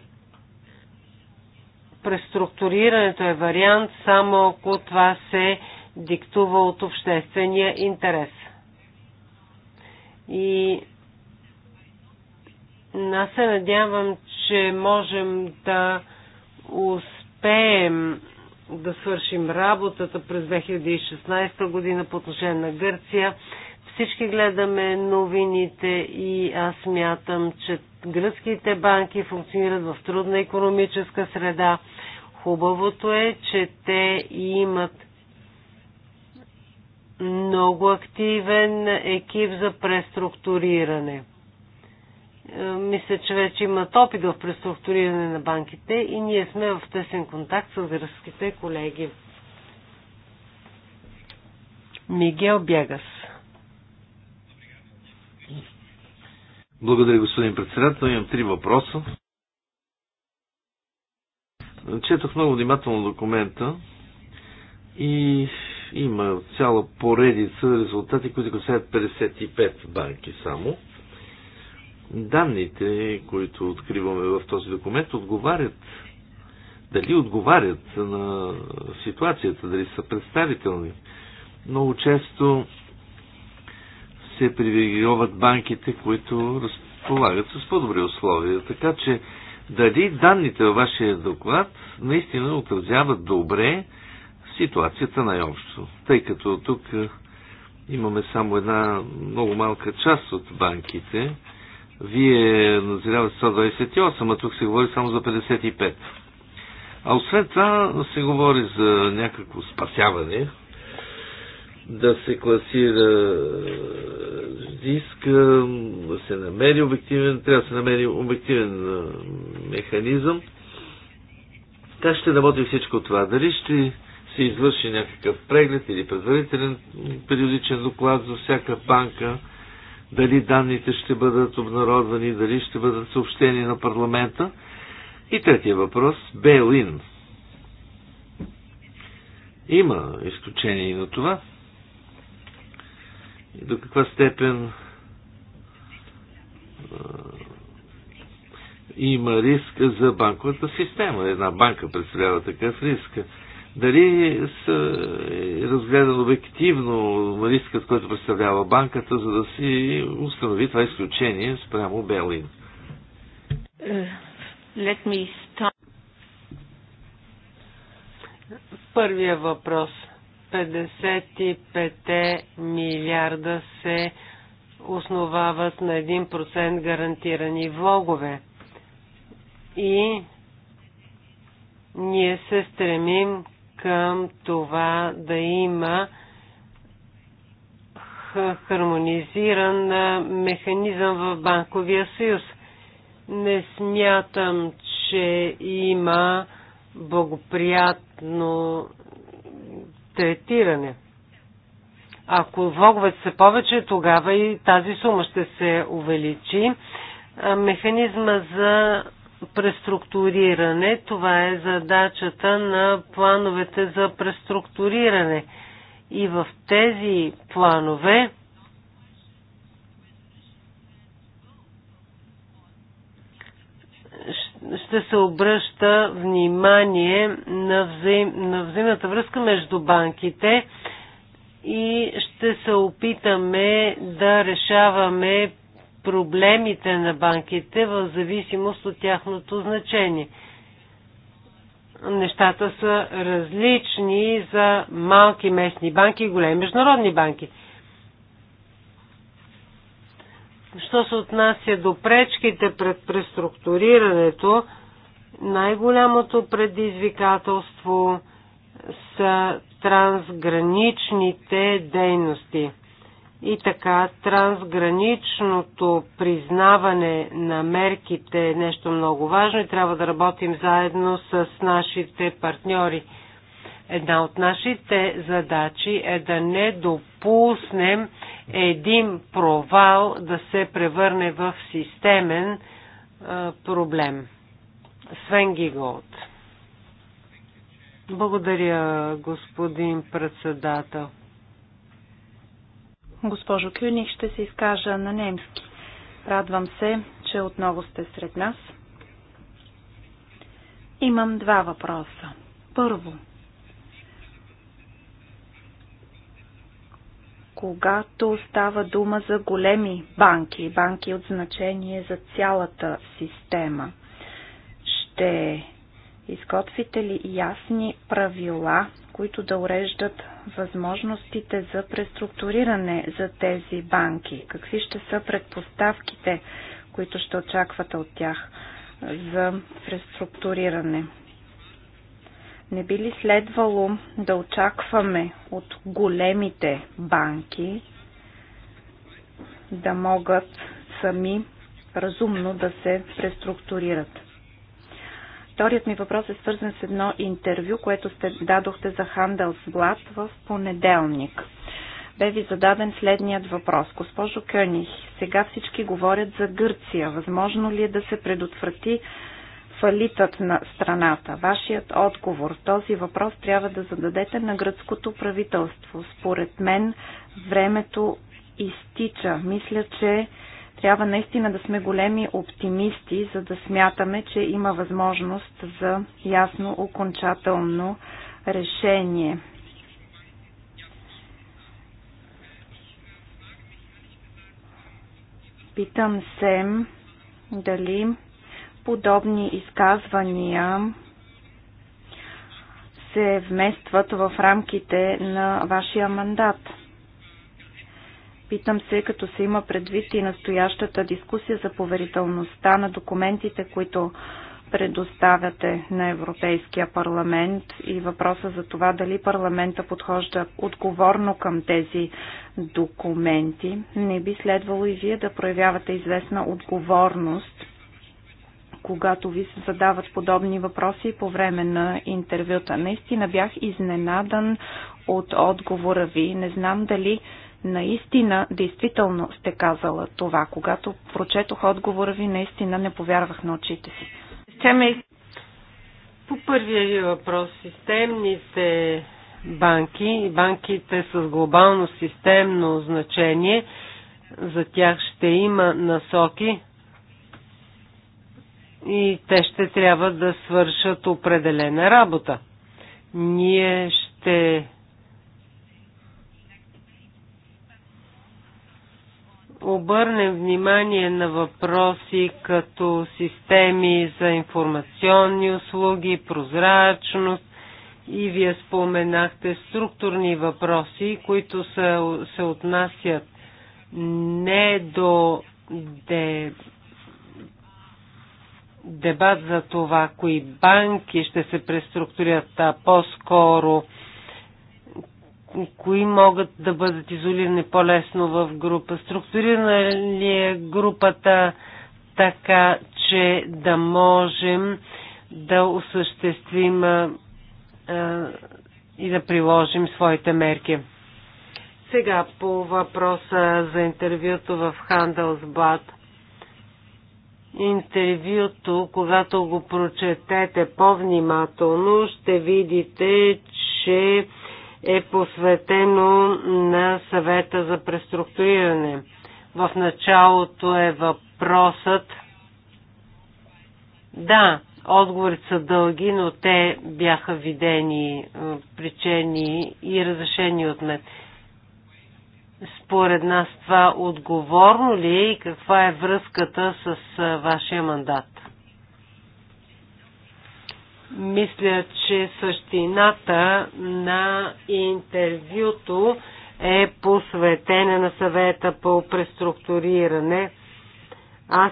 преструктурирането е вариант само ако това се диктува от обществения интерес. И аз се надявам, че можем да успеем да свършим работата през 2016 година по отношение на Гърция. Всички гледаме новините и аз мятам, че гръцките банки функционират в трудна економическа среда. Хубавото е, че те имат много активен екип за преструктуриране. Е, мисля, че вече имат опит в преструктуриране на банките и ние сме в тесен контакт с гръцките колеги. Мигел Бягас. Благодаря, господин председател. Имам три въпроса. Четох много внимателно документа и има цяла поредица резултати, които касаят 55 банки само. Данните, които откриваме в този документ, отговарят дали отговарят на ситуацията, дали са представителни. Много често се привилегиоват банките, които разполагат с по-добри условия. Така че дали данните във вашия доклад наистина отразяват добре ситуацията най-общо. Тъй като тук е, имаме само една много малка част от банките, вие назирявате 128, а тук се говори само за 55. А освен това се говори за някакво спасяване, да се класира диска, да се намери обективен, трябва да се намери обективен механизъм. Как ще работи всичко това? Дали ще се извърши някакъв преглед или предварителен периодичен доклад за всяка банка, дали данните ще бъдат обнародвани, дали ще бъдат съобщени на парламента. И третия въпрос – Бейлин. Има изключение и на това. И до каква степен има риск за банковата система. Една банка представлява такъв риск. Дали са разгледан обективно рискът, който представлява банката, за да си установи това изключение спрямо Белин? Е, let me start. Първия въпрос. 55 милиарда се основават на 1% гарантирани влогове. И ние се стремим към това да има хармонизиран механизъм в банковия съюз. Не смятам, че има благоприятно третиране. Ако влогват се повече, тогава и тази сума ще се увеличи. Механизма за преструктуриране. Това е задачата на плановете за преструктуриране. И в тези планове ще се обръща внимание на, взаим, на взаимната връзка между банките и ще се опитаме да решаваме проблемите на банките в зависимост от тяхното значение. Нещата са различни за малки местни банки и големи международни банки. Що се отнася до пречките пред преструктурирането, най-голямото предизвикателство са трансграничните дейности – и така, трансграничното признаване на мерките е нещо много важно и трябва да работим заедно с нашите партньори. Една от нашите задачи е да не допуснем един провал да се превърне в системен проблем. Свен Гиголт. Благодаря, господин председател. Госпожо Кюних, ще се изкажа на немски. Радвам се, че отново сте сред нас. Имам два въпроса. Първо, когато става дума за големи банки, банки от значение за цялата система, ще Изготвите ли ясни правила, които да уреждат възможностите за преструктуриране за тези банки? Какви ще са предпоставките, които ще очаквате от тях за преструктуриране? Не би ли следвало да очакваме от големите банки да могат сами разумно да се преструктурират? Вторият ми въпрос е свързан с едно интервю, което сте дадохте за Handelsblad в понеделник. Бе ви зададен следният въпрос. Госпожо Кюних, сега всички говорят за Гърция. Възможно ли е да се предотврати фалитът на страната? Вашият отговор. Този въпрос трябва да зададете на гръцкото правителство. Според мен времето изтича. Мисля, че трябва наистина да сме големи оптимисти, за да смятаме, че има възможност за ясно окончателно решение. Питам се дали подобни изказвания се вместват в рамките на вашия мандат. Питам се, като се има предвид и настоящата дискусия за поверителността на документите, които предоставяте на Европейския парламент и въпроса за това дали парламента подхожда отговорно към тези документи. Не би следвало и вие да проявявате известна отговорност, когато ви се задават подобни въпроси по време на интервюта. Наистина бях изненадан от отговора ви. Не знам дали Наистина, действително сте казала това. Когато прочетох отговора ви, наистина не повярвах на очите си. Е- По първия ви въпрос, системните банки, банките с глобално системно значение, за тях ще има насоки и те ще трябва да свършат определена работа. Ние ще обърнем внимание на въпроси като системи за информационни услуги, прозрачност и вие споменахте структурни въпроси, които се, се отнасят не до де, дебат за това, кои банки ще се преструктурят, а по-скоро кои могат да бъдат изолирани по-лесно в група? Структурирана ли е групата така, че да можем да осъществим а, и да приложим своите мерки? Сега по въпроса за интервюто в Handelsblad. Интервюто, когато го прочетете по-внимателно, ще видите, че е посветено на съвета за преструктуриране. В началото е въпросът. Да, отговорите са дълги, но те бяха видени, е, причени и разрешени от мен. Според нас това отговорно ли е и каква е връзката с е, вашия мандат? Мисля, че същината на интервюто е посветена на съвета по преструктуриране. Аз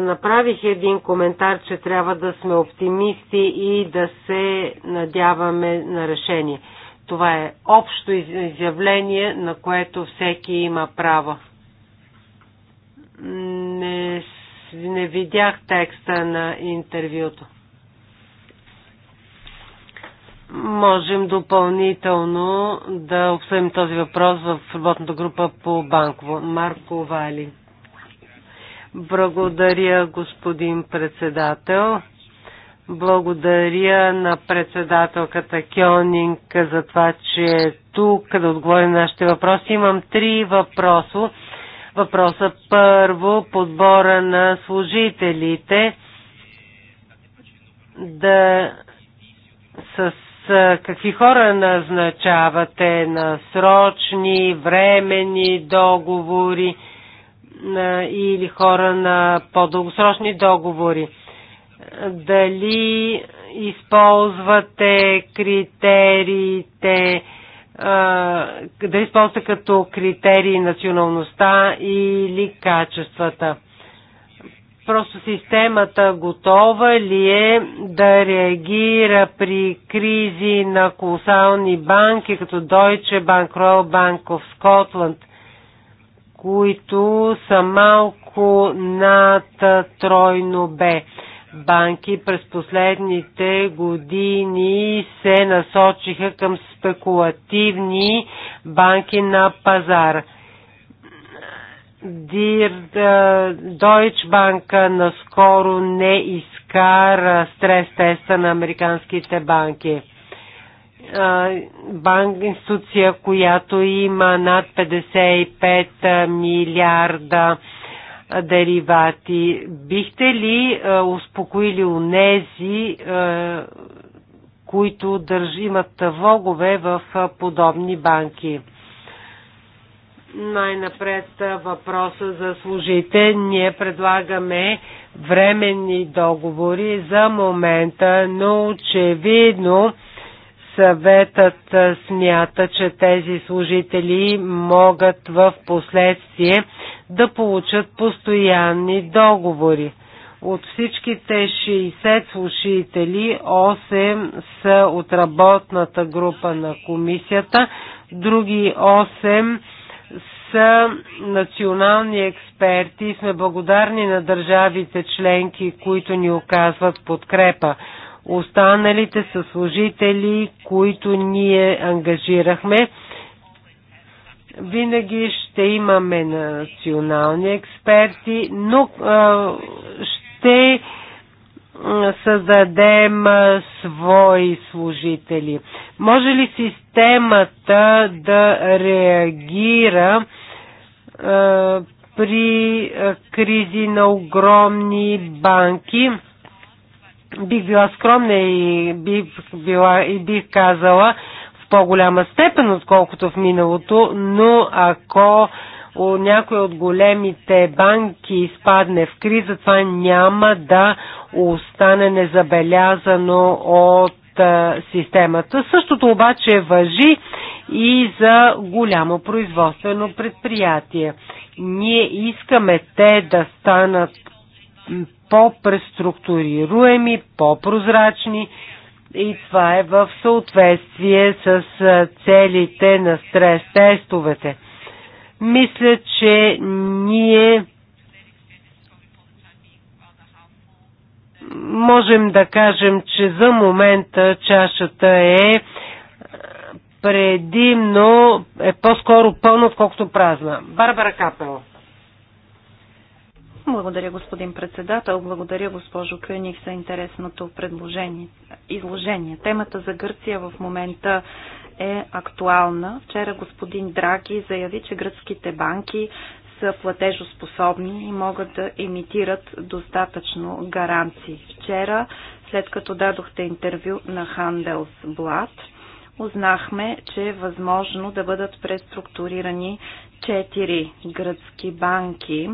направих един коментар, че трябва да сме оптимисти и да се надяваме на решение. Това е общо изявление, на което всеки има право. Не, не видях текста на интервюто. Можем допълнително да обсъдим този въпрос в работната група по банково. Марко Вали. Благодаря, господин председател. Благодаря на председателката Кьонинг за това, че е тук да отговори на нашите въпроси. Имам три въпроса. Въпроса първо, подбора на служителите да с какви хора назначавате, на срочни времени договори или хора на по-дългосрочни договори. Дали използвате критериите, дали използвате като критерии националността или качествата. Просто системата готова ли е да реагира при кризи на колосални банки, като Deutsche Bank, Royal Bank of Scotland, които са малко над тройно Б. Банки през последните години се насочиха към спекулативни банки на пазара Дир, Deutsche наскоро не изкара стрес теста на американските банки. Банк, институция, която има над 55 милиарда деривати. Бихте ли успокоили унези, които държимат имат влогове в подобни банки? Най-напред въпроса за служите. Ние предлагаме временни договори за момента, но очевидно съветът смята, че тези служители могат в последствие да получат постоянни договори. От всичките 60 слушители, 8 са от работната група на комисията, други 8 са национални експерти и сме благодарни на държавите членки, които ни оказват подкрепа. Останалите са служители, които ние ангажирахме. Винаги ще имаме национални експерти, но ще създадем свои служители. Може ли системата да реагира е, при е, кризи на огромни банки. Бих била скромна и бих, била, и бих казала в по-голяма степен, отколкото в миналото, но ако някой от големите банки изпадне в криза, това няма да остане незабелязано от системата. Същото обаче въжи и за голямо производствено предприятие. Ние искаме те да станат по-преструктурируеми, по-прозрачни и това е в съответствие с целите на стрес тестовете. Мисля, че ние можем да кажем, че за момента чашата е, е предимно, е по-скоро пълна, отколкото празна. Барбара Капел. Благодаря, господин председател. Благодаря, госпожо Кюних, за интересното предложение, изложение. Темата за Гърция в момента е актуална. Вчера господин Драги заяви, че гръцките банки са платежоспособни и могат да емитират достатъчно гаранции. Вчера, след като дадохте интервю на Handelsblad, узнахме, че е възможно да бъдат преструктурирани 4 гръцки банки,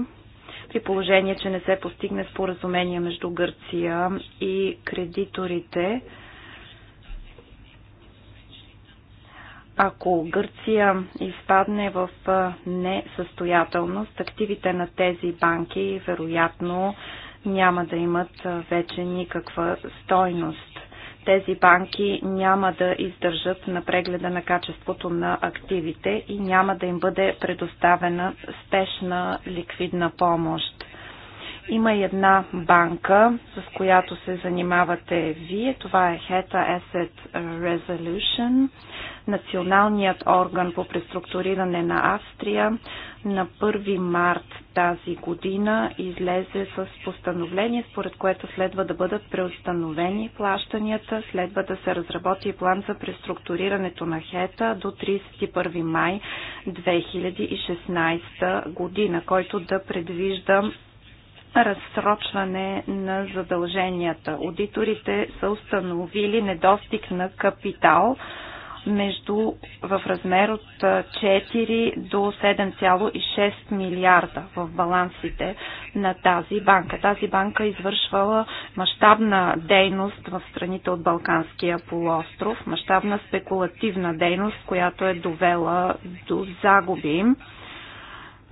при положение, че не се постигне споразумение между Гърция и кредиторите. Ако Гърция изпадне в несъстоятелност, активите на тези банки вероятно няма да имат вече никаква стойност. Тези банки няма да издържат на прегледа на качеството на активите и няма да им бъде предоставена спешна ликвидна помощ. Има и една банка, с която се занимавате вие. Това е HETA Asset Resolution, националният орган по преструктуриране на Австрия. На 1 март тази година излезе с постановление, според което следва да бъдат преустановени плащанията, следва да се разработи план за преструктурирането на ХЕТА до 31 май 2016 година, който да предвижда разсрочване на задълженията. Аудиторите са установили недостиг на капитал между в размер от 4 до 7,6 милиарда в балансите на тази банка. Тази банка е извършвала мащабна дейност в страните от Балканския полуостров, мащабна спекулативна дейност, която е довела до загуби.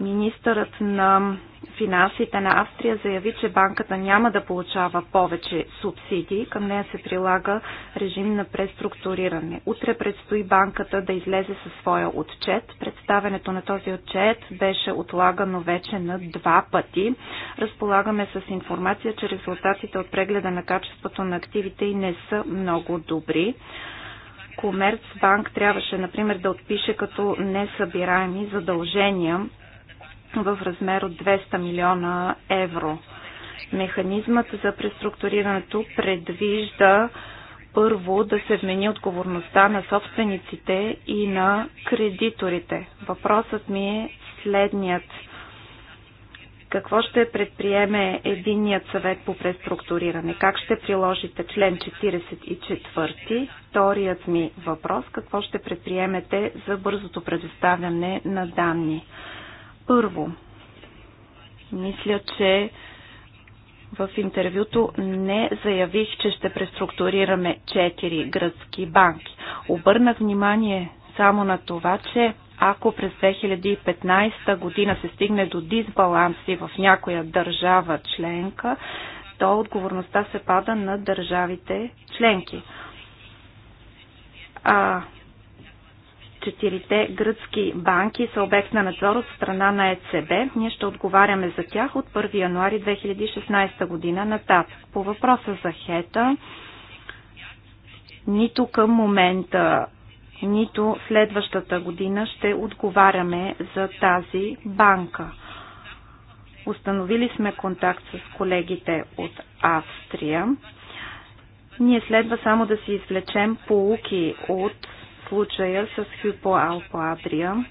Министърът на финансите на Австрия заяви, че банката няма да получава повече субсидии. Към нея се прилага режим на преструктуриране. Утре предстои банката да излезе със своя отчет. Представенето на този отчет беше отлагано вече на два пъти. Разполагаме с информация, че резултатите от прегледа на качеството на активите и не са много добри. Комерцбанк трябваше, например, да отпише като несъбираеми задължения в размер от 200 милиона евро. Механизмът за преструктурирането предвижда първо да се вмени отговорността на собствениците и на кредиторите. Въпросът ми е следният. Какво ще предприеме единният съвет по преструктуриране? Как ще приложите член 44? Вторият ми въпрос. Какво ще предприемете за бързото предоставяне на данни? Първо, мисля, че в интервюто не заявих, че ще преструктурираме 4 гръцки банки. Обърнах внимание само на това, че ако през 2015 година се стигне до дисбаланси в някоя държава членка, то отговорността се пада на държавите членки. А четирите гръцки банки са обект на надзор от страна на ЕЦБ. Ние ще отговаряме за тях от 1 януари 2016 година нататък. По въпроса за хета, нито към момента, нито следващата година ще отговаряме за тази банка. Установили сме контакт с колегите от Австрия. Ние следва само да си извлечем полуки от случая с Хюпо Алпо Адрия.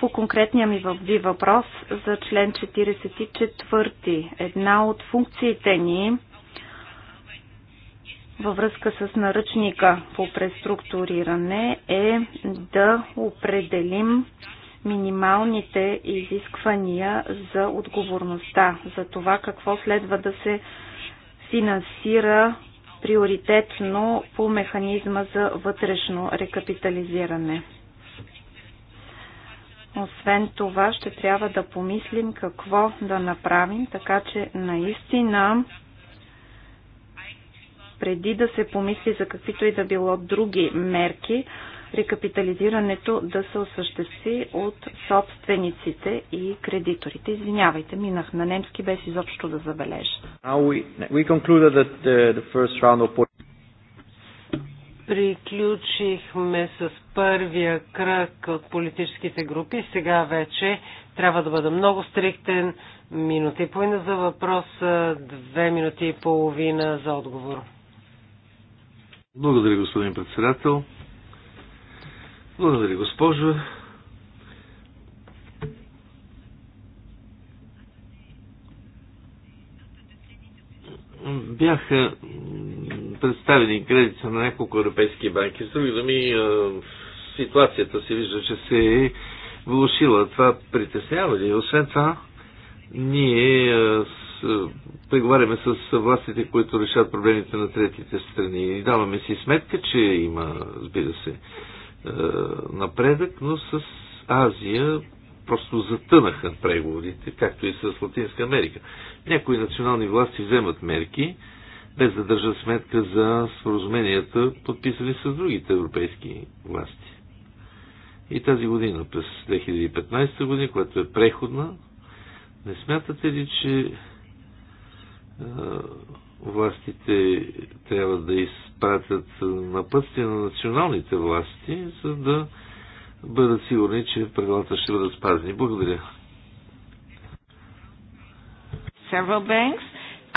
По конкретния ми ви въпрос за член 44, една от функциите ни във връзка с наръчника по преструктуриране е да определим минималните изисквания за отговорността, за това какво следва да се финансира приоритетно по механизма за вътрешно рекапитализиране. Освен това, ще трябва да помислим какво да направим, така че наистина преди да се помисли за каквито и да било други мерки, рекапитализирането да се осъществи от собствениците и кредиторите. Извинявайте, минах на немски без изобщо да забележа. Приключихме с първия кръг от политическите групи. Сега вече трябва да бъда много стриктен. Минута и половина за въпрос, две минути и половина за отговор. Благодаря, господин председател. Благодаря, госпожо. Бяха представени кредита на няколко европейски банки. С други думи, ситуацията се вижда, че се е влушила. Това притеснява ли? Освен това, ние с, преговаряме с властите, които решат проблемите на третите страни. И даваме си сметка, че има, разбира се, е, напредък, но с Азия просто затънаха преговорите, както и с Латинска Америка. Някои национални власти вземат мерки, без да държат сметка за споразуменията, подписани с другите европейски власти. И тази година, през 2015 година, която е преходна, не смятате ли, че е, Властите трябва да изпратят напътствие на националните власти, за да бъдат сигурни, че правилата ще бъдат спазни. Благодаря. Several banks.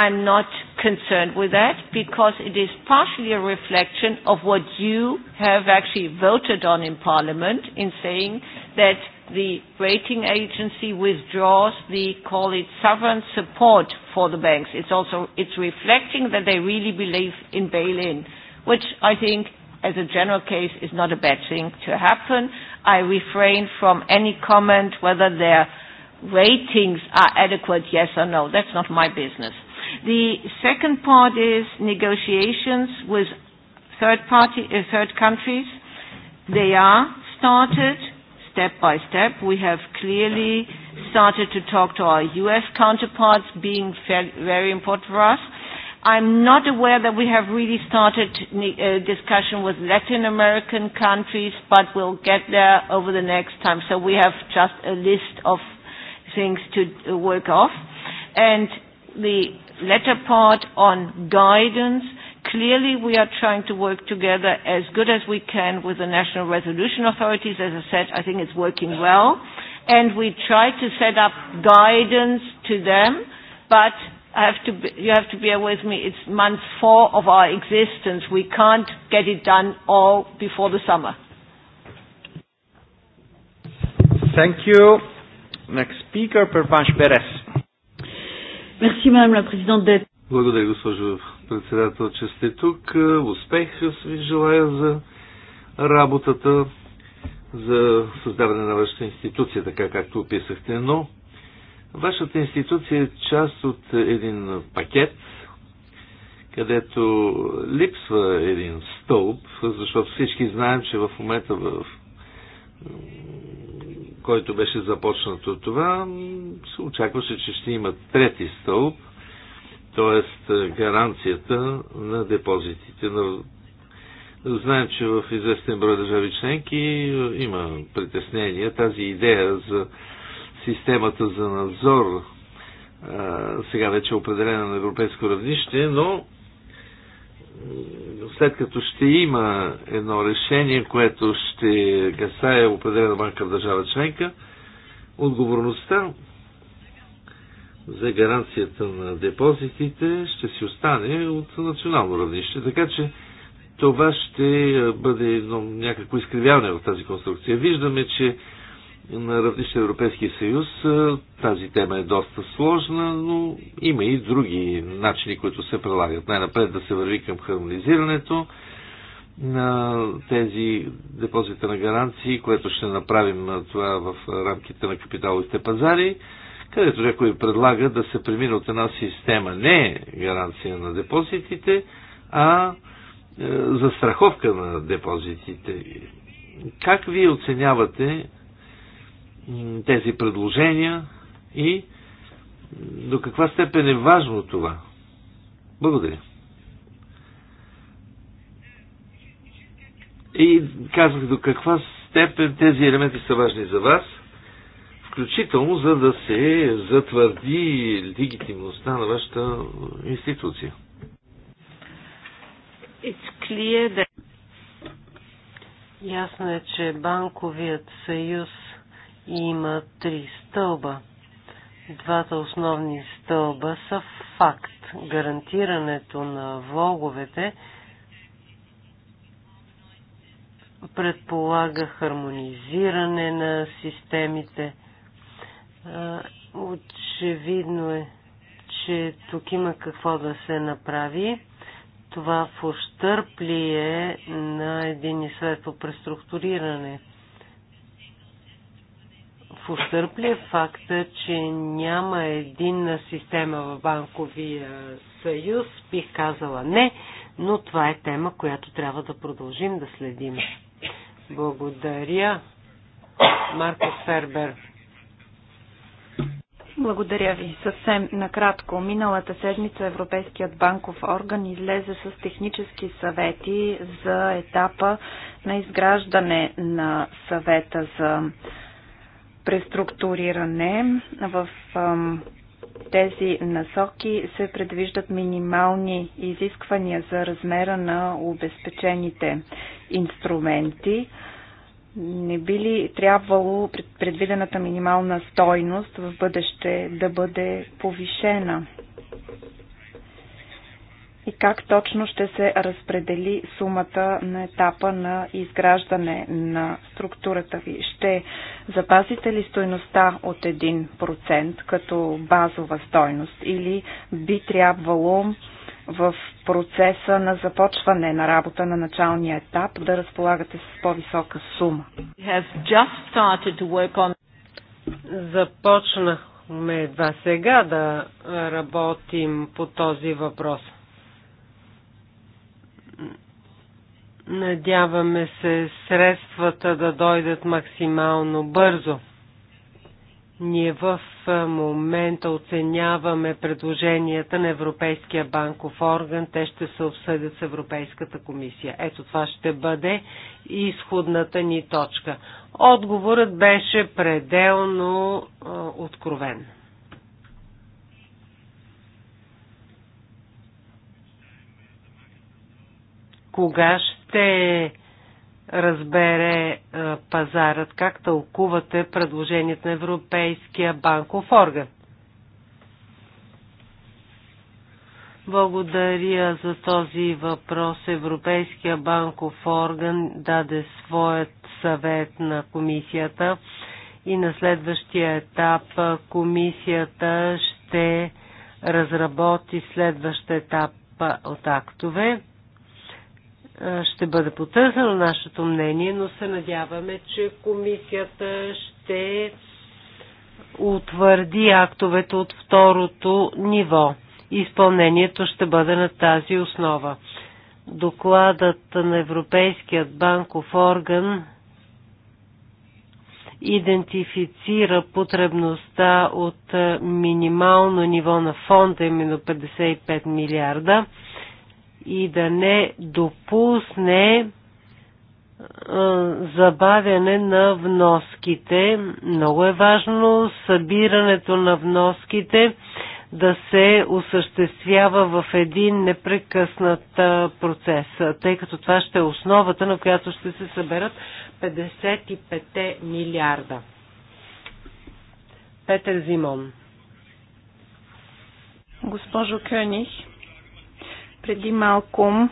I'm not concerned with that because it is partially a reflection of what you have actually voted on in Parliament in saying that the rating agency withdraws the, call it, sovereign support for the banks. It's also, it's reflecting that they really believe in bail-in, which I think as a general case is not a bad thing to happen. I refrain from any comment whether their ratings are adequate, yes or no. That's not my business. The second part is negotiations with third party, uh, third countries. They are started step by step. We have clearly started to talk to our U.S. counterparts, being very important for us. I'm not aware that we have really started uh, discussion with Latin American countries, but we'll get there over the next time. So we have just a list of things to work off. And the latter part on guidance, Clearly, we are trying to work together as good as we can with the national resolution authorities. As I said, I think it's working well. And we try to set up guidance to them, but I have to be, you have to bear with me, it's month four of our existence. We can't get it done all before the summer. Thank you. Next speaker, Pervanche Beres. Merci, Madame la Présidente. Благодаря, госпожо председател, че сте тук. Успех ви желая за работата, за създаване на вашата институция, така както описахте, но вашата институция е част от един пакет, където липсва един стълб, защото всички знаем, че в момента в който беше започнато това, се очакваше, че ще има трети стълб – т.е. гаранцията на депозитите. Знаем, че в известен брой държави членки е, има притеснения. Тази идея за системата за надзор е, сега вече е определена на европейско равнище, но след като ще има едно решение, което ще касае определена банка в държава членка, отговорността за гаранцията на депозитите ще си остане от национално равнище. Така че това ще бъде едно, някакво изкривяване в тази конструкция. Виждаме, че на равнище Европейския съюз тази тема е доста сложна, но има и други начини, които се прилагат. Най-напред да се върви към хармонизирането на тези депозита на гаранции, което ще направим това в рамките на капиталовите пазари където някой предлага да се премине от една система не гаранция на депозитите, а е, застраховка на депозитите. Как вие оценявате тези предложения и до каква степен е важно това? Благодаря. И казах до каква степен тези елементи са важни за вас – включително за да се затвърди легитимността на вашата институция. That... Ясно е, че банковият съюз има три стълба. Двата основни стълба са факт. Гарантирането на влоговете предполага хармонизиране на системите, Очевидно е, че тук има какво да се направи. Това в ощърп ли е на един и свет по преструктуриране? В ощърп ли е факта, че няма единна система в банковия съюз? Бих казала не, но това е тема, която трябва да продължим да следим. Благодаря. Марко Фербер. Благодаря ви. Съвсем накратко. Миналата седмица Европейският банков орган излезе с технически съвети за етапа на изграждане на съвета за преструктуриране. В тези насоки се предвиждат минимални изисквания за размера на обезпечените инструменти не би ли трябвало предвидената минимална стойност в бъдеще да бъде повишена? И как точно ще се разпредели сумата на етапа на изграждане на структурата ви? Ще запазите ли стойността от 1% като базова стойност или би трябвало в процеса на започване на работа на началния етап да разполагате с по-висока сума? Започнахме едва сега да работим по този въпрос. Надяваме се средствата да дойдат максимално бързо. Ние в момента оценяваме предложенията на Европейския банков орган. Те ще се обсъдят с Европейската комисия. Ето това ще бъде изходната ни точка. Отговорът беше пределно а, откровен. Кога ще разбере е, пазарът, как тълкувате предложението на Европейския банков орган. Благодаря за този въпрос. Европейския банков орган даде своят съвет на комисията и на следващия етап комисията ще разработи следващ етап от актове. Е, ще бъде потърсено нашето мнение, но се надяваме, че комисията ще утвърди актовете от второто ниво. Изпълнението ще бъде на тази основа. Докладът на Европейският банков орган идентифицира потребността от минимално ниво на фонда, именно 55 милиарда – и да не допусне забавяне на вноските. Много е важно събирането на вноските да се осъществява в един непрекъснат процес, тъй като това ще е основата, на която ще се съберат 55 милиарда. Петър Зимон. Госпожо Кюних, преди малко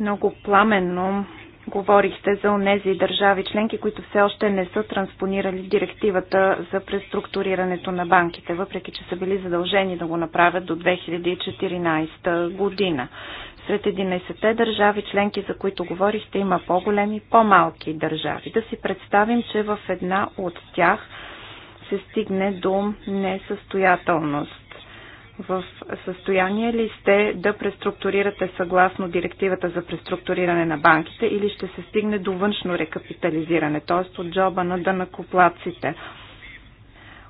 много пламенно говорихте за онези държави членки, които все още не са транспонирали директивата за преструктурирането на банките, въпреки че са били задължени да го направят до 2014 година. Сред 11-те държави членки, за които говорихте, има по-големи, по-малки държави. Да си представим, че в една от тях се стигне до несъстоятелност в състояние ли сте да преструктурирате съгласно директивата за преструктуриране на банките или ще се стигне до външно рекапитализиране, т.е. от джоба на дънакоплаците?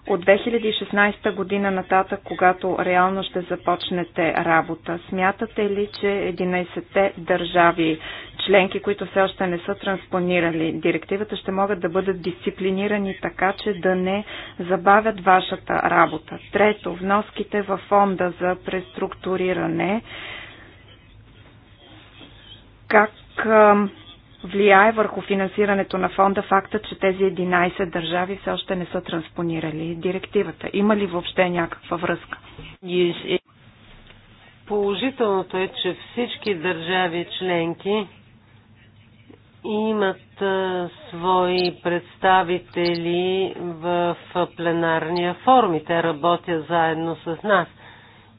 От 2016 година нататък, когато реално ще започнете работа, смятате ли, че 11-те държави членки, които все още не са транспонирали директивата, ще могат да бъдат дисциплинирани така, че да не забавят вашата работа. Трето, вноските във фонда за преструктуриране. Как влияе върху финансирането на фонда факта, че тези 11 държави все още не са транспонирали директивата? Има ли въобще някаква връзка? Положителното е, че всички държави членки имат свои представители в пленарния форум и те работят заедно с нас.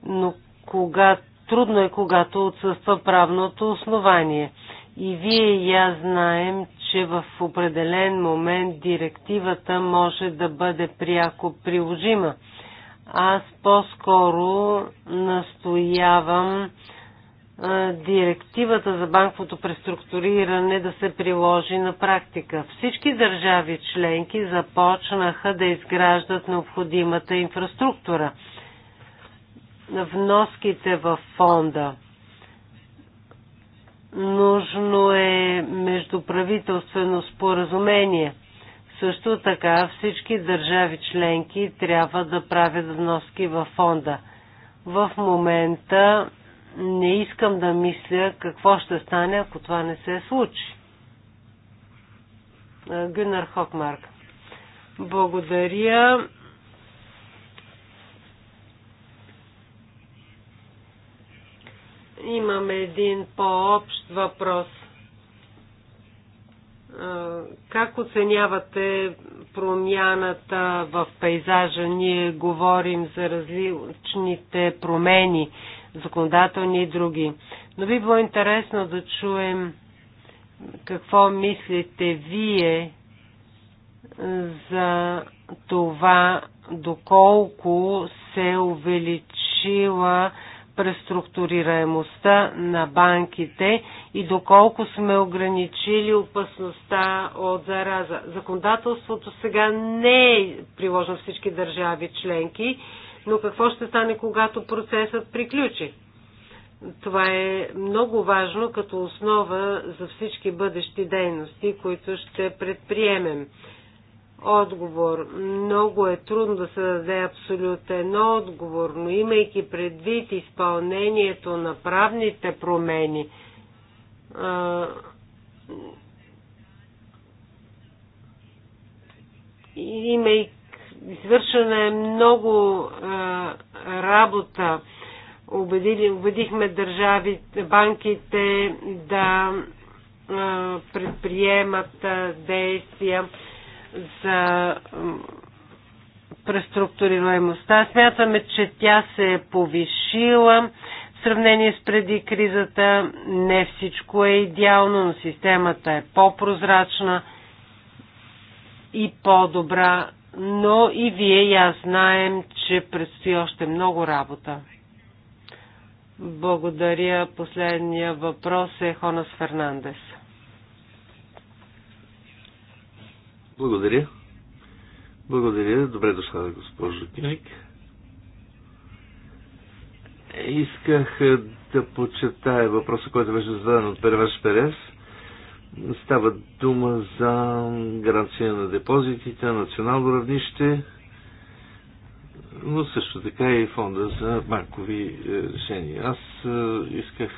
Но кога, трудно е, когато отсъства правното основание. И вие и аз знаем, че в определен момент директивата може да бъде пряко приложима. Аз по-скоро настоявам директивата за банковото преструктуриране да се приложи на практика. Всички държави членки започнаха да изграждат необходимата инфраструктура. Вноските в фонда. Нужно е междуправителствено споразумение. Също така всички държави членки трябва да правят вноски в фонда. В момента не искам да мисля какво ще стане, ако това не се случи. Гюнар Хокмарк. Благодаря. Имаме един по-общ въпрос. Как оценявате промяната в пейзажа? Ние говорим за различните промени законодателни и други. Но би било интересно да чуем какво мислите вие за това, доколко се увеличила преструктурираемостта на банките и доколко сме ограничили опасността от зараза. Законодателството сега не е приложено всички държави членки но какво ще стане, когато процесът приключи? Това е много важно като основа за всички бъдещи дейности, които ще предприемем. Отговор. Много е трудно да се даде абсолютен отговор, но имайки предвид изпълнението на правните промени, имайки извършена е много а, работа. Убедили, убедихме държавите, банките да а, предприемат а, действия за преструктурируемостта. Смятаме, че тя се е повишила в сравнение с преди кризата. Не всичко е идеално, но системата е по-прозрачна и по-добра но и вие и аз знаем, че предстои още много работа. Благодаря. Последния въпрос е Хонас Фернандес. Благодаря. Благодаря. Добре дошла, госпожо Киник. Исках е, да почетая въпроса, който беше зададен от Перваш Перес – Става дума за гаранция на депозитите, национално равнище, но също така и фонда за банкови е, решения. Аз е, исках.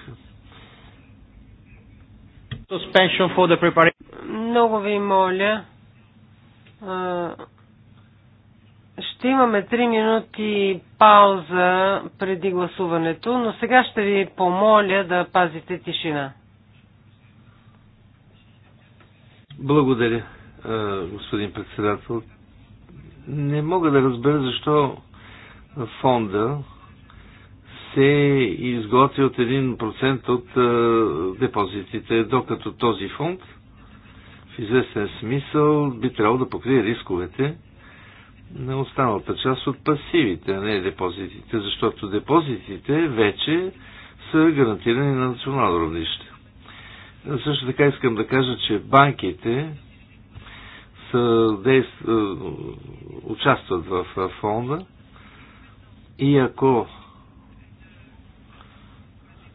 Много ви моля. Е, ще имаме 3 минути пауза преди гласуването, но сега ще ви помоля да пазите тишина. Благодаря, господин председател. Не мога да разбера защо фонда се изготви от 1% от депозитите, докато този фонд в известен смисъл би трябвало да покрие рисковете на останалата част от пасивите, а не депозитите, защото депозитите вече са гарантирани на национално равнище. Също така искам да кажа, че банките са, действ... Е, участват в е, фонда и ако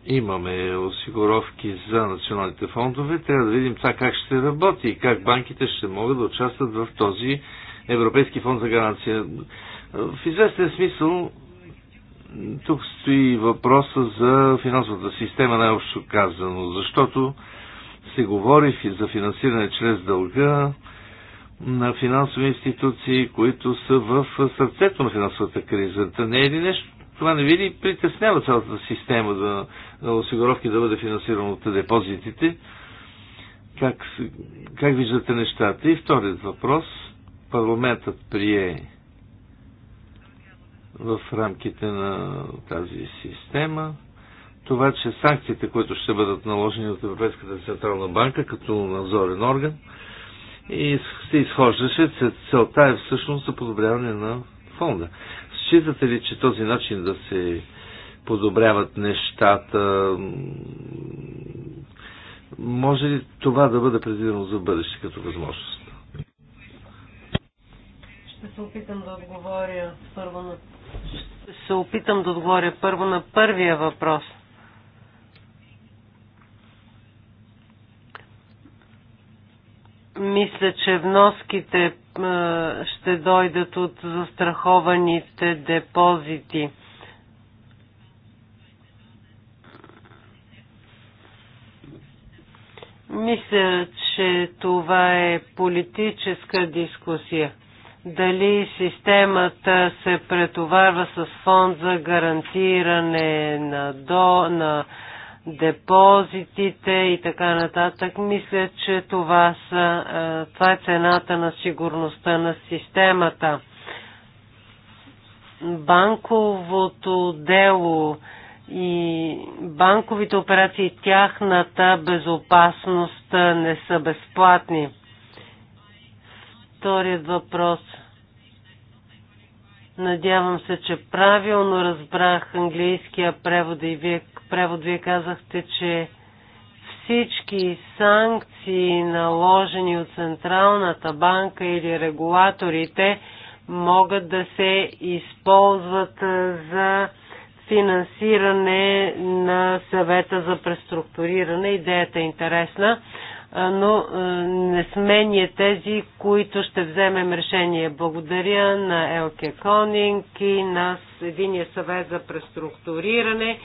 имаме осигуровки за националните фондове, трябва да видим това как ще работи и как банките ще могат да участват в този Европейски фонд за гаранция. В известен смисъл тук стои въпроса за финансовата система, най-общо казано, защото се говори за финансиране чрез дълга на финансови институции, които са в сърцето на финансовата криза. Та не е ли нещо? Това не ви ли притеснява цялата система да, на осигуровки да бъде финансирана от депозитите? Как, как виждате нещата? И вторият въпрос. Парламентът прие в рамките на тази система това, че санкциите, които ще бъдат наложени от Европейската централна банка като надзорен орган, и се изхождаше, че целта е всъщност за подобряване на фонда. Считате ли, че този начин да се подобряват нещата, може ли това да бъде предвидено за бъдеще като възможност? Ще се опитам да отговоря първо на... Ще се опитам да отговоря първо на първия въпрос – Мисля, че вноските е, ще дойдат от застрахованите депозити. Мисля, че това е политическа дискусия. Дали системата се претоварва с фонд за гарантиране на, до, на депозитите и така нататък. Мисля, че това, са, е, това е цената на сигурността на системата. Банковото дело и банковите операции, тяхната безопасност не са безплатни. Вторият въпрос – Надявам се, че правилно разбрах английския превод и вие, превод вие казахте, че всички санкции, наложени от Централната банка или регулаторите, могат да се използват за финансиране на съвета за преструктуриране. Идеята е интересна но не сме ние тези, които ще вземем решение. Благодаря на Елке Конинг и на Единия съвет за преструктуриране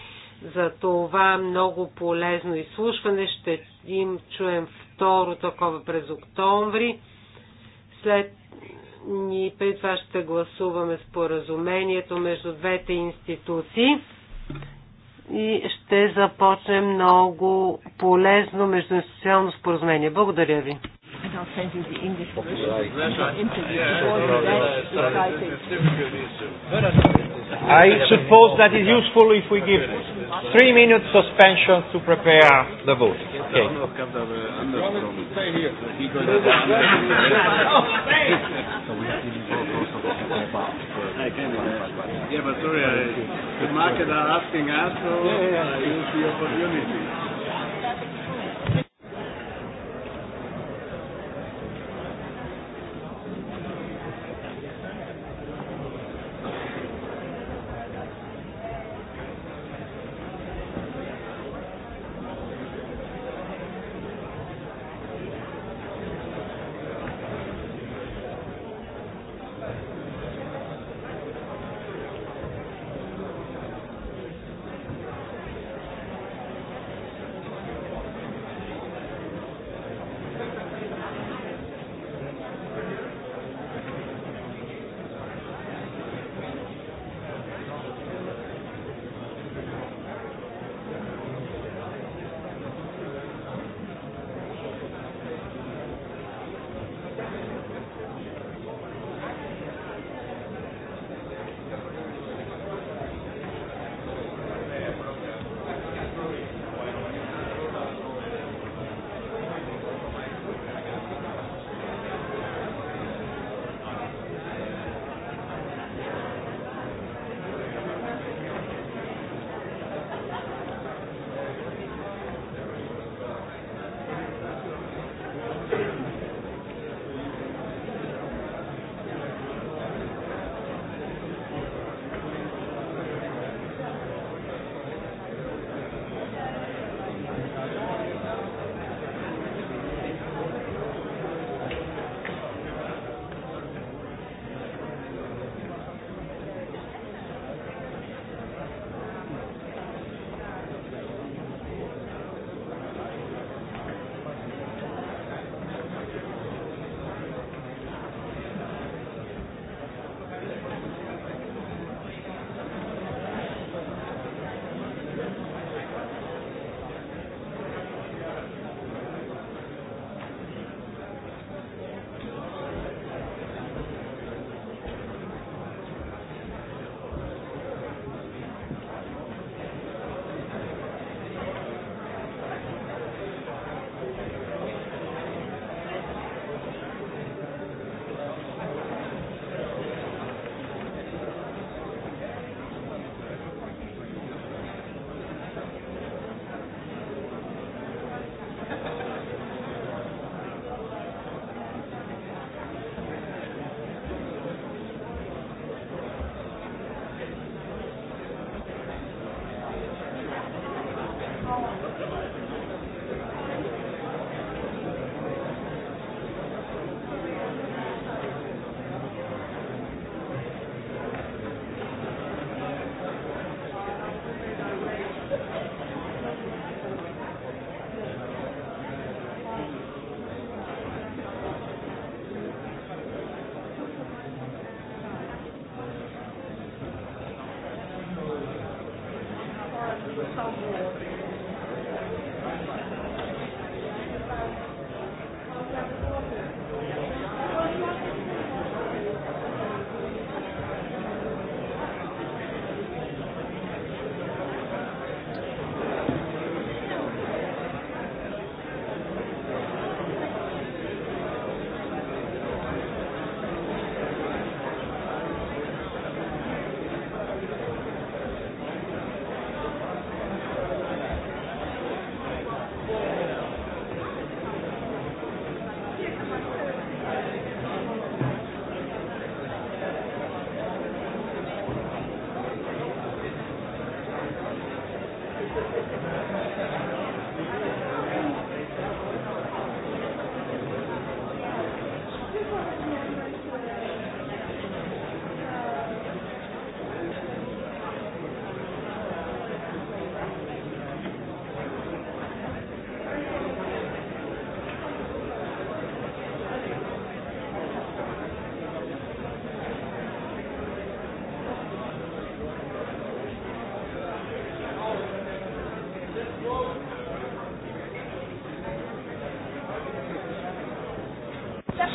за това много полезно изслушване. Ще им чуем второ такова през октомври. След ни преди това ще гласуваме споразумението между двете институции и ще започне много полезно междуинституционно споразумение. Благодаря ви. I suppose that is useful if we give three minutes suspension to prepare the vote. Okay. So we Yeah, but sorry, I, the market are asking us, so yeah, yeah, yeah. I use the opportunity.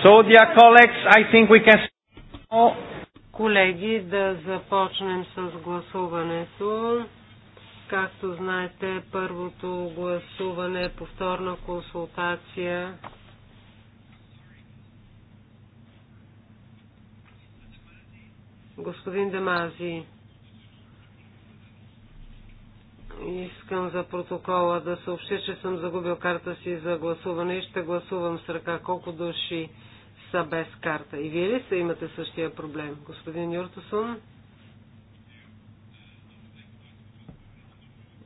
So, dear colleagues, I think we can... Колеги, да започнем с гласуването. Както знаете, първото гласуване е повторна консултация Господин Демази, искам за протокола да съобщя, че съм загубил карта си за гласуване и ще гласувам с ръка. Колко души са без карта. И вие ли са имате същия проблем, господин Юртасон?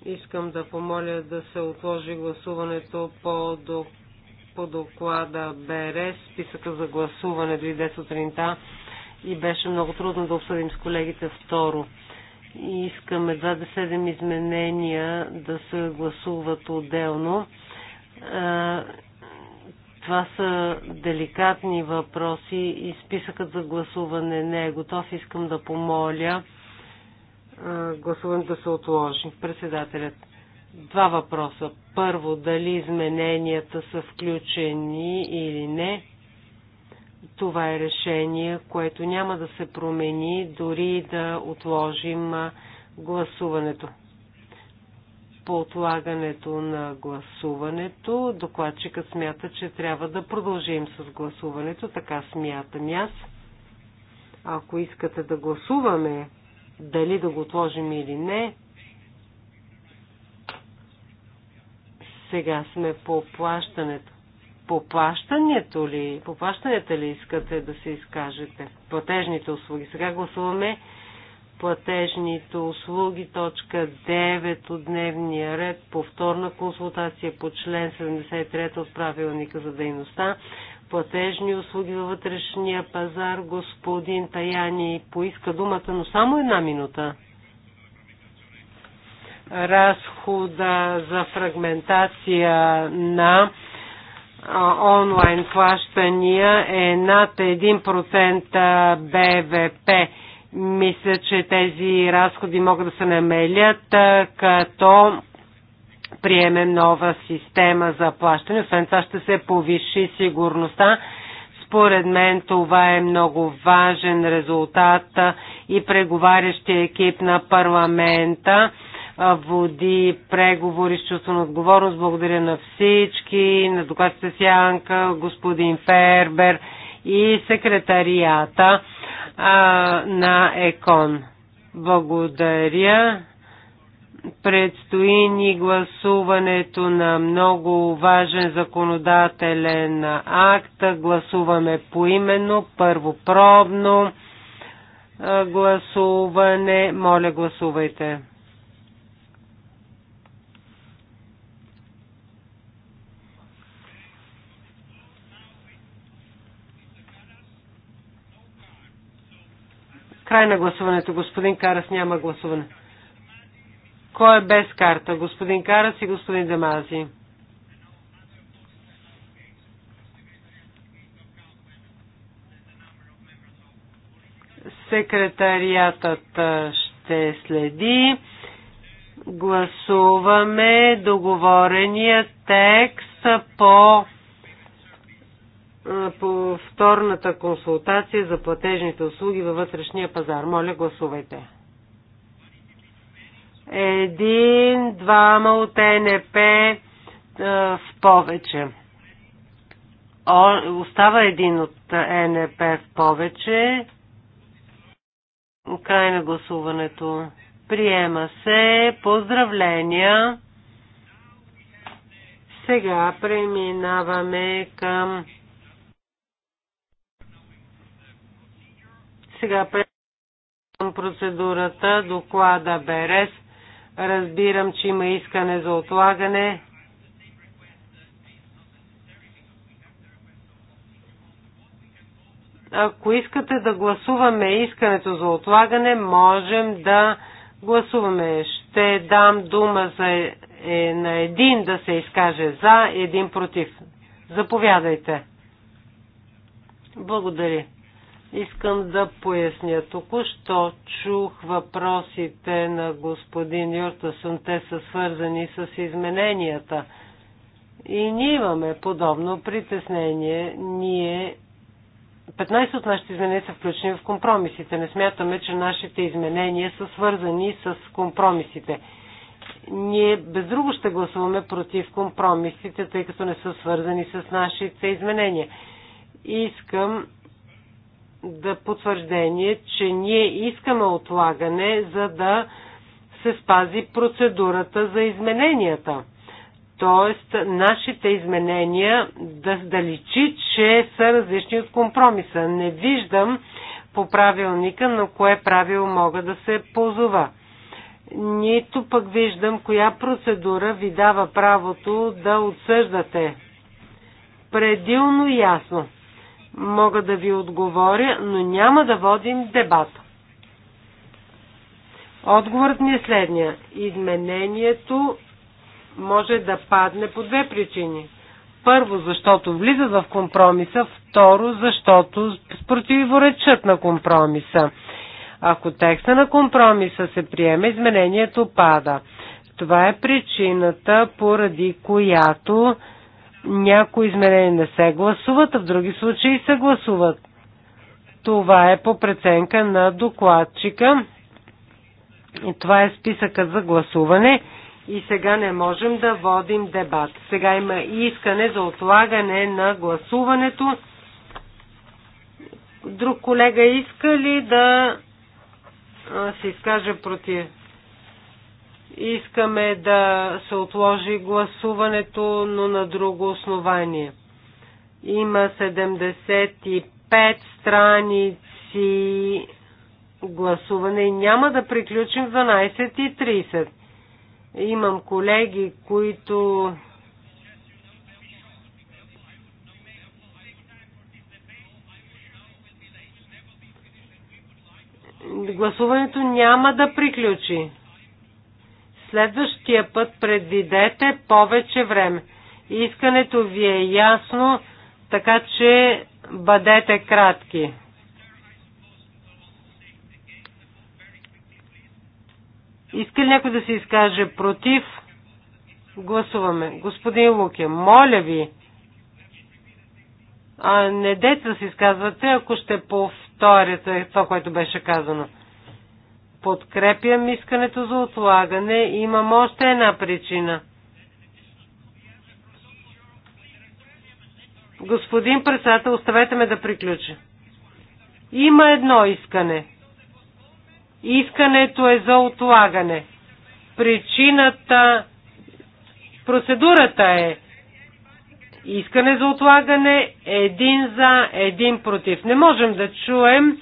Искам да помоля да се отложи гласуването по, до, по доклада БРС. Списъка за гласуване дойде сутринта и беше много трудно да обсъдим с колегите второ. И искаме 27 изменения да се гласуват отделно това са деликатни въпроси и списъкът за гласуване не е готов. Искам да помоля гласуването да се отложи. Председателят. Два въпроса. Първо, дали измененията са включени или не. Това е решение, което няма да се промени, дори да отложим гласуването по отлагането на гласуването. Докладчикът смята, че трябва да продължим с гласуването. Така смятам аз. Ако искате да гласуваме, дали да го отложим или не, сега сме по плащането. По плащането ли, по плащането ли искате да се изкажете? Платежните услуги. Сега гласуваме платежните услуги, точка 9 от дневния ред, повторна консултация по член 73 от правилника за дейността, платежни услуги във вътрешния пазар. Господин Таяни поиска думата, но само една минута. Разхода за фрагментация на онлайн плащания е над 1% БВП мисля, че тези разходи могат да се намелят, като приемем нова система за плащане. Освен това ще се повиши сигурността. Според мен това е много важен резултат и преговарящия екип на парламента води преговори с чувство на отговорност. Благодаря на всички, на докладите Сянка, господин Фербер и секретарията а, на ЕКОН. Благодаря. Предстои ни гласуването на много важен законодателен акт. Гласуваме поименно, първо пробно гласуване. Моля, гласувайте. Край на гласуването. Господин Карас няма гласуване. Кой е без карта? Господин Карас и господин Демази. Секретариатът ще следи. Гласуваме договорения текст по повторната консултация за платежните услуги във вътрешния пазар. Моля, гласувайте. Един, двама от НП в повече. О, остава един от НП в повече. Край на гласуването. Приема се. Поздравления. Сега преминаваме към Сега предлагам процедурата доклада БРС. Разбирам, че има искане за отлагане. Ако искате да гласуваме искането за отлагане, можем да гласуваме. Ще дам дума за, е, на един да се изкаже за, един против. Заповядайте. Благодаря. Искам да поясня. Току-що чух въпросите на господин Юртасън. Те са свързани с измененията. И ние имаме подобно притеснение. Ние 15 от нашите изменения са включени в компромисите. Не смятаме, че нашите изменения са свързани с компромисите. Ние без друго ще гласуваме против компромисите, тъй като не са свързани с нашите изменения. Искам да потвърждение, че ние искаме отлагане, за да се спази процедурата за измененията. Тоест, нашите изменения да, да личи, че са различни от компромиса. Не виждам по правилника, на кое правило мога да се позова. Нито пък виждам коя процедура ви дава правото да отсъждате. Предилно ясно мога да ви отговоря, но няма да водим дебат. Отговорът ми е следния. Изменението може да падне по две причини. Първо, защото влизат в компромиса. Второ, защото противоречат на компромиса. Ако текста на компромиса се приеме, изменението пада. Това е причината, поради която някои изменения не се гласуват, а в други случаи се гласуват. Това е по преценка на докладчика. И това е списъка за гласуване. И сега не можем да водим дебат. Сега има искане за отлагане на гласуването. Друг колега иска ли да се изкаже против? Искаме да се отложи гласуването, но на друго основание. Има 75 страници гласуване и няма да приключим 12.30. Имам колеги, които гласуването няма да приключи. Следващия път предвидете повече време. Искането ви е ясно, така че бъдете кратки. Иска ли някой да се изкаже против? Гласуваме. Господин Луке, моля ви, а не дете да се изказвате, ако ще повторите това, което беше казано. Подкрепям искането за отлагане. Имам още една причина. Господин председател, оставете ме да приключа. Има едно искане. Искането е за отлагане. Причината, процедурата е искане за отлагане, един за, един против. Не можем да чуем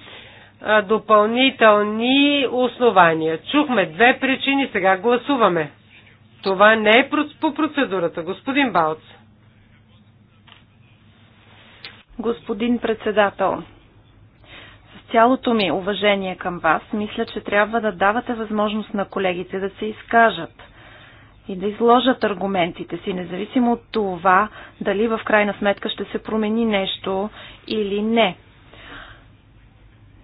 допълнителни основания. Чухме две причини, сега гласуваме. Това не е по процедурата. Господин Балц. Господин председател, с цялото ми уважение към вас, мисля, че трябва да давате възможност на колегите да се изкажат и да изложат аргументите си, независимо от това дали в крайна сметка ще се промени нещо или не.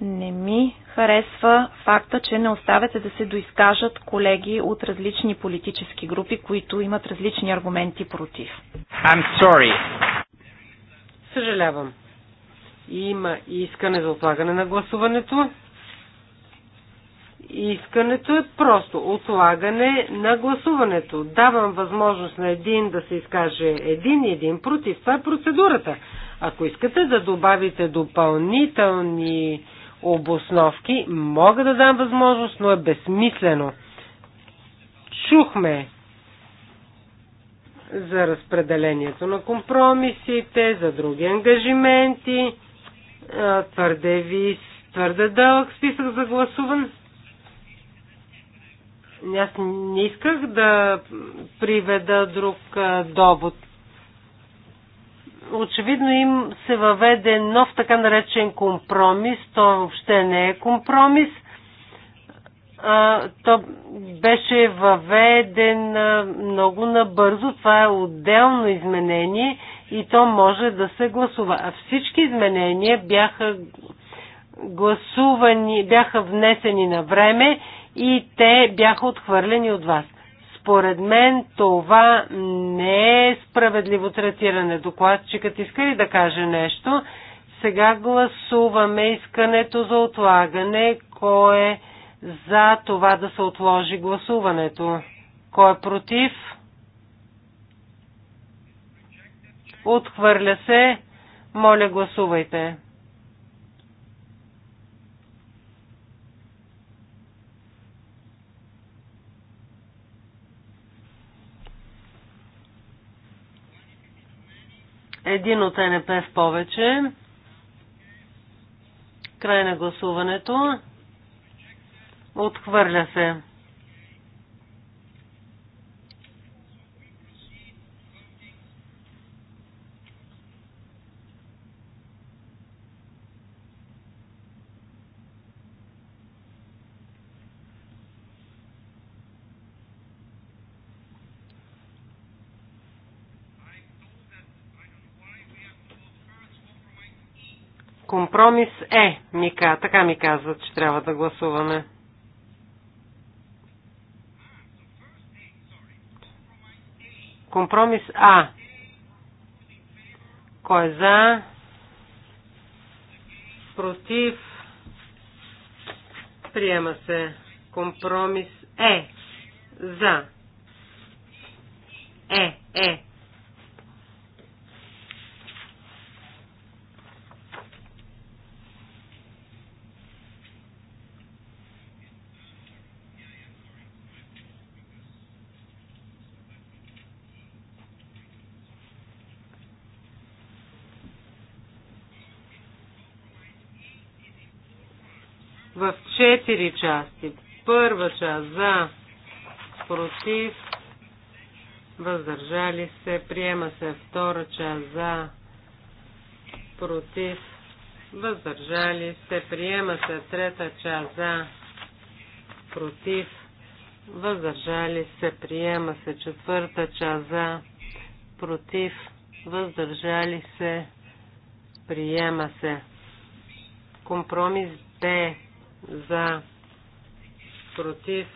Не ми харесва факта, че не оставяте да се доизкажат колеги от различни политически групи, които имат различни аргументи против. I'm sorry. Съжалявам. Има искане за отлагане на гласуването. Искането е просто отлагане на гласуването. Давам възможност на един да се изкаже един и един против. Това е процедурата. Ако искате да добавите допълнителни обосновки. Мога да дам възможност, но е безсмислено. Чухме за разпределението на компромисите, за други ангажименти, твърде ви, твърде дълъг списък за гласуван. Аз не исках да приведа друг довод очевидно им се въведе нов така наречен компромис. То въобще не е компромис. А, то беше въведен много набързо. Това е отделно изменение и то може да се гласува. А всички изменения бяха гласувани, бяха внесени на време и те бяха отхвърлени от вас. Според мен това не е справедливо третиране. Докладчикът иска ли да каже нещо? Сега гласуваме искането за отлагане. Кой е за това да се отложи гласуването? Кой е против? Отхвърля се. Моля, гласувайте. Един от НП в повече. Край на гласуването. Отхвърля се. Компромис е, Мика. Така ми казват, че трябва да гласуваме. Компромис А. Кой е за? Против? Приема се. Компромис е. За. Е. Е. в четири части. Първа част за, против, въздържали се, приема се втора част за, против, въздържали се, приема се трета част за, против, въздържали се, приема се четвърта част за, против, въздържали се, приема се. Компромис Б за, против,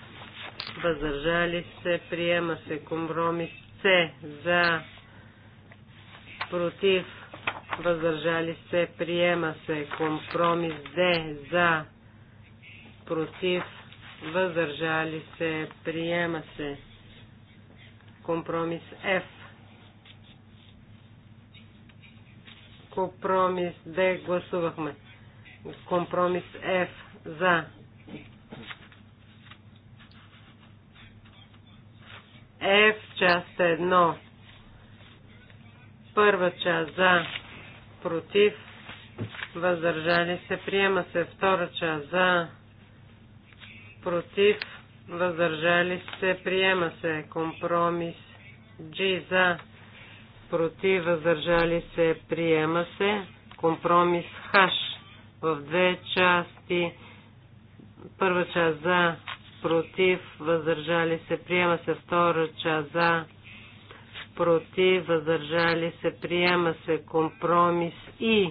въздържали се, приема се компромис С за, против, въздържали се, приема се компромис Д за, против, въздържали се, приема се компромис Ф. Компромис Д гласувахме. Компромис Ф за F част 1. Първа част за против въздържали се. Приема се втора част за против въздържали се. Приема се компромис G за против въздържали се. Приема се компромис H в две части Първа част за, против, въздържали се, приема се. Втора част за, против, въздържали се, приема се. Компромис и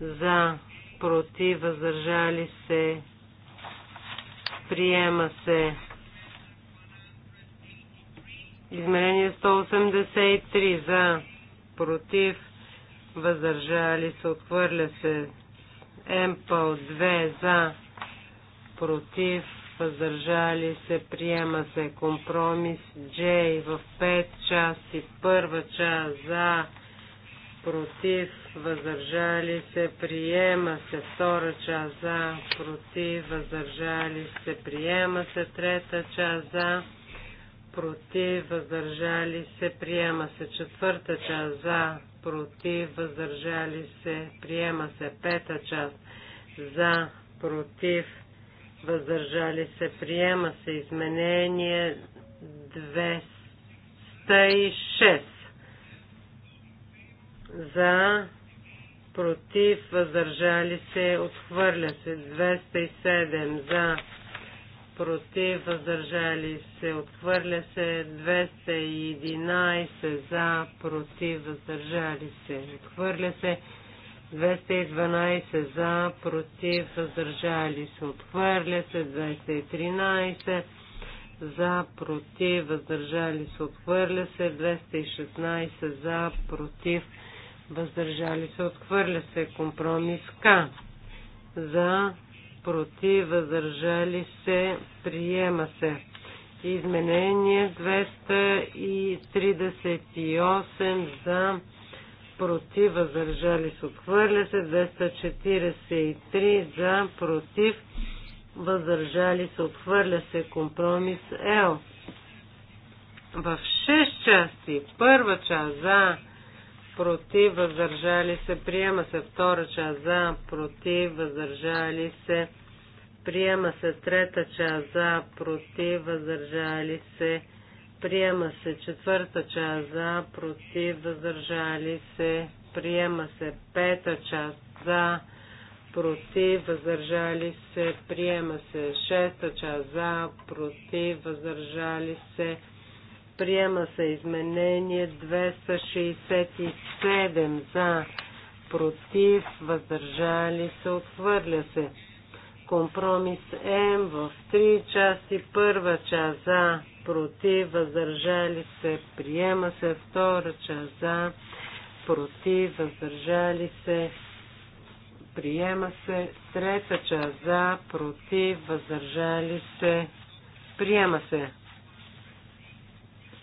за, против, въздържали се, приема се. Измерение 183 за, против, въздържали се, отхвърля се. МПО 2 за, против, въздържали се, приема се компромис Джей в 5 части, първа част за, против, въздържали се, приема се, втора част за, против, въздържали се, приема се, трета част за, против, въздържали се, приема се, четвърта част за, против, въздържали се, приема се, пета част за, против, въздържали се, приема се изменение 206 за, против, въздържали се, отхвърля се 207 за, против, въздържали се, отхвърля се 211 за, против, въздържали се, отхвърля се 212 за, против, въздържали се, отхвърля се, 213 за, против, въздържали се, отхвърля се, 216 за, против, въздържали се, отхвърля се, компромис К за, против, въздържали се, приема се. Изменение 238 за, против, въздържали се, отхвърля се, 243 за, против, въздържали се, отхвърля се, компромис Л. В 6 части, първа част за, против, въздържали се, приема се, втора част за, против, въздържали се, приема се, трета част за, против, въздържали се, Приема се четвърта част за, против, въздържали се. Приема се пета част за, против, въздържали се. Приема се шеста част за, против, въздържали се. Приема се изменение 267 за, против, въздържали се, отхвърля се. Компромис М в три части. Първа част за, против, въздържали се, приема се. Втора част за, против, въздържали се, приема се. Трета част за, против, въздържали се, приема се.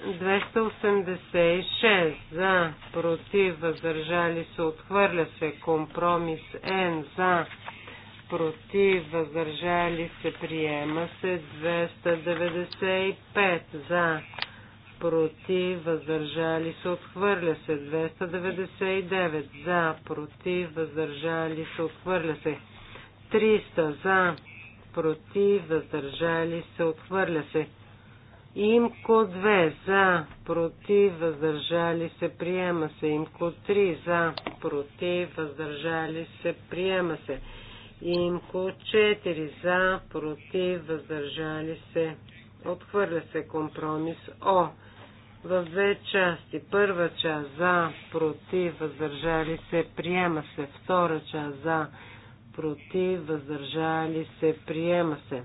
286 за, против, въздържали се, отхвърля се, компромис Н за, против, въздържали се, приема се 295 за, против, въздържали се, отхвърля се 299 за, против, въздържали се, отхвърля се 300 за, против, въздържали се, отхвърля се. Имко 2 за, против, въздържали се, приема се. Имко 3 за, против, въздържали се, приема се. Имко 4 за, против, въздържали се. Отхвърля се компромис О. В две части. Първа част за, против, въздържали се, приема се. Втора част за, против, въздържали се, приема се.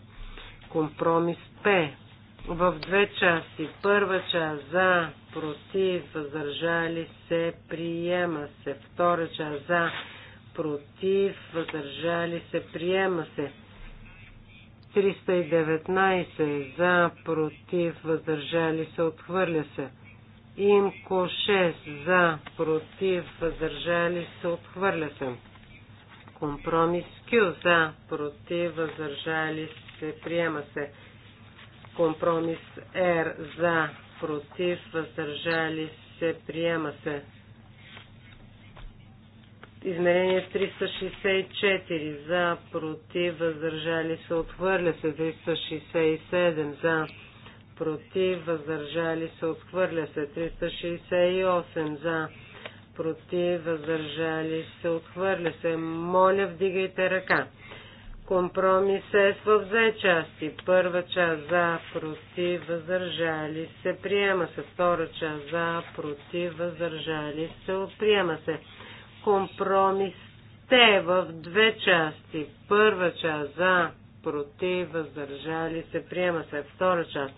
Компромис П. В две части. Първа част за, против, въздържали се, приема се. Втора част за, против, против, въздържали се, приема се. 319 за, против, въздържали се, отхвърля се. Имко 6 за, против, въздържали се, отхвърля се. Компромис Q за, против, въздържали се, приема се. Компромис R за, против, въздържали се, приема се. Измерение 364 за, против, въздържали се, отхвърля се 367 за, против, въздържали се, отхвърля се 368 за, против, въздържали се, отхвърля се. Моля, вдигайте ръка. Компромис е в две части. Първа част за, против, въздържали се, приема се. Втора част за, против, въздържали се, приема се. Компромис те в две части. Първа част за, против, въздържали се, приема се. Втора част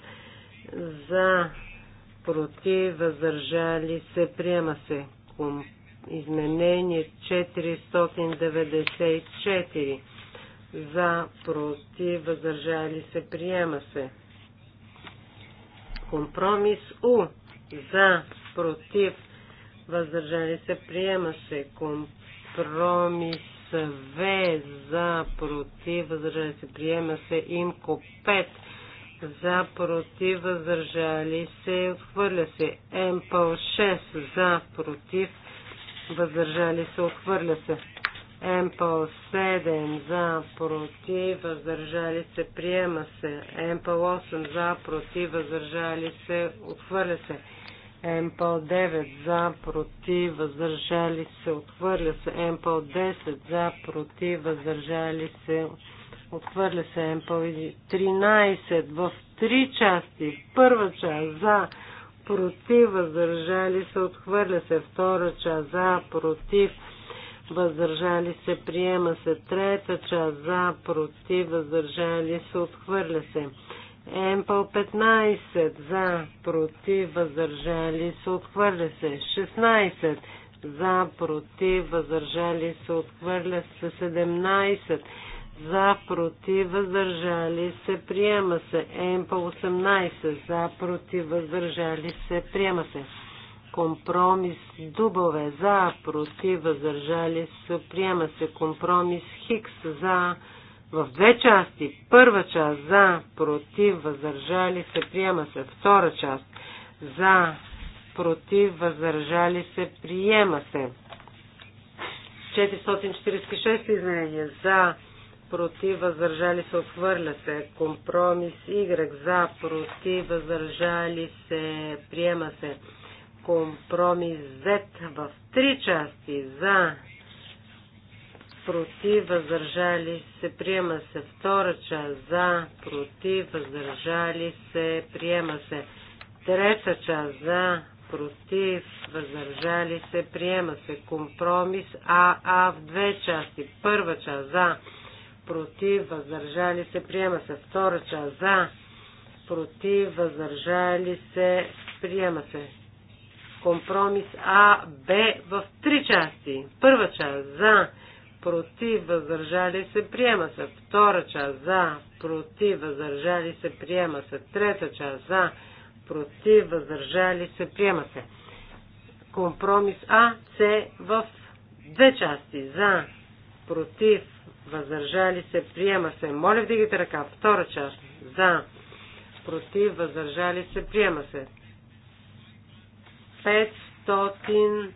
за, против, въздържали се, приема се. Изменение 494 за, против, въздържали се, приема се. Компромис У за, против, въздържали се, приема се. Компромис В за против, въздържали се, приема се. Имко 5 за против, въздържали се, отхвърля се. МПЛ 6 за против, въздържали се, отхвърля се. МПЛ 7 за против, въздържали се, приема се. МПЛ 8 за против, въздържали се, отхвърля се. МПЛ 9 за, против, въздържали се, отхвърля се. МПЛ 10 за, против, въздържали се, отхвърля се. МПЛ 13 в три части. Първа част за, против, въздържали се, отхвърля се. Втора част за, против, въздържали се, приема се. Трета част за, против, въздържали се, отхвърля се. Емпъл 15 за, против, въздържали се, отхвърля се. 16 за, против, въздържали се, отхвърля се. 17 за, против, въздържали се, приема се. Емпъл 18 за, против, въздържали се, приема се. Компромис дубове за, против, въздържали се, приема се. Компромис хикс за, против, в две части. Първа част за, против, въздържали се, приема се. Втора част за, против, въздържали се, приема се. 446 изменение за, против, въздържали се, отхвърля се. Компромис Y за, против, въздържали се, приема се. Компромис Z в три части за, против, въздържали се, приема се. Втора част за, против, въздържали се, приема се. Трета част за, против, въздържали се, приема се. Компромис АА в две части. Първа част за, против, въздържали се, приема се. Втора част за, против, въздържали се, приема се компромис А, Б в три части. Първа част за, против, въздържали се, приема се. Втора част за, против, въздържали се, приема се. Трета част за, против, въздържали се, приема се. Компромис А, С в две части. За, против, въздържали се, приема се. Моля, вдигайте ръка. Втора част. За, против, въздържали се, приема се. 502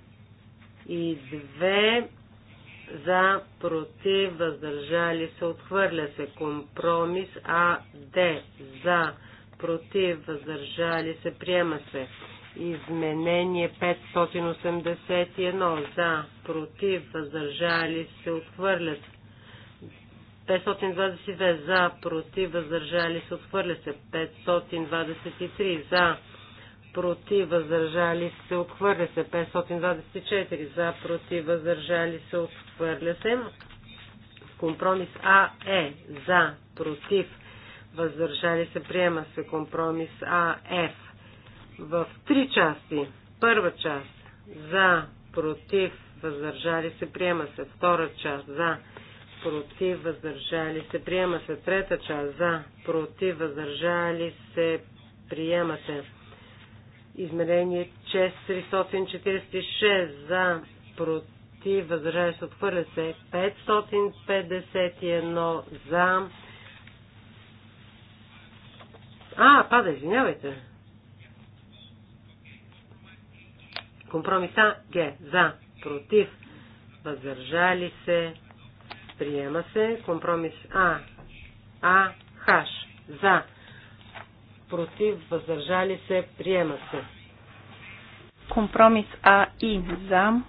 за, против, въздържали се, отхвърля се. Компромис А, Д, за, против, въздържали се, приема се. Изменение 581, за, против, въздържали се, отхвърля се. 522 за, против, въздържали се, отхвърля се. 523 за, против, въздържали се, отхвърля се. 524 за, против, въздържали се, отхвърля се. Компромис А е за, против, въздържали се, приема се. Компромис А Ф в три части. Първа част за, против, въздържали се, приема се. Втора част за, против, въздържали се, приема се. Трета част за, против, въздържали се, приема се. Измерение 646 за против, въздържали се, отхвърля се 551 за. А, пада, извинявайте. Компромиса Г. За. Против. Въздържали се. Приема се. Компромис А. А. Хаш. За против, въздържали се, приема се. Компромис А и за.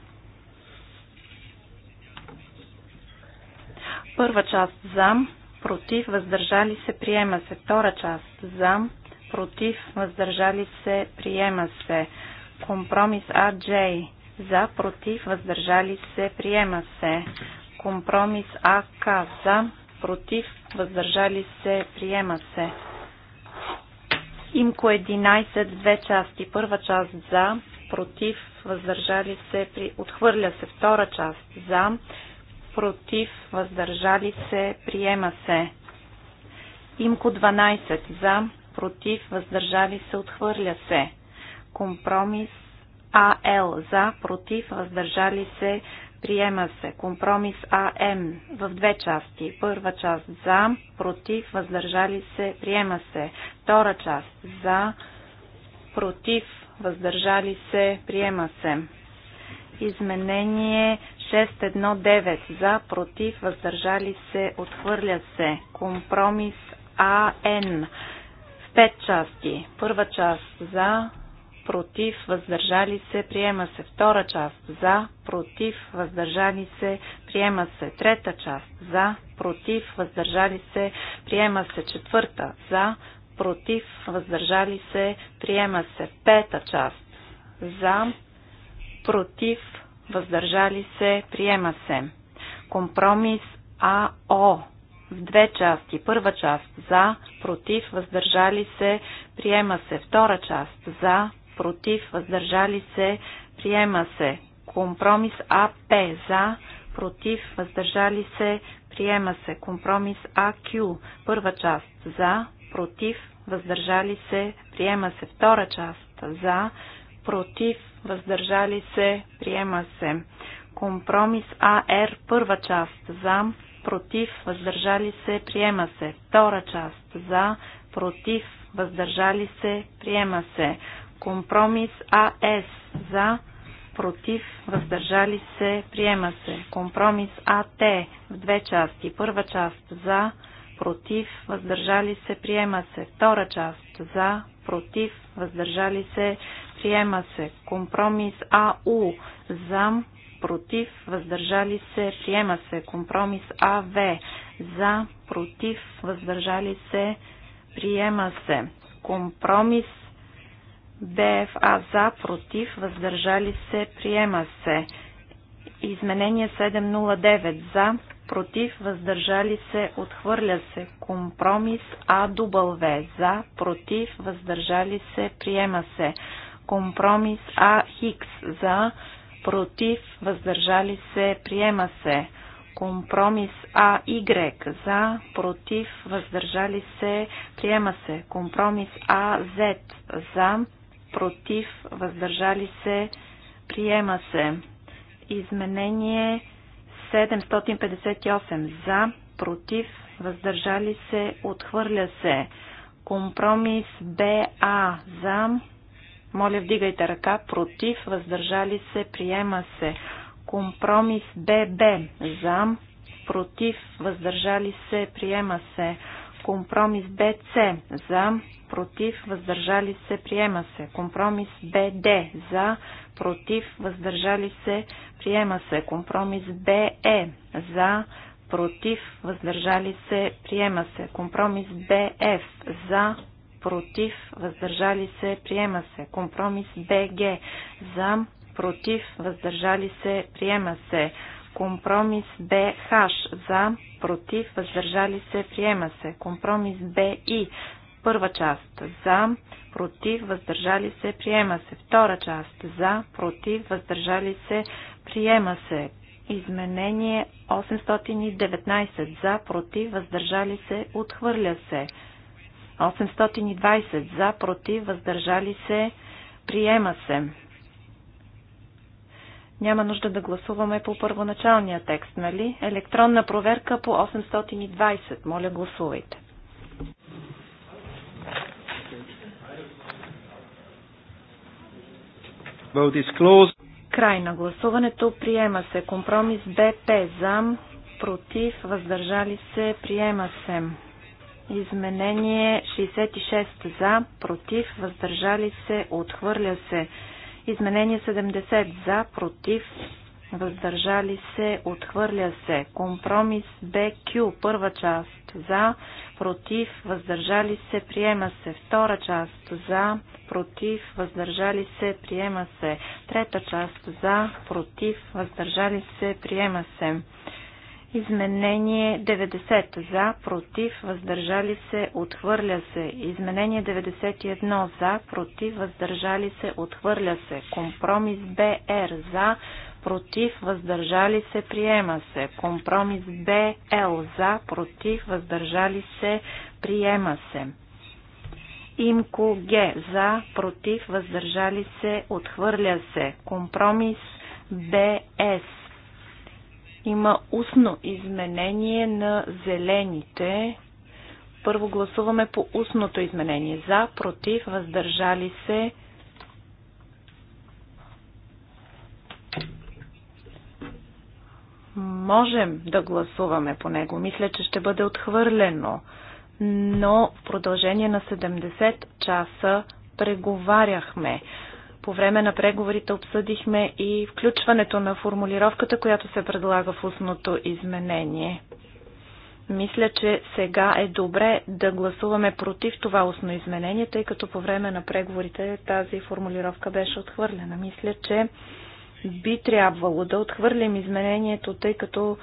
Първа част за, против, въздържали се, приема се. Втора част за, против, въздържали се, приема се. Компромис А, Джей. За, против, въздържали се, приема се. Компромис А К За, против, въздържали се, приема се. Имко 11 две части. Първа част за, против, въздържали се, при... отхвърля се. Втора част за, против, въздържали се, приема се. Имко 12 за, против, въздържали се, отхвърля се. Компромис АЛ за, против, въздържали се, Приема се компромис АМ в две части. Първа част за, против, въздържали се, приема се. Втора част за, против, въздържали се, приема се. Изменение 619 за, против, въздържали се, отхвърля се. Компромис АН в пет части. Първа част за, против, въздържали се, приема се. Втора част за, против, въздържали се, приема се. Трета част за, против, въздържали се, приема се. Четвърта за, против, въздържали се, приема се. Пета част за, против, въздържали се, приема се. Компромис АО в две части. Първа част за, против, въздържали се, приема се. Втора част за, против, въздържали се, приема се. Компромис АП за, против, въздържали се, приема се. Компромис АК, първа част за, против, въздържали се, приема се. Втора част за, против, въздържали се, приема се. Компромис АР, първа част за, против, въздържали се, приема се. Втора част за, против, въздържали се, приема се. Компромис АС за, против, въздържали се, приема се. Компромис АТ в две части. Първа част за, против, въздържали се, приема се. Втора част за, против, въздържали се, приема се. Компромис АУ за, против, въздържали се, приема се. Компромис АВ за, против, въздържали се, приема се. Компромис БФА за, против, въздържали се, приема се. Изменение 709 за, против, въздържали се, отхвърля се. Компромис А В за, против, въздържали се, приема се. Компромис А Хикс за, против, въздържали се, приема се. Компромис А Y за, против, въздържали се, приема се. Компромис А Z за, против, въздържали се, приема се. Изменение 758 за, против, въздържали се, отхвърля се. Компромис БА за, моля вдигайте ръка, против, въздържали се, приема се. Компромис ББ за, против, въздържали се, приема се. Компромис БЦ за, против, въздържали се, приема се. Компромис БД за, против, въздържали се, приема се. Компромис БЕ за, против, въздържали се, приема се. Компромис БФ за, против, въздържали се, приема се. Компромис БГ за, против, въздържали се, приема се. Компромис БХ за, против, въздържали се, приема се. Компромис Б и първа част за, против, въздържали се, приема се. Втора част за, против, въздържали се, приема се. Изменение 819 за, против, въздържали се, отхвърля се. 820 за, против, въздържали се, приема се. Няма нужда да гласуваме по първоначалния текст, нали? Електронна проверка по 820. Моля, гласувайте. Край на гласуването. Приема се компромис БП за, против, въздържали се, приема се. Изменение 66 за, против, въздържали се, отхвърля се. Изменение 70 за, против, въздържали се, отхвърля се. Компромис БК, първа част, за, против, въздържали се, приема се. Втора част, за, против, въздържали се, приема се. Трета част, за, против, въздържали се, приема се. Изменение 90 за, против, въздържали се, отхвърля се. Изменение 91 за, против, въздържали се, отхвърля се. Компромис БР за, против, въздържали се, приема се. Компромис БЛ за, против, въздържали се, приема се. Имко Г за, против, въздържали се, отхвърля се. Компромис БС има устно изменение на зелените. Първо гласуваме по устното изменение. За, против, въздържали се. Можем да гласуваме по него. Мисля, че ще бъде отхвърлено. Но в продължение на 70 часа преговаряхме по време на преговорите обсъдихме и включването на формулировката, която се предлага в устното изменение. Мисля, че сега е добре да гласуваме против това устно изменение, тъй като по време на преговорите тази формулировка беше отхвърлена. Мисля, че би трябвало да отхвърлим изменението, тъй като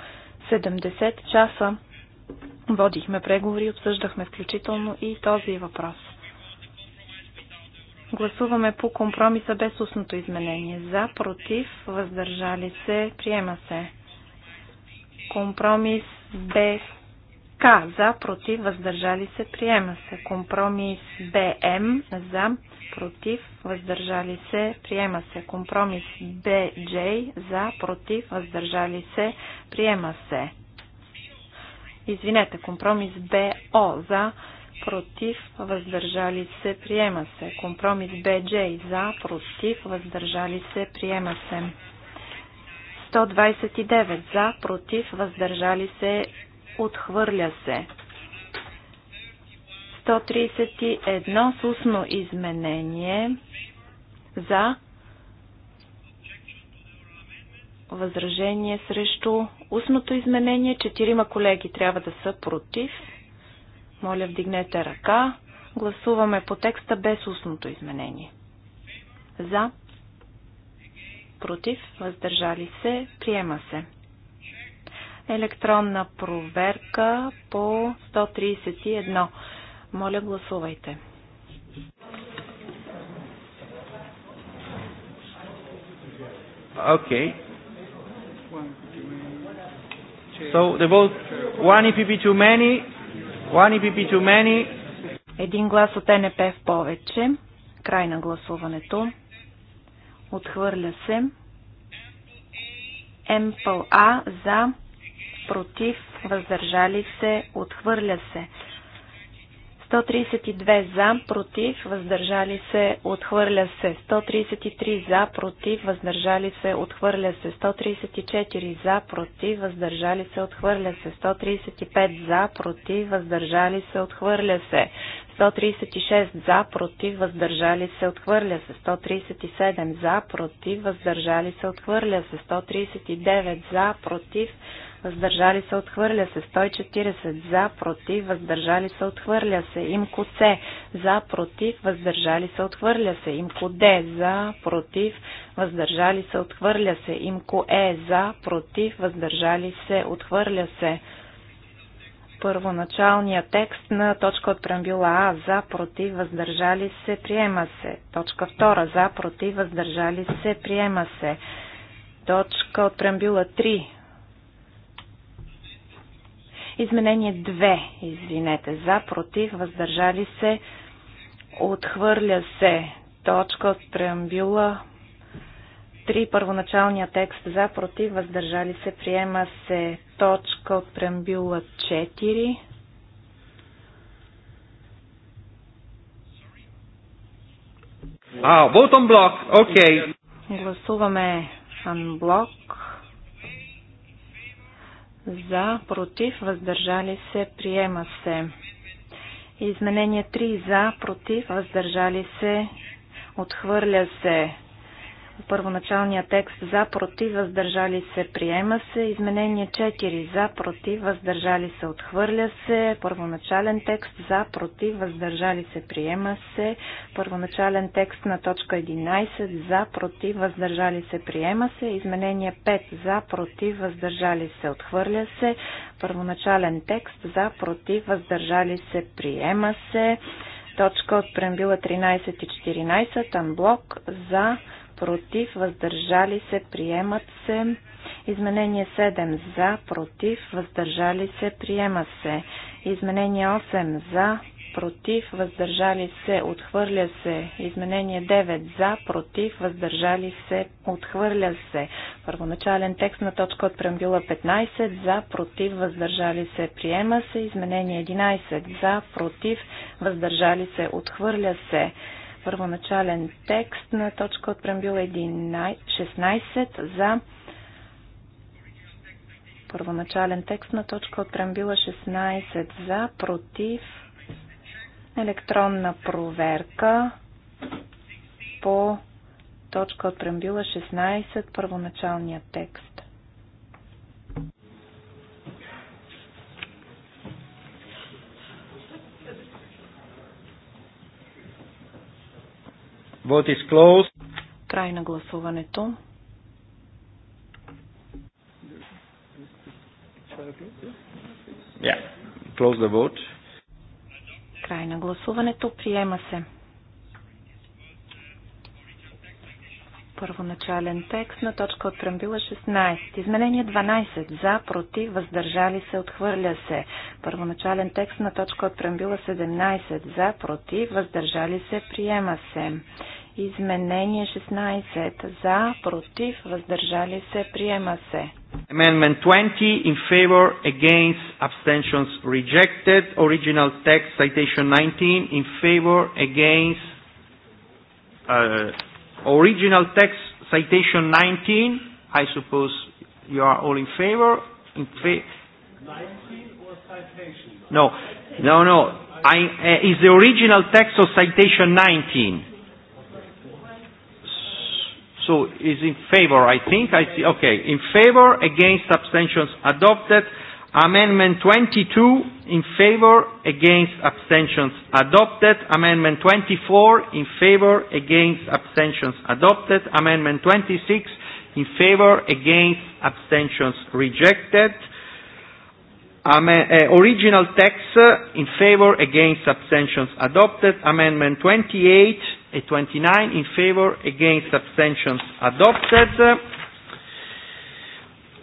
70 часа водихме преговори, обсъждахме включително и този въпрос. Гласуваме по компромиса без устното изменение. За, против, въздържали се, приема се. Компромис без К. За, против, въздържали се, приема се. Компромис БМ. За, против, въздържали се, приема се. Компромис БДЖ. За, против, въздържали се, приема се. Извинете, компромис БО. За, против, въздържали се, приема се. Компромис БД за, против, въздържали се, приема се. 129 за, против, въздържали се, отхвърля се. 131 с устно изменение за възражение срещу устното изменение. Четирима колеги трябва да са против. Моля, вдигнете ръка. Гласуваме по текста без устното изменение. За. Против. Въздържали се. Приема се. Електронна проверка по 131. Моля, гласувайте. Okay. So the vote, one EPP too many, One EPP too many. Един глас от НП в повече. Край на гласуването. Отхвърля се. МПЛА за, против, въздържали се, отхвърля се. 132 за, против, въздържали се, отхвърля се. 133 за, против, въздържали се, отхвърля се. 134 за, против, въздържали се, отхвърля се. 135 за, против, въздържали се, отхвърля се. 136 за, против, въздържали се, отхвърля се. 137 за, против, въздържали се, отхвърля се. 139 за, против, въздържали се, отхвърля се. 140 за, против, въздържали се, отхвърля се. Имко С за, против, въздържали се, отхвърля се. Имко Д за, против, въздържали се, отхвърля се. Имко Е за, против, въздържали се, отхвърля се първоначалния текст на точка от преамбюла А за против въздържали се приема се. Точка 2 за против въздържали се приема се. Точка от преамбюла 3 Изменение 2, извинете, за, против, въздържали се, отхвърля се точка от преамбюла 3, първоначалния текст за, против, въздържали се, приема се точка от преамбюла 4. А, вот он блок. Окей. Гласуваме анблок за, против, въздържали се, приема се. Изменение 3 за, против, въздържали се, отхвърля се. Първоначалният текст за против въздържали се приема се. Изменение 4 за против въздържали се отхвърля се. Първоначален текст за против въздържали се приема се. Първоначален текст на точка 11 за против въздържали се приема се. Изменение 5 за против въздържали се отхвърля се. Първоначален текст за против въздържали се приема се точка от прембила 13 и 14, анблок за против, въздържали се, приемат се. Изменение 7 за, против, въздържали се, приема се. Изменение 8 за, против, въздържали се, отхвърля се. Изменение 9 за, против, въздържали се, отхвърля се. Първоначален текст на точка от преамбюла 15 за, против, въздържали се, приема се. Изменение 11 за, против, въздържали се, отхвърля се първоначален текст на точка от Прембила 16 за първоначален текст на точка от прембила 16 за против електронна проверка по точка от прембила 16 първоначалния текст. Vote is closed. Край на гласуването. Yeah. Close the vote. Край на гласуването. Приема се. първоначален текст на точка от преамбила 16. Изменение 12. За, против, въздържали се, отхвърля се. Първоначален текст на точка от преамбила 17. За, против, въздържали се, приема се. Изменение 16. За, против, въздържали се, приема се. Amendment 20 in favor against abstentions rejected. Original text citation 19 in favor against uh, Original text citation 19. I suppose you are all in favor. In fa- 19 or citation? No, no, no. I, uh, is the original text of citation 19? So is in favor, I think. I see. Okay, in favor, against abstentions adopted. Amendment 22 in favor against abstentions adopted. Amendment 24 in favor against abstentions adopted. Amendment 26 in favor against abstentions rejected. Am uh, original text uh, in favor against abstentions adopted. Amendment 28 and 29 in favor against abstentions adopted.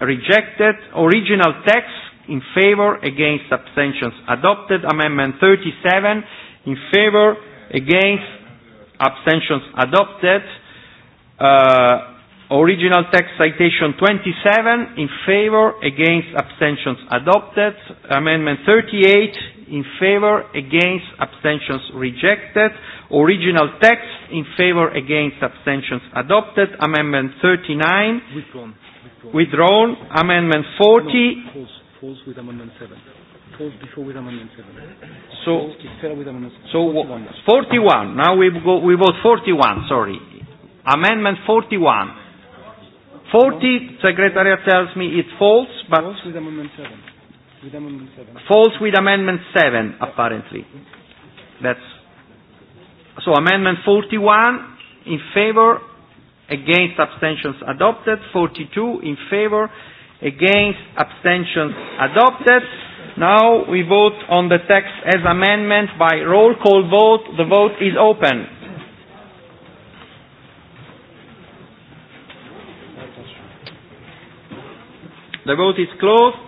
rejected. Original text in favor, against abstentions adopted. Amendment 37 in favor, against abstentions adopted. Uh, original text citation 27 in favor, against abstentions adopted. Amendment 38 in favor, against abstentions rejected. Original text in favor, against abstentions adopted. Amendment 39. Withdrawn. Amendment 40. No, false, false with Amendment 7. False before with Amendment 7. So, with amendment 7. so 41. 41. Now we, go, we vote 41, sorry. Amendment 41. 40, Secretariat tells me it's false, but... False with Amendment 7. With amendment 7. False with Amendment 7, apparently. That's... So Amendment 41, in favor, against abstentions adopted, 42 in favor, against abstentions adopted. Now we vote on the text as amendment by roll call vote. The vote is open. The vote is closed.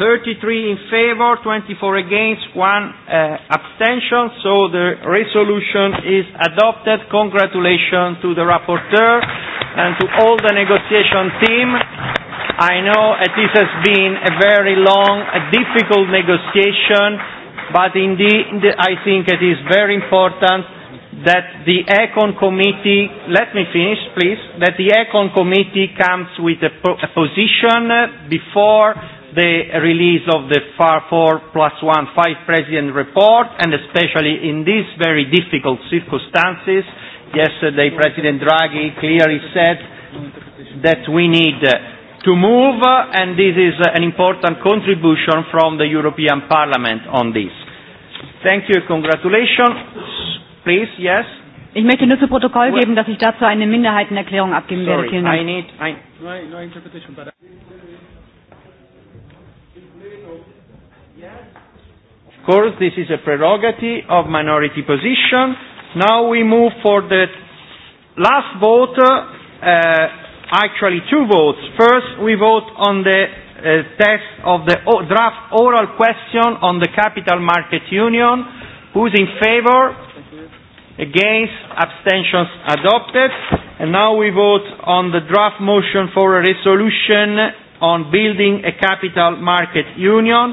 33 in favor, 24 against, one uh, abstention. So the resolution is adopted. Congratulations to the rapporteur and to all the negotiation team. I know that this has been a very long, a difficult negotiation, but indeed I think it is very important that the ECON committee, let me finish please, that the ECON committee comes with a, po a position before the release of the FAR 4 plus 1 5 President report, and especially in these very difficult circumstances, yesterday President Draghi clearly said that we need to move, and this is an important contribution from the European Parliament on this. Thank you, congratulations. Please, yes. Ich möchte nur zu Protokoll geben, dass ich dazu eine Minderheitenerklärung abgeben werde. Vielen Dank. I need, I, no, no interpretation, but I... course, this is a prerogative of minority position. Now we move for the last vote, uh, actually two votes. First, we vote on the uh, test of the o- draft oral question on the Capital Market Union. Who's in favor? Against? Abstentions adopted. And now we vote on the draft motion for a resolution on building a capital market union.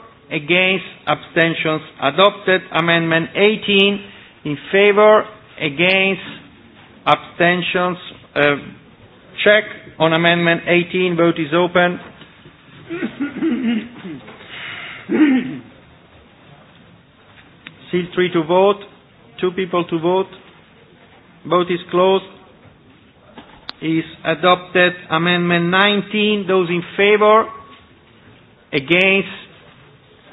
against, abstentions adopted. Amendment 18 in favor, against, abstentions. Uh, check on Amendment 18. Vote is open. Seal 3 to vote. Two people to vote. Vote is closed. Is adopted. Amendment 19. Those in favor, against,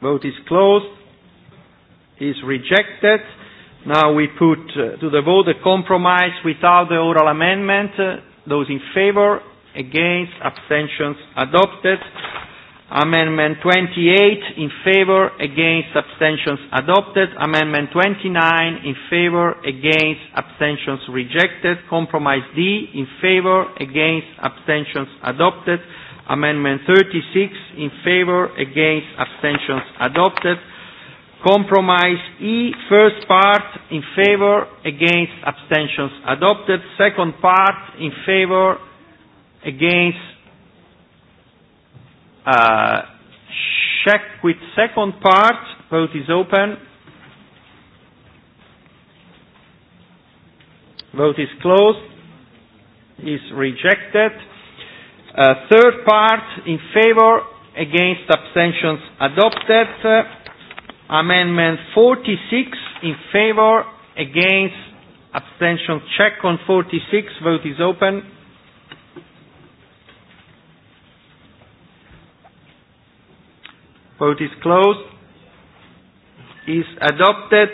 Vote is closed. Is rejected. Now we put uh, to the vote the compromise without the oral amendment. Uh, those in favor, against, abstentions adopted. Amendment 28 in favor, against, abstentions adopted. Amendment 29 in favor, against, abstentions rejected. Compromise D in favor, against, abstentions adopted. Amendment 36 in favor, against, abstentions adopted. Compromise E, first part in favor, against, abstentions adopted. Second part in favor, against, uh, check with second part. Vote is open. Vote is closed. Is rejected. Uh, third part, in favor, against abstentions adopted. Uh, amendment 46, in favor, against abstention check on 46, vote is open. Vote is closed. Is adopted.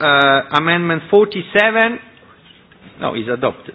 Uh, amendment 47. No, is adopted.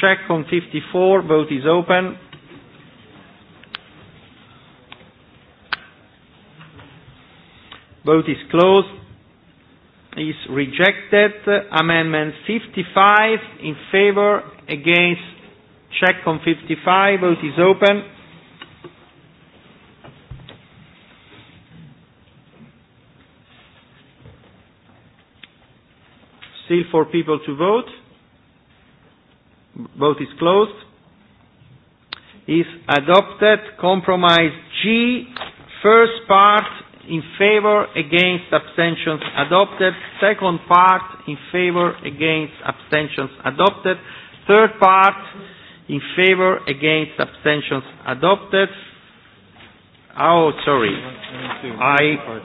Check on 54. Vote is open. Vote is closed. Is rejected. Amendment 55 in favor, against. Check on 55. Vote is open. Still for people to vote. Vote is closed. Is adopted. Compromise G. First part in favor against abstentions adopted. Second part in favor against abstentions adopted. Third part in favor against abstentions adopted. Oh, sorry. I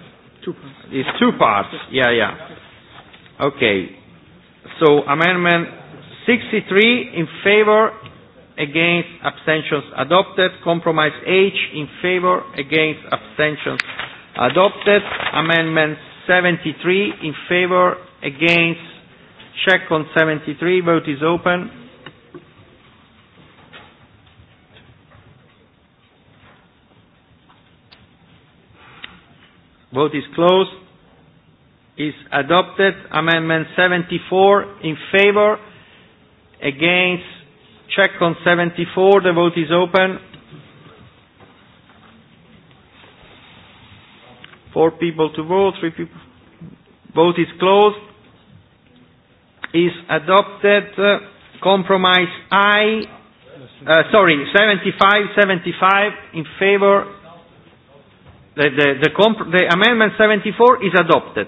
it's two parts. Yeah, yeah. Okay. So amendment 63 in favor, against abstentions adopted. Compromise H in favor, against abstentions adopted. Amendment 73 in favor, against. Check on 73. Vote is open. Vote is closed. Is adopted. Amendment 74 in favor against, check on 74, the vote is open. Four people to vote, three people. Vote is closed. Is adopted. Uh, compromise I. Uh, sorry, 75, 75 in favor. The, the, the, comp- the amendment 74 is adopted.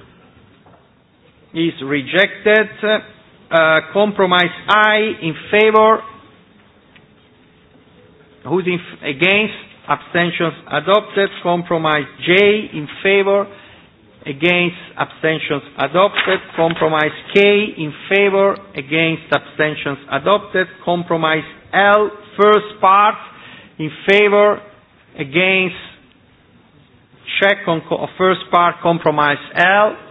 is rejected. Uh, compromise I in favor. Who's in, against? Abstentions adopted. Compromise J in favor. Against abstentions adopted. Compromise K in favor. Against abstentions adopted. Compromise L first part in favor. Against check on co- first part compromise L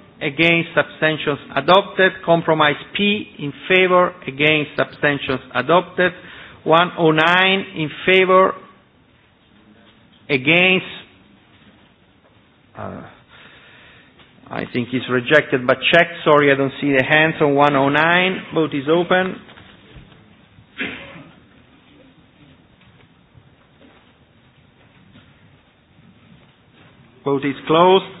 against abstentions adopted. Compromise P in favor against abstentions adopted. 109 in favor against. Uh, I think it's rejected, but check. Sorry, I don't see the hands on 109. Vote is open. Vote is closed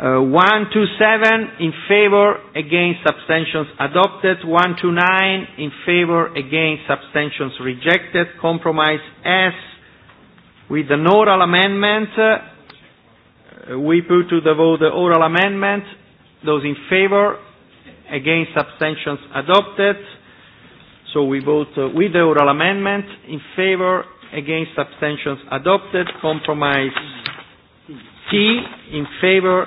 to 127 in favor against abstentions adopted, 129 in favor against abstentions rejected, compromise S with an oral amendment. Uh, we put to the vote the oral amendment. Those in favor against abstentions adopted. So we vote uh, with the oral amendment in favor against abstentions adopted, compromise T in favor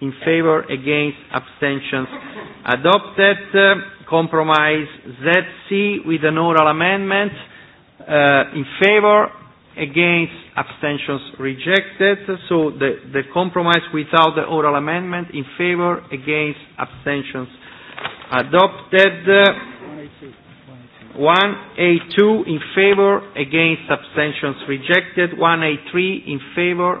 in favor against abstentions adopted uh, compromise ZC with an oral amendment uh, in favor against abstentions rejected so the, the compromise without the oral amendment in favor against abstentions adopted uh, 1A2 in favor against abstentions rejected 1A3 in favor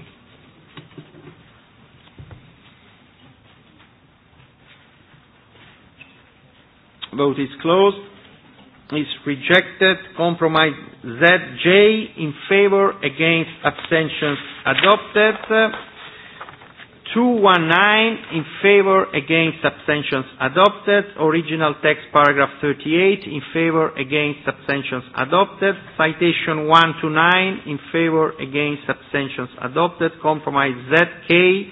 Vote is closed. Is rejected. Compromise ZJ in favor against abstentions adopted. 219 in favor against abstentions adopted. Original text paragraph 38 in favor against abstentions adopted. Citation 1 to 9 in favor against abstentions adopted. Compromise ZK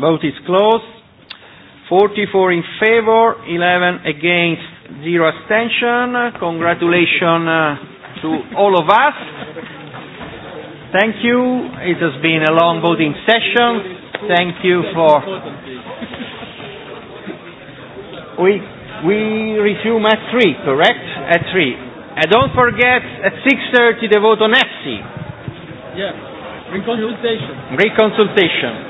Vote is closed. 44 in favor, 11 against, zero abstention. Congratulations uh, to all of us. Thank you. It has been a long voting session. Thank you for. We we resume at three, correct? At three. And don't forget at 6:30 the vote on EFSI. Yeah, reconsultation. Reconsultation.